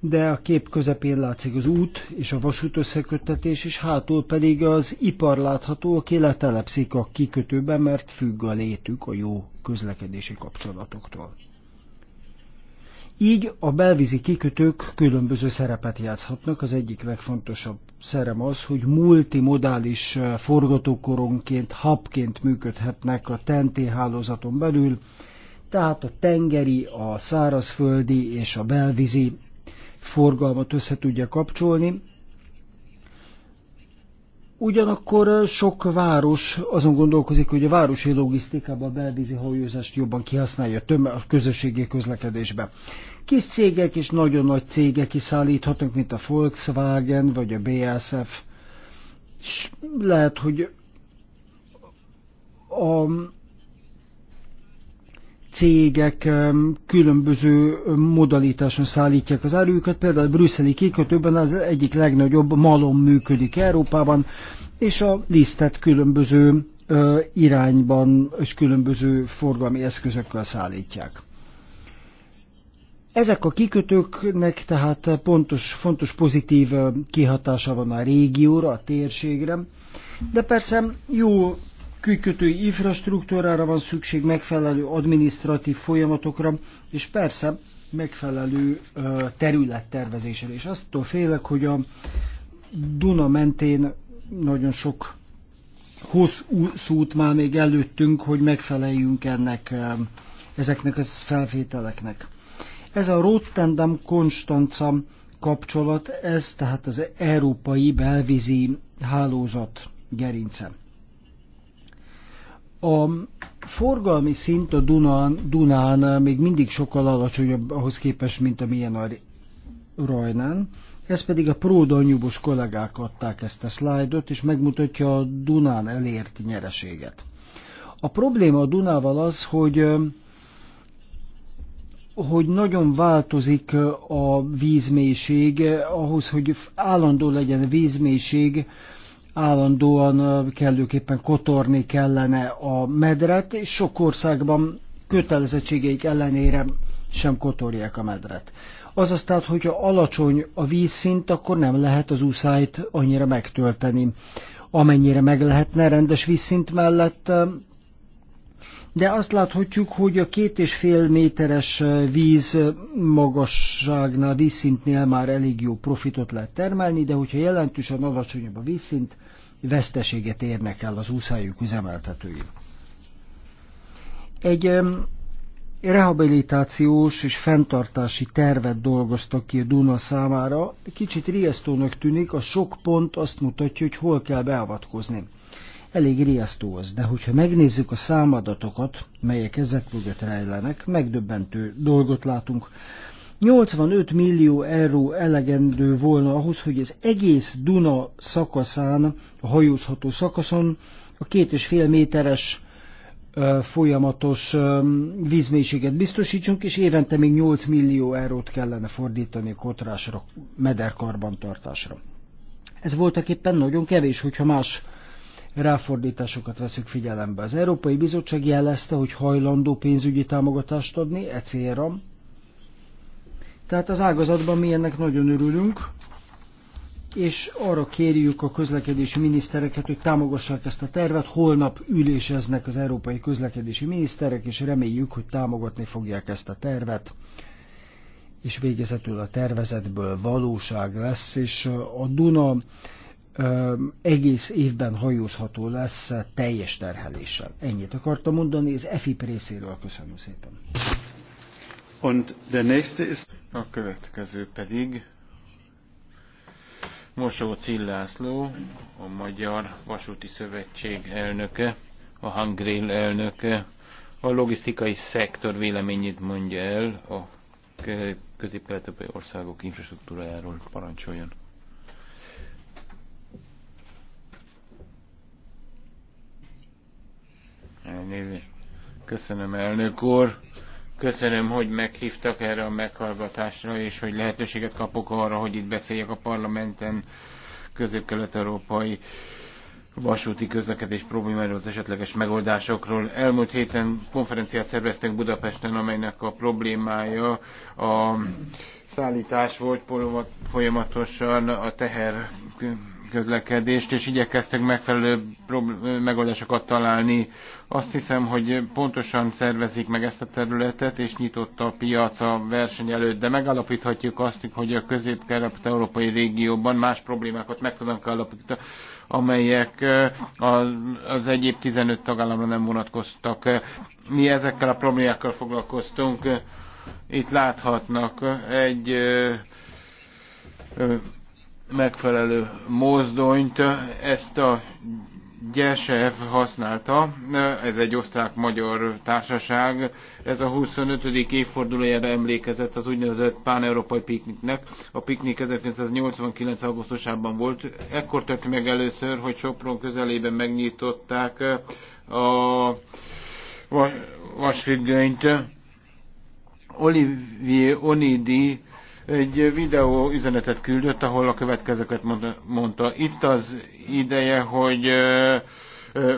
de a kép közepén látszik az út és a vasút összeköttetés, és hátul pedig az ipar látható, aki letelepszik a kikötőben, mert függ a létük a jó közlekedési kapcsolatoktól. Így a belvízi kikötők különböző szerepet játszhatnak. Az egyik legfontosabb szerem az, hogy multimodális eh, forgatókoronként, hubként működhetnek a TNT hálózaton belül, tehát a tengeri, a szárazföldi és a belvízi forgalmat össze tudja kapcsolni, Ugyanakkor sok város azon gondolkozik, hogy a városi logisztikában a belvízi hajózást jobban kihasználja a közösségi közlekedésbe. Kis cégek és nagyon nagy cégek is szállíthatnak, mint a Volkswagen vagy a BSF. És lehet, hogy a cégek különböző modalitáson szállítják az erőket. például a brüsszeli kikötőben az egyik legnagyobb malom működik Európában, és a lisztet különböző irányban és különböző forgalmi eszközökkel szállítják. Ezek a kikötőknek tehát pontos, fontos pozitív kihatása van a régióra, a térségre, de persze jó kikötői infrastruktúrára van szükség, megfelelő adminisztratív folyamatokra, és persze megfelelő területtervezésre. És aztól félek, hogy a Duna mentén nagyon sok hosszú szút már még előttünk, hogy megfeleljünk ennek, ezeknek a felvételeknek. Ez a Rotterdam Konstanca kapcsolat, ez tehát az európai belvízi hálózat gerince. A forgalmi szint a Dunán, Dunán még mindig sokkal alacsonyabb ahhoz képest, mint a milyen a Rajnán. Ez pedig a pródalnyúbos kollégák adták ezt a szlájdot, és megmutatja a Dunán elért nyereséget. A probléma a Dunával az, hogy hogy nagyon változik a vízmélység, ahhoz, hogy állandó legyen a vízmélység, állandóan kellőképpen kotorni kellene a medret, és sok országban kötelezettségeik ellenére sem kotorják a medret. Az aztán, hogyha alacsony a vízszint, akkor nem lehet az úszájt annyira megtölteni, amennyire meg lehetne rendes vízszint mellett, de azt láthatjuk, hogy a két és fél méteres víz magasságnál, vízszintnél már elég jó profitot lehet termelni, de hogyha jelentősen alacsonyabb a vízszint, veszteséget érnek el az úszájuk üzemeltetői. Egy rehabilitációs és fenntartási tervet dolgoztak ki a Duna számára. Kicsit riasztónak tűnik, a sok pont azt mutatja, hogy hol kell beavatkozni. Elég riasztó az, de hogyha megnézzük a számadatokat, melyek ezek mögött rejlenek, megdöbbentő dolgot látunk. 85 millió euró elegendő volna ahhoz, hogy az egész Duna szakaszán, a hajózható szakaszon a két és fél méteres folyamatos vízmélységet biztosítsunk, és évente még 8 millió eurót kellene fordítani a kotrásra, mederkarbantartásra. Ez voltak éppen nagyon kevés, hogyha más ráfordításokat veszük figyelembe. Az Európai Bizottság jelezte, hogy hajlandó pénzügyi támogatást adni e célra, tehát az ágazatban mi ennek nagyon örülünk, és arra kérjük a közlekedési minisztereket, hogy támogassák ezt a tervet. Holnap üléseznek az európai közlekedési miniszterek, és reméljük, hogy támogatni fogják ezt a tervet és végezetül a tervezetből valóság lesz, és a Duna egész évben hajózható lesz teljes terheléssel. Ennyit akartam mondani, ez EFIP részéről köszönöm szépen. Und der nächste ist... A következő pedig Mosó Cillászló, a Magyar Vasúti Szövetség elnöke, a Hangrél elnöke, a logisztikai szektor véleményét mondja el a közép országok infrastruktúrájáról parancsoljon. Elnézést. Köszönöm, elnök úr. Köszönöm, hogy meghívtak erre a meghallgatásra, és hogy lehetőséget kapok arra, hogy itt beszéljek a parlamenten közép-kelet-európai vasúti közlekedés problémáról, az esetleges megoldásokról. Elmúlt héten konferenciát szerveztek Budapesten, amelynek a problémája a szállítás volt folyamatosan a teher közlekedést, és igyekeztek megfelelő megoldásokat találni. Azt hiszem, hogy pontosan szervezik meg ezt a területet, és nyitott a piac a verseny előtt, de megállapíthatjuk azt, hogy a közép európai régióban más problémákat meg tudnak állapítani, amelyek az egyéb 15 tagállamra nem vonatkoztak. Mi ezekkel a problémákkal foglalkoztunk. Itt láthatnak egy megfelelő mozdonyt. Ezt a Gyesev használta, ez egy osztrák-magyar társaság, ez a 25. évfordulójára emlékezett az úgynevezett pán-európai pikniknek. A piknik 1989. augusztusában volt. Ekkor tört meg először, hogy Sopron közelében megnyitották eh, a vasfüggönyt. Olivier Onidi egy videó üzenetet küldött, ahol a következőket mondta. Itt az ideje, hogy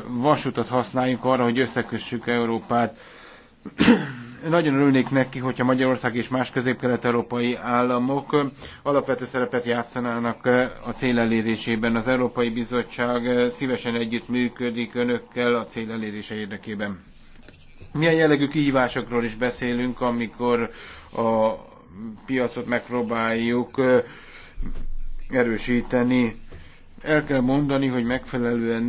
vasutat használjunk arra, hogy összekössük Európát. *clears throat* Nagyon örülnék neki, hogyha Magyarország és más közép-kelet-európai államok alapvető szerepet játszanának a cél elérésében. Az Európai Bizottság szívesen együttműködik önökkel a cél elérése érdekében milyen jellegű kihívásokról is beszélünk, amikor a piacot megpróbáljuk erősíteni. El kell mondani, hogy megfelelően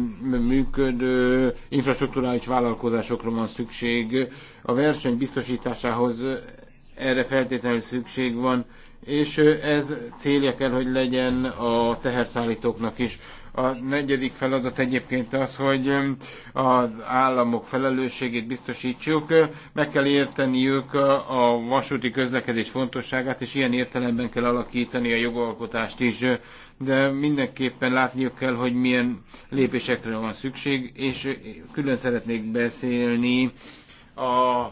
működő infrastruktúrális vállalkozásokra van szükség. A verseny biztosításához erre feltétlenül szükség van, és ez célja kell, hogy legyen a teherszállítóknak is. A negyedik feladat egyébként az, hogy az államok felelősségét biztosítsuk, meg kell érteniük a vasúti közlekedés fontosságát, és ilyen értelemben kell alakítani a jogalkotást is, de mindenképpen látniuk kell, hogy milyen lépésekre van szükség, és külön szeretnék beszélni a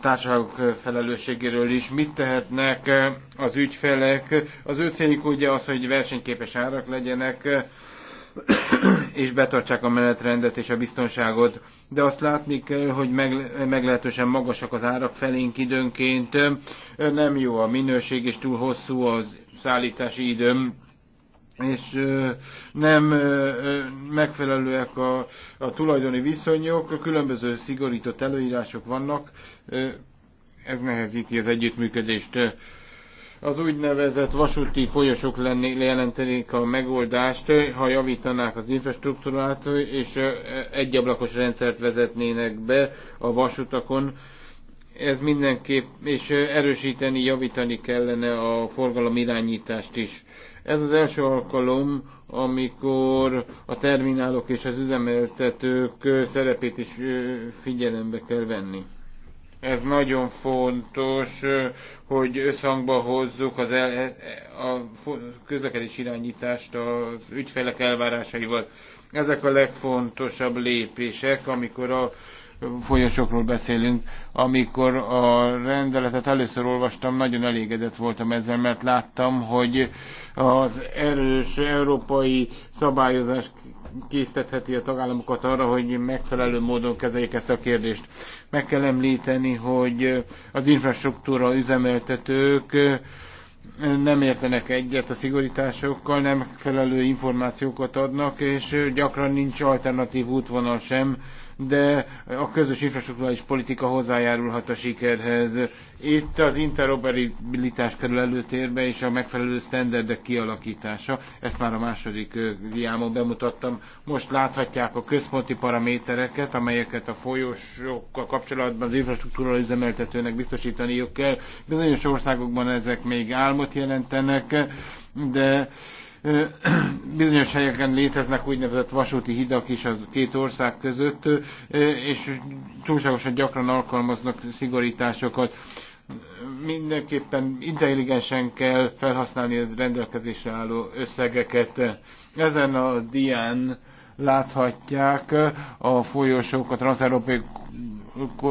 társaságok felelősségéről is. Mit tehetnek az ügyfelek? Az ő céljuk ugye az, hogy versenyképes árak legyenek, és betartsák a menetrendet és a biztonságot. De azt látni kell, hogy meg, meglehetősen magasak az árak felénk időnként, nem jó a minőség, és túl hosszú az szállítási időm és nem megfelelőek a, a tulajdoni viszonyok, különböző szigorított előírások vannak, ez nehezíti az együttműködést az úgynevezett vasúti folyosók lenni, jelentenék a megoldást, ha javítanák az infrastruktúrát, és egyablakos rendszert vezetnének be a vasutakon. Ez mindenképp, és erősíteni, javítani kellene a forgalom irányítást is. Ez az első alkalom, amikor a terminálok és az üzemeltetők szerepét is figyelembe kell venni. Ez nagyon fontos, hogy összhangba hozzuk az el, a közlekedés irányítást az ügyfelek elvárásaival. Ezek a legfontosabb lépések, amikor a folyosokról beszélünk. Amikor a rendeletet először olvastam, nagyon elégedett voltam ezzel, mert láttam, hogy az erős európai szabályozás késztetheti a tagállamokat arra, hogy megfelelő módon kezeljék ezt a kérdést. Meg kell említeni, hogy az infrastruktúra üzemeltetők nem értenek egyet a szigorításokkal, nem megfelelő információkat adnak, és gyakran nincs alternatív útvonal sem de a közös infrastruktúrális politika hozzájárulhat a sikerhez. Itt az interoperabilitás kerül előtérbe, és a megfelelő standardek kialakítása. Ezt már a második diámon bemutattam. Most láthatják a központi paramétereket, amelyeket a folyósokkal kapcsolatban az infrastruktúra üzemeltetőnek biztosítaniuk kell. Bizonyos országokban ezek még álmot jelentenek, de *clears throat* Bizonyos helyeken léteznek úgynevezett vasúti hidak is a két ország között, és túlságosan gyakran alkalmaznak szigorításokat mindenképpen intelligensen kell felhasználni az rendelkezésre álló összegeket. Ezen a dián láthatják a folyosók, a transzeurópai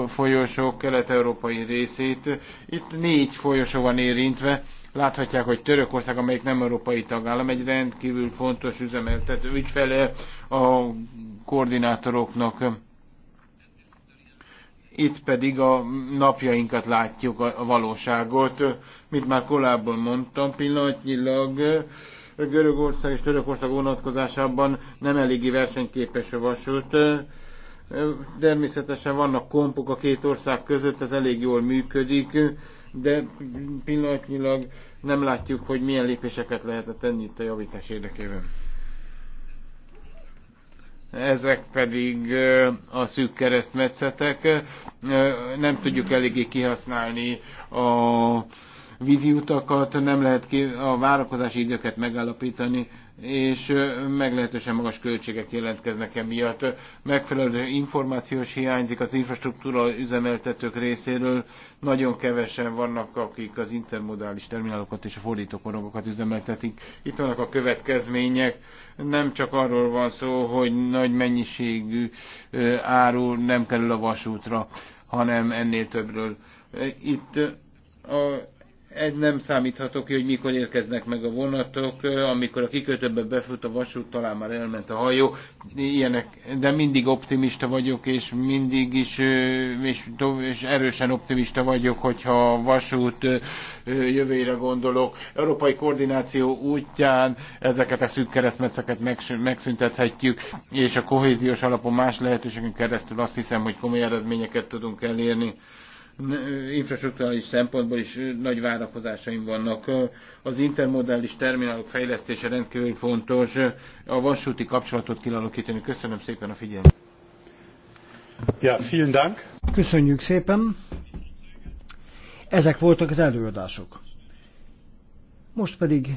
folyosók kelet-európai részét. Itt négy folyosó van érintve, Láthatják, hogy Törökország, amelyik nem európai tagállam, egy rendkívül fontos üzemeltető ügyfele a koordinátoroknak. Itt pedig a napjainkat látjuk, a valóságot. Mint már korábban mondtam, pillanatnyilag Görögország és Törökország vonatkozásában nem eléggé versenyképes a vasút. Természetesen vannak kompok a két ország között, ez elég jól működik, de pillanatnyilag nem látjuk, hogy milyen lépéseket lehetne tenni itt a javítás érdekében. Ezek pedig a szűk keresztmetszetek. Nem tudjuk eléggé kihasználni a vízi nem lehet ki a várakozási időket megállapítani és meglehetősen magas költségek jelentkeznek emiatt. Megfelelő információs hiányzik az infrastruktúra üzemeltetők részéről. Nagyon kevesen vannak, akik az intermodális terminálokat és a fordítókorongokat üzemeltetik. Itt vannak a következmények. Nem csak arról van szó, hogy nagy mennyiségű áru nem kerül a vasútra, hanem ennél többről. Itt a egy nem számíthatok ki, hogy mikor érkeznek meg a vonatok, amikor a kikötőbe befut a vasút, talán már elment a hajó, ilyenek, de mindig optimista vagyok, és mindig is és, és erősen optimista vagyok, hogyha a vasút jövőre gondolok. Európai koordináció útján ezeket a szűk keresztmetszeket megszüntethetjük, és a kohéziós alapon más lehetőségünk keresztül azt hiszem, hogy komoly eredményeket tudunk elérni infrastruktúrális szempontból is nagy várakozásaim vannak. Az intermodális terminálok fejlesztése rendkívül fontos. A vasúti kapcsolatot kialakítani. Köszönöm szépen a figyelmet. Ja, vielen Dank. Köszönjük szépen. Ezek voltak az előadások. Most pedig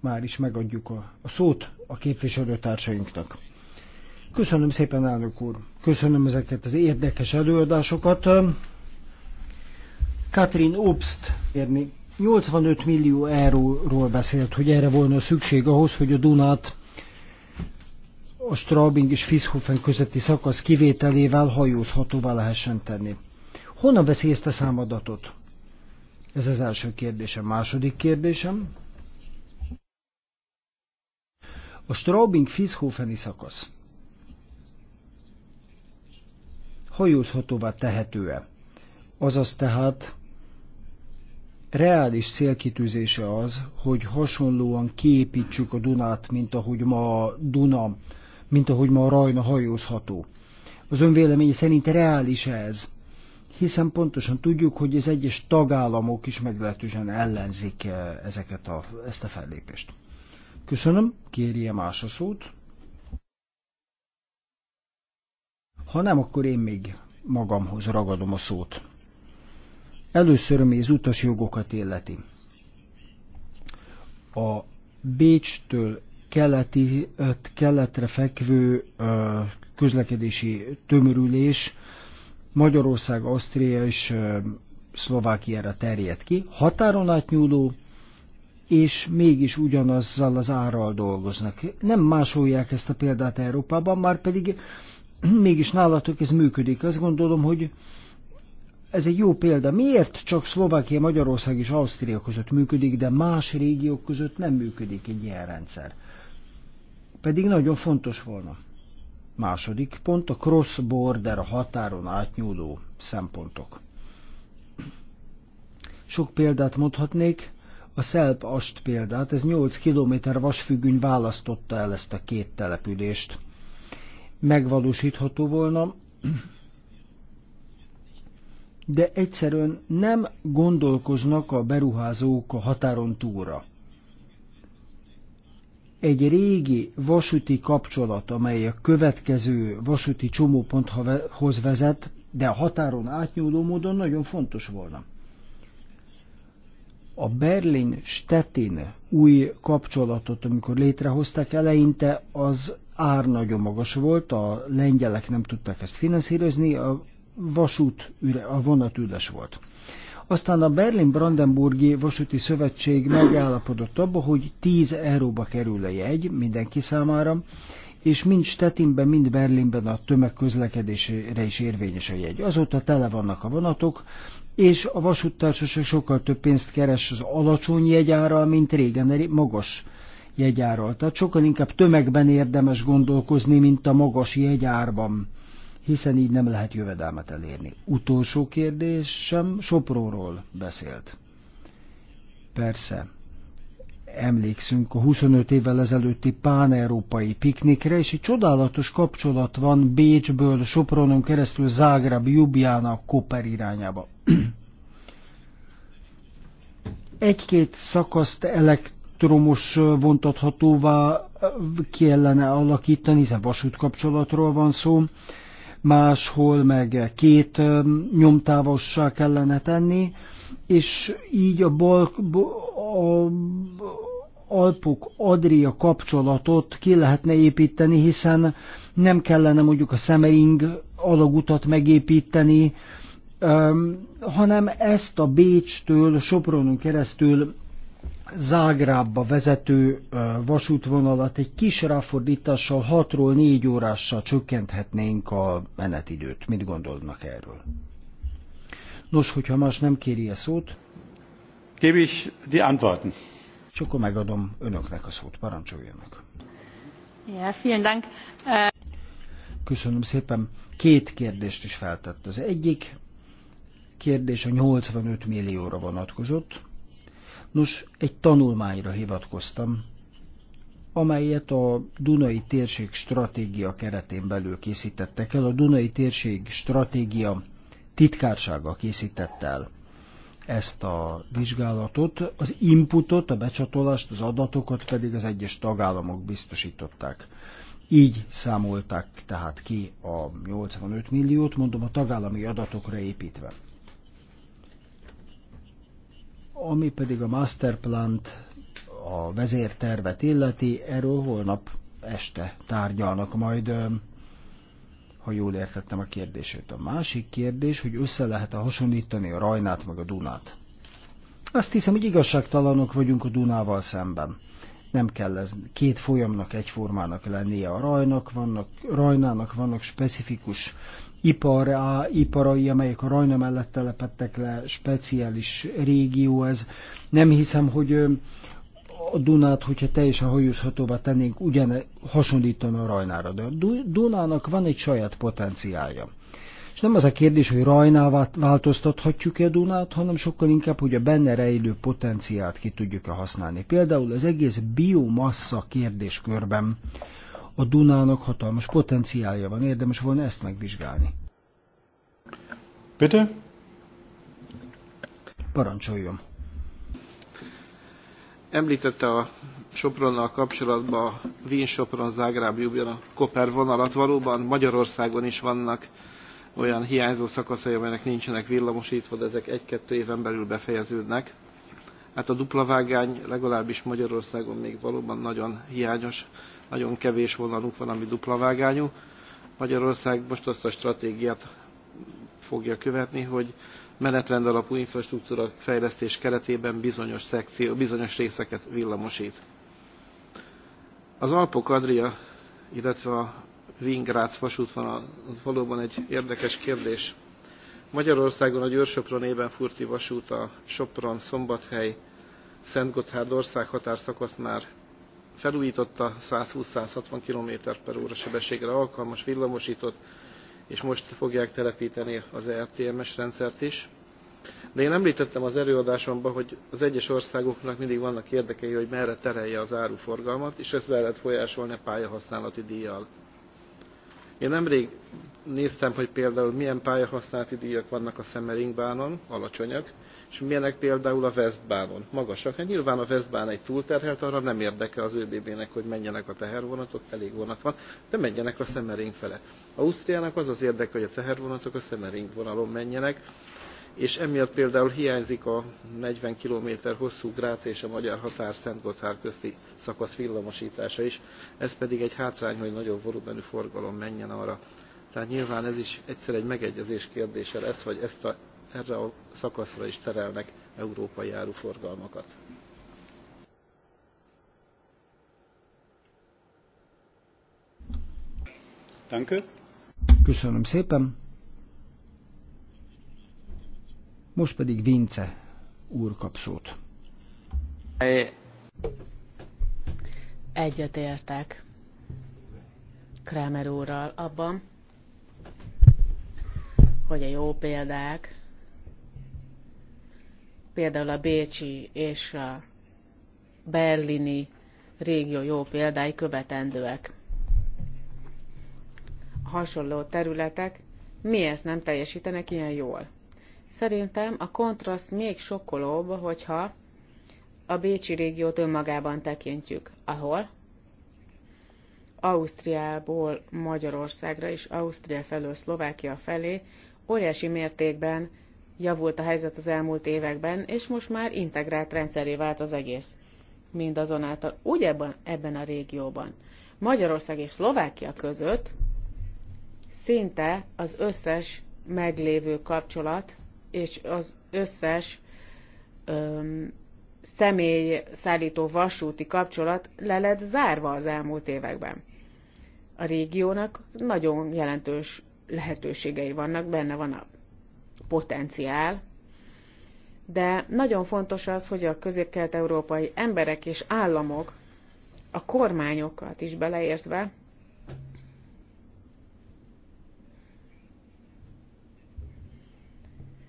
már is megadjuk a, a szót a képviselőtársainknak. Köszönöm szépen, elnök úr! Köszönöm ezeket az érdekes előadásokat. Katrin Obst érni 85 millió euróról beszélt, hogy erre volna szükség ahhoz, hogy a Dunát a Straubing és Fischhofen közötti szakasz kivételével hajózhatóvá lehessen tenni. Honnan veszi ezt a számadatot? Ez az első kérdésem. Második kérdésem. A Straubing-Fischhofeni szakasz hajózhatóvá tehető-e? Azaz tehát reális célkitűzése az, hogy hasonlóan képítsük a Dunát, mint ahogy ma a Duna, mint ahogy ma a Rajna hajózható. Az önvélemény szerint reális ez, hiszen pontosan tudjuk, hogy az egyes tagállamok is meglehetősen ellenzik eh, ezeket a, ezt a fellépést. Köszönöm, kérje más a szót. Ha nem, akkor én még magamhoz ragadom a szót. Először, ami az jogokat illeti. A Bécstől keleti, keletre fekvő közlekedési tömörülés Magyarország, Ausztria és Szlovákiára terjed ki, határon átnyúló, és mégis ugyanazzal az árral dolgoznak. Nem másolják ezt a példát Európában, már pedig mégis nálatok ez működik. Azt gondolom, hogy ez egy jó példa. Miért csak Szlovákia, Magyarország és Ausztria között működik, de más régiók között nem működik egy ilyen rendszer? Pedig nagyon fontos volna. Második pont a cross-border, a határon átnyúló szempontok. Sok példát mondhatnék, a Szelp-Ast példát, ez 8 km vasfüggöny választotta el ezt a két települést. Megvalósítható volna, de egyszerűen nem gondolkoznak a beruházók a határon túlra. Egy régi vasúti kapcsolat, amely a következő vasúti csomóponthoz vezet, de a határon átnyúló módon nagyon fontos volna. A Berlin-Stettin új kapcsolatot, amikor létrehozták eleinte, az ár nagyon magas volt, a lengyelek nem tudták ezt finanszírozni, a vasút, üre, a vonat üres volt. Aztán a Berlin-Brandenburgi Vasúti Szövetség megállapodott abba, hogy 10 euróba kerül a jegy mindenki számára, és mind Stettinben, mind Berlinben a tömegközlekedésre is érvényes a jegy. Azóta tele vannak a vonatok, és a vasúttársaság sokkal több pénzt keres az alacsony jegyára, mint régen magas jegyárral. Tehát sokkal inkább tömegben érdemes gondolkozni, mint a magas jegyárban hiszen így nem lehet jövedelmet elérni. Utolsó kérdésem Sopróról beszélt. Persze, emlékszünk a 25 évvel ezelőtti pán-európai piknikre, és egy csodálatos kapcsolat van Bécsből, Sopronon keresztül Zágráb, Jubjána, Koper irányába. *clears throat* Egy-két szakaszt elektromos vontathatóvá kellene alakítani, hiszen vasútkapcsolatról van szó, máshol meg két nyomtávossá kellene tenni, és így a, bal, a Alpok-Adria kapcsolatot ki lehetne építeni, hiszen nem kellene mondjuk a Szemering alagutat megépíteni, hanem ezt a Bécstől, Sopronon keresztül Zágrábba vezető vasútvonalat egy kis ráfordítással 6-ról 4 órással csökkenthetnénk a menetidőt. Mit gondolnak erről? Nos, hogyha más nem kéri a szót... Gebe ich die Antworten. És akkor megadom önöknek a szót. Parancsoljanak. Ja, vielen Dank. Köszönöm szépen. Két kérdést is feltett. Az egyik kérdés a 85 millióra vonatkozott Nos, egy tanulmányra hivatkoztam, amelyet a Dunai Térség Stratégia keretén belül készítettek el. A Dunai Térség Stratégia titkársága készített el ezt a vizsgálatot, az inputot, a becsatolást, az adatokat pedig az egyes tagállamok biztosították. Így számolták tehát ki a 85 milliót, mondom a tagállami adatokra építve. Ami pedig a masterplant, a vezértervet illeti, erről holnap este tárgyalnak majd, ha jól értettem a kérdését. A másik kérdés, hogy össze lehet-e hasonlítani a Rajnát meg a Dunát. Azt hiszem, hogy igazságtalanok vagyunk a Dunával szemben. Nem kell ez két folyamnak egyformának lennie. A rajnak vannak, rajnának vannak specifikus ipar, a iparai, amelyek a Rajna mellett telepettek le, speciális régió ez. Nem hiszem, hogy a Dunát, hogyha teljesen hajózhatóba tennénk, ugyan hasonlítana a Rajnára, de a Dunának van egy saját potenciálja. És nem az a kérdés, hogy rajnál változtathatjuk-e a Dunát, hanem sokkal inkább, hogy a benne rejlő potenciált ki tudjuk-e használni. Például az egész biomassa kérdéskörben a Dunának hatalmas potenciálja van, érdemes volna ezt megvizsgálni. Péter. Parancsoljon. Említette a Sopronnal kapcsolatban a Vín Sopron Zágráb a Koper vonalat. Valóban Magyarországon is vannak olyan hiányzó szakaszai, amelynek nincsenek villamosítva, de ezek egy-kettő éven belül befejeződnek. Hát a dupla vágány legalábbis Magyarországon még valóban nagyon hiányos nagyon kevés vonalunk van, ami dupla vágányú. Magyarország most azt a stratégiát fogja követni, hogy menetrend alapú infrastruktúra fejlesztés keretében bizonyos, szekció, bizonyos részeket villamosít. Az Alpok-Adria, illetve a Vingrác vasútvonal az valóban egy érdekes kérdés. Magyarországon a Győrsopron ében furti vasút a Sopron-Szombathely Szentgotthárd országhatárszakasz már felújította 120-160 km per óra sebességre alkalmas, villamosított, és most fogják telepíteni az ERTMS rendszert is. De én említettem az előadásomban, hogy az egyes országoknak mindig vannak érdekei, hogy merre terelje az áruforgalmat, és ezt be lehet folyásolni a pályahasználati díjjal. Én nemrég néztem, hogy például milyen pályahasználati díjak vannak a Semmeringbánon, alacsonyak, és milyenek például a Westbánon. Magasak. Hát nyilván a Westbán egy túlterhelt, arra nem érdeke az ÖBB-nek, hogy menjenek a tehervonatok, elég vonat van, de menjenek a Semmering fele. Ausztriának az az érdeke, hogy a tehervonatok a Semmering vonalon menjenek, és emiatt például hiányzik a 40 km hosszú Grác és a magyar határ Szent Gotthár közti szakasz villamosítása is. Ez pedig egy hátrány, hogy nagyobb volumenű forgalom menjen arra. Tehát nyilván ez is egyszer egy megegyezés kérdése lesz, vagy ezt a erre a szakaszra is terelnek európai áruforgalmakat. Danke. Köszönöm szépen. Most pedig Vince úr kap szót. Egyetértek Kramer úrral abban, hogy a jó példák Például a Bécsi és a Berlini régió jó példái követendőek. A hasonló területek miért nem teljesítenek ilyen jól? Szerintem a kontraszt még sokkolóbb, hogyha a Bécsi régiót önmagában tekintjük, ahol Ausztriából Magyarországra és Ausztria felől Szlovákia felé óriási mértékben javult a helyzet az elmúlt években, és most már integrált rendszeré vált az egész. Mindazonáltal úgy ebben, ebben a régióban. Magyarország és Szlovákia között szinte az összes meglévő kapcsolat és az összes öm, személy szállító vasúti kapcsolat le lett zárva az elmúlt években. A régiónak nagyon jelentős lehetőségei vannak, benne van a potenciál, de nagyon fontos az, hogy a közép-kelet-európai emberek és államok, a kormányokat is beleértve,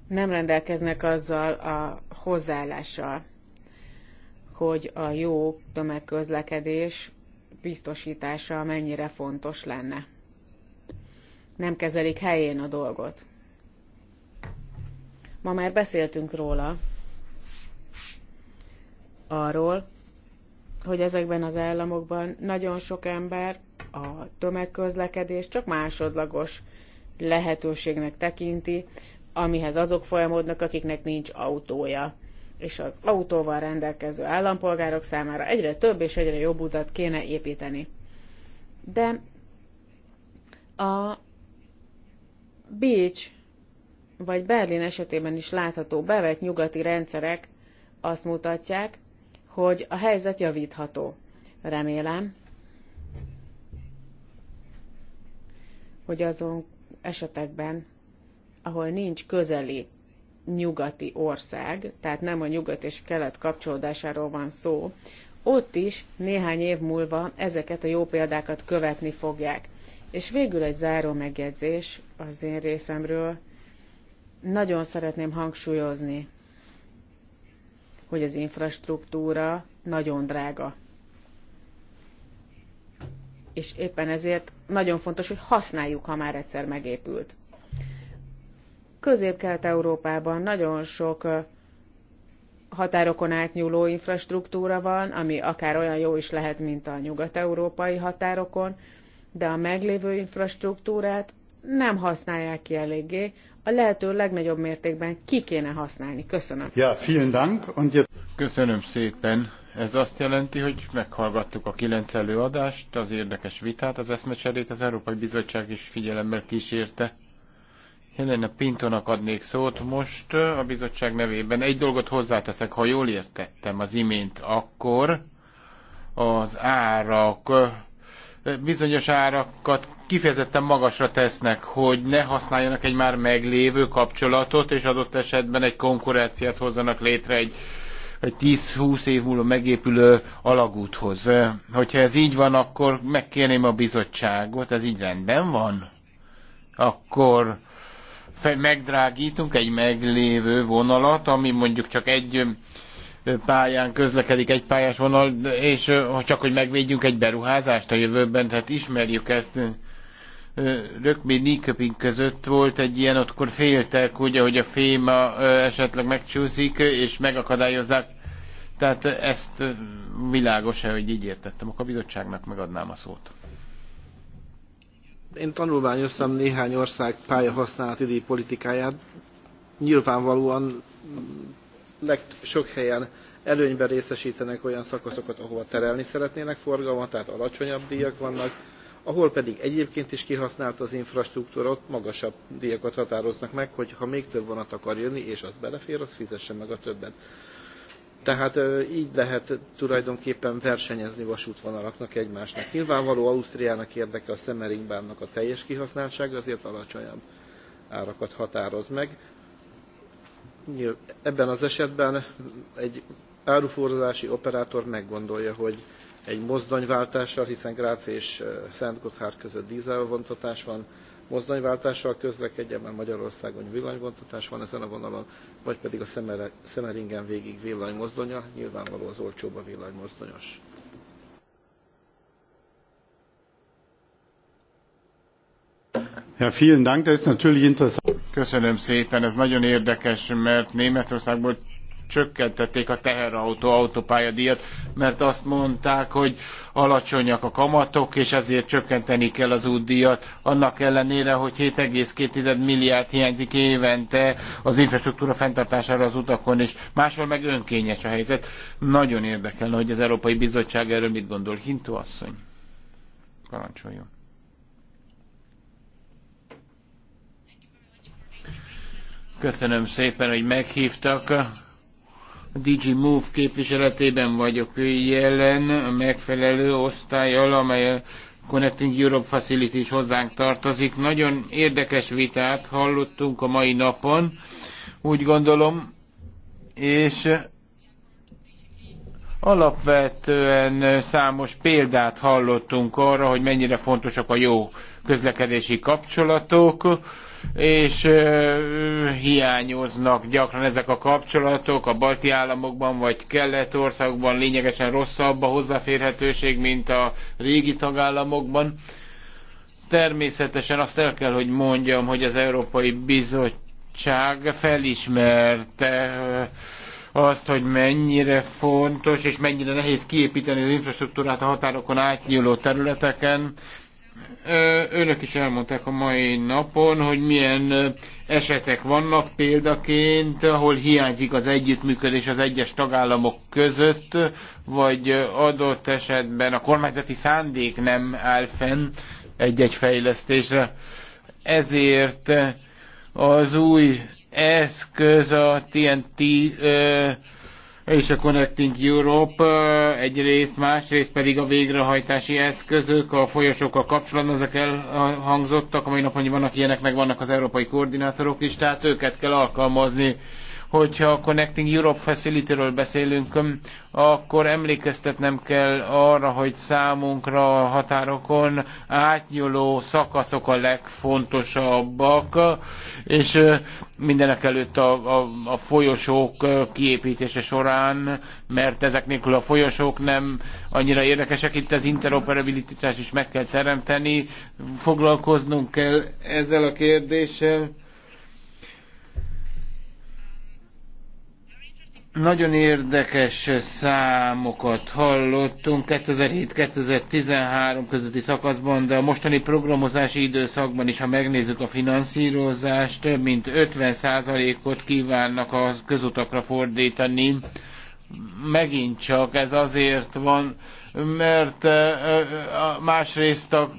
nem rendelkeznek azzal a hozzáállással, hogy a jó tömegközlekedés biztosítása mennyire fontos lenne. Nem kezelik helyén a dolgot. Ma már beszéltünk róla, arról, hogy ezekben az államokban nagyon sok ember a tömegközlekedés csak másodlagos lehetőségnek tekinti, amihez azok folyamodnak, akiknek nincs autója. És az autóval rendelkező állampolgárok számára egyre több és egyre jobb utat kéne építeni. De a Beach vagy Berlin esetében is látható bevett nyugati rendszerek azt mutatják, hogy a helyzet javítható. Remélem, hogy azon esetekben, ahol nincs közeli nyugati ország, tehát nem a nyugat és kelet kapcsolódásáról van szó, ott is néhány év múlva ezeket a jó példákat követni fogják. És végül egy záró megjegyzés az én részemről. Nagyon szeretném hangsúlyozni, hogy az infrastruktúra nagyon drága. És éppen ezért nagyon fontos, hogy használjuk, ha már egyszer megépült. Közép-Kelet-Európában nagyon sok határokon átnyúló infrastruktúra van, ami akár olyan jó is lehet, mint a nyugat-európai határokon, de a meglévő infrastruktúrát nem használják ki eléggé, a lehető legnagyobb mértékben ki kéne használni. Köszönöm. Ja, vielen Dank. Und jetzt... Köszönöm szépen. Ez azt jelenti, hogy meghallgattuk a kilenc előadást, az érdekes vitát, az eszmecserét az Európai Bizottság is figyelemmel kísérte. Helena Pintonak adnék szót most a bizottság nevében. Egy dolgot hozzáteszek, ha jól értettem az imént, akkor az árak, bizonyos árakat kifejezetten magasra tesznek, hogy ne használjanak egy már meglévő kapcsolatot, és adott esetben egy konkurenciát hozzanak létre egy, egy 10-20 év múlva megépülő alagúthoz. Hogyha ez így van, akkor megkérném a bizottságot, ez így rendben van? Akkor megdrágítunk egy meglévő vonalat, ami mondjuk csak egy pályán közlekedik egy pályás vonal, és csak hogy megvédjünk egy beruházást a jövőben, tehát ismerjük ezt rökmény Nikeping között volt egy ilyen, akkor féltek, ugye, hogy a féma esetleg megcsúszik, és megakadályozzák. Tehát ezt világos -e, hogy így értettem. Akkor a bizottságnak megadnám a szót. Én tanulmányoztam néhány ország pályahasználati díj politikáját. Nyilvánvalóan leg, sok helyen előnyben részesítenek olyan szakaszokat, ahova terelni szeretnének forgalmat, tehát alacsonyabb díjak vannak ahol pedig egyébként is kihasználta az infrastruktúra, ott magasabb díjakat határoznak meg, hogy ha még több vonat akar jönni, és az belefér, az fizesse meg a többet. Tehát így lehet tulajdonképpen versenyezni vasútvonalaknak egymásnak. Nyilvánvaló Ausztriának érdeke a Semmeringbánnak a teljes kihasználtsága, azért alacsonyabb árakat határoz meg. Ebben az esetben egy áruforzási operátor meggondolja, hogy egy mozdonyváltással, hiszen Grác és Szent Gotthard között dízelvontatás van, mozdonyváltással közlekedjen, mert Magyarországon villanyvontatás van ezen a vonalon, vagy pedig a Szemeringen végig villanymozdonyal, nyilvánvaló az olcsóbb a villanymozdonyos. Ja, vielen Dank, das ist natürlich interessant. Köszönöm szépen, ez nagyon érdekes, mert Németországból csökkentették a teherautó autópályadíjat, mert azt mondták, hogy alacsonyak a kamatok, és ezért csökkenteni kell az útdíjat. Annak ellenére, hogy 7,2 milliárd hiányzik évente az infrastruktúra fenntartására az utakon, és máshol meg önkényes a helyzet. Nagyon érdekelne, hogy az Európai Bizottság erről mit gondol. Hintó asszony, parancsoljon. Köszönöm szépen, hogy meghívtak DG Move képviseletében vagyok jelen, a megfelelő osztályal, amely a Connecting Europe Facility is hozzánk tartozik. Nagyon érdekes vitát hallottunk a mai napon, úgy gondolom, és alapvetően számos példát hallottunk arra, hogy mennyire fontosak a jó közlekedési kapcsolatok, és ö, hiányoznak gyakran ezek a kapcsolatok a balti államokban vagy Kelet-országban lényegesen rosszabb a hozzáférhetőség, mint a régi tagállamokban. Természetesen azt el kell, hogy mondjam, hogy az Európai Bizottság felismerte azt, hogy mennyire fontos és mennyire nehéz kiépíteni az infrastruktúrát a határokon átnyúló területeken, Önök is elmondták a mai napon, hogy milyen esetek vannak példaként, ahol hiányzik az együttműködés az egyes tagállamok között, vagy adott esetben a kormányzati szándék nem áll fenn egy-egy fejlesztésre. Ezért az új eszköz a TNT és a Connecting Europe eh, egyrészt, másrészt pedig a végrehajtási eszközök a folyosókkal kapcsolatban, ezek elhangzottak, a mai napon vannak ilyenek, meg vannak az európai koordinátorok is, tehát őket kell alkalmazni. Hogyha a Connecting Europe Facility-ről beszélünk, akkor emlékeztetnem kell arra, hogy számunkra a határokon átnyúló szakaszok a legfontosabbak, és mindenek előtt a, a, a folyosók kiépítése során, mert ezek nélkül a folyosók nem annyira érdekesek, itt az interoperabilitás is meg kell teremteni, foglalkoznunk kell ezzel a kérdéssel, Nagyon érdekes számokat hallottunk 2007-2013 közötti szakaszban, de a mostani programozási időszakban is, ha megnézzük a finanszírozást, több mint 50%-ot kívánnak a közutakra fordítani. Megint csak ez azért van, mert másrészt a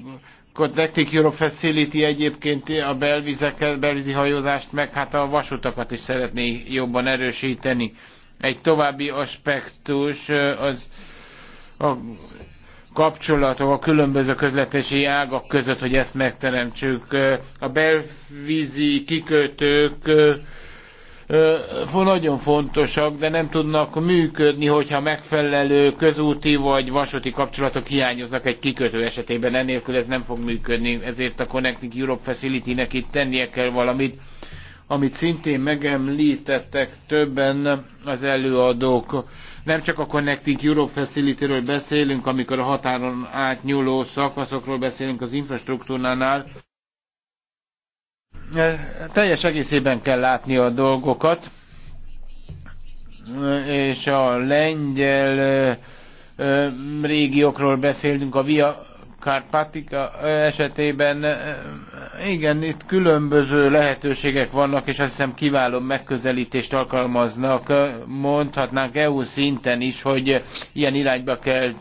Connecting Europe Facility egyébként a belvizeket, belvízi hajózást, meg hát a vasutakat is szeretné jobban erősíteni. Egy további aspektus az a kapcsolatok a különböző közletési ágak között, hogy ezt megteremtsük. A belvízi kikötők nagyon fontosak, de nem tudnak működni, hogyha megfelelő közúti vagy vasúti kapcsolatok hiányoznak egy kikötő esetében. Enélkül ez nem fog működni, ezért a Connecting Europe Facility-nek itt tennie kell valamit amit szintén megemlítettek többen az előadók. Nem csak a Connecting Europe facility beszélünk, amikor a határon átnyúló szakaszokról beszélünk az infrastruktúránál, e, teljes egészében kell látni a dolgokat, és a lengyel e, régiókról beszélünk, a Via Kárpátika esetében igen, itt különböző lehetőségek vannak, és azt hiszem kiváló megközelítést alkalmaznak. Mondhatnánk EU szinten is, hogy ilyen irányba kell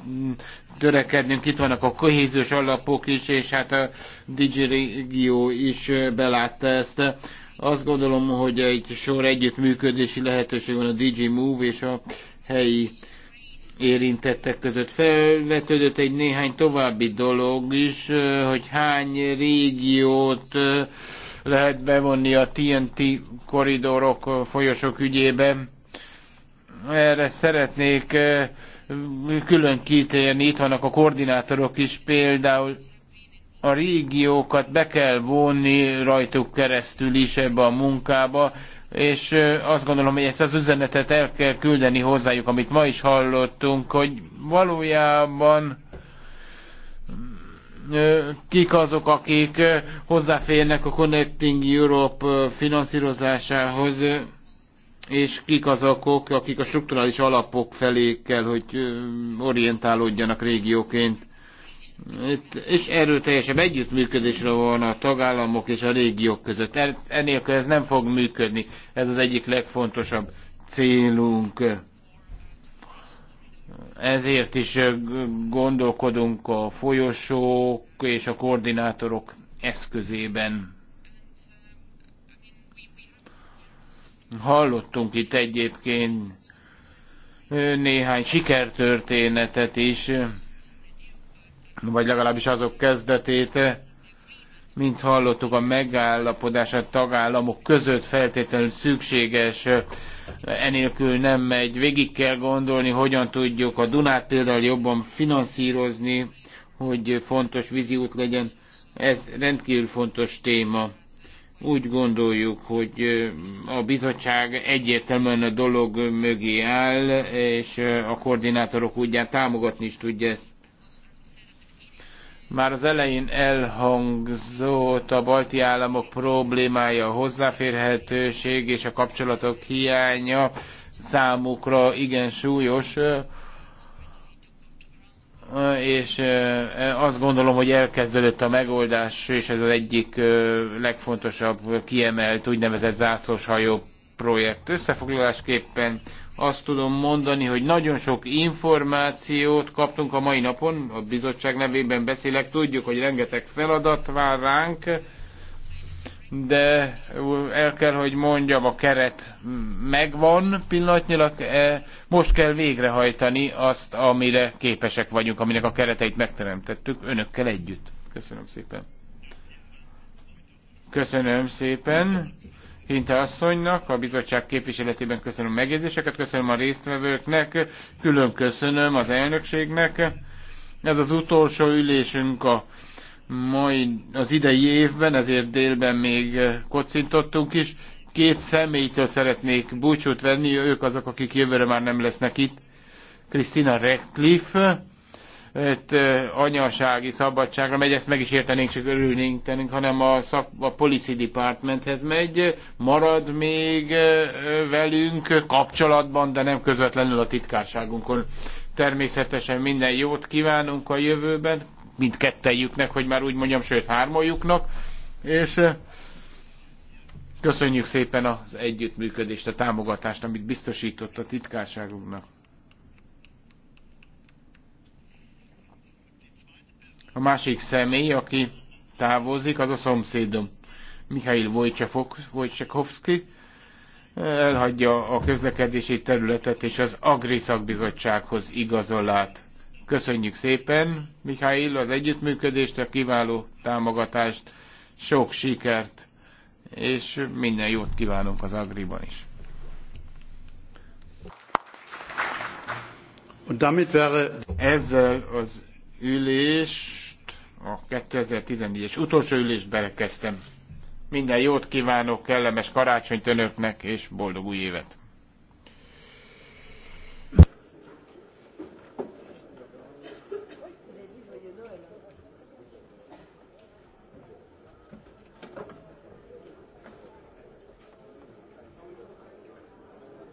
törekednünk. Itt vannak a kohéziós alapok is, és hát a Digi Régió is belátta ezt. Azt gondolom, hogy egy sor együttműködési lehetőség van a Digi Move és a helyi érintettek között. Felvetődött egy néhány további dolog is, hogy hány régiót lehet bevonni a TNT koridorok, folyosok ügyébe. Erre szeretnék külön kitérni, itt vannak a koordinátorok is, például a régiókat be kell vonni rajtuk keresztül is ebbe a munkába, és azt gondolom, hogy ezt az üzenetet el kell küldeni hozzájuk, amit ma is hallottunk, hogy valójában mm, kik azok, akik hozzáférnek a Connecting Europe finanszírozásához, és kik azok, akik a strukturális alapok felé kell, hogy orientálódjanak régióként és erőteljesebb együttműködésre van a tagállamok és a régiók között. Er, enélkül ez nem fog működni. Ez az egyik legfontosabb célunk. Ezért is gondolkodunk a folyosók és a koordinátorok eszközében. Hallottunk itt egyébként néhány sikertörténetet is vagy legalábbis azok kezdetét, mint hallottuk, a megállapodás a tagállamok között feltétlenül szükséges, enélkül nem megy. Végig kell gondolni, hogyan tudjuk a Dunát például jobban finanszírozni, hogy fontos víziút legyen. Ez rendkívül fontos téma. Úgy gondoljuk, hogy a bizottság egyértelműen a dolog mögé áll, és a koordinátorok úgyján támogatni is tudja ezt már az elején elhangzott a balti államok problémája, a hozzáférhetőség és a kapcsolatok hiánya számukra igen súlyos, és azt gondolom, hogy elkezdődött a megoldás, és ez az egyik legfontosabb kiemelt úgynevezett zászlóshajó projekt. Összefoglalásképpen azt tudom mondani, hogy nagyon sok információt kaptunk a mai napon, a bizottság nevében beszélek, tudjuk, hogy rengeteg feladat vár ránk, de el kell, hogy mondjam, a keret megvan pillanatnyilag, e, most kell végrehajtani azt, amire képesek vagyunk, aminek a kereteit megteremtettük önökkel együtt. Köszönöm szépen. Köszönöm szépen hinta asszonynak, a bizottság képviseletében köszönöm megjegyzéseket, köszönöm a résztvevőknek, külön köszönöm az elnökségnek. Ez az utolsó ülésünk a mai, az idei évben, ezért délben még kocintottunk is. Két személytől szeretnék búcsút venni, ők azok, akik jövőre már nem lesznek itt. Krisztina Radcliffe, itt anyasági szabadságra megy, ezt meg is értenénk, csak örülnénk hanem a, szak, a policy departmenthez megy, marad még velünk kapcsolatban, de nem közvetlenül a titkárságunkon. Természetesen minden jót kívánunk a jövőben, mint kettejüknek, hogy már úgy mondjam, sőt hármajuknak, és köszönjük szépen az együttműködést, a támogatást, amit biztosított a titkárságunknak. A másik személy, aki távozik, az a szomszédom. Mihail Wojciechowski elhagyja a közlekedési területet, és az Agri szakbizottsághoz igazolát. Köszönjük szépen, Mihail, az együttműködést, a kiváló támogatást, sok sikert, és minden jót kívánunk az Agriban is. Ezzel az ülés a 2014-es utolsó ülést berekeztem. Minden jót kívánok, kellemes karácsonyt önöknek, és boldog új évet!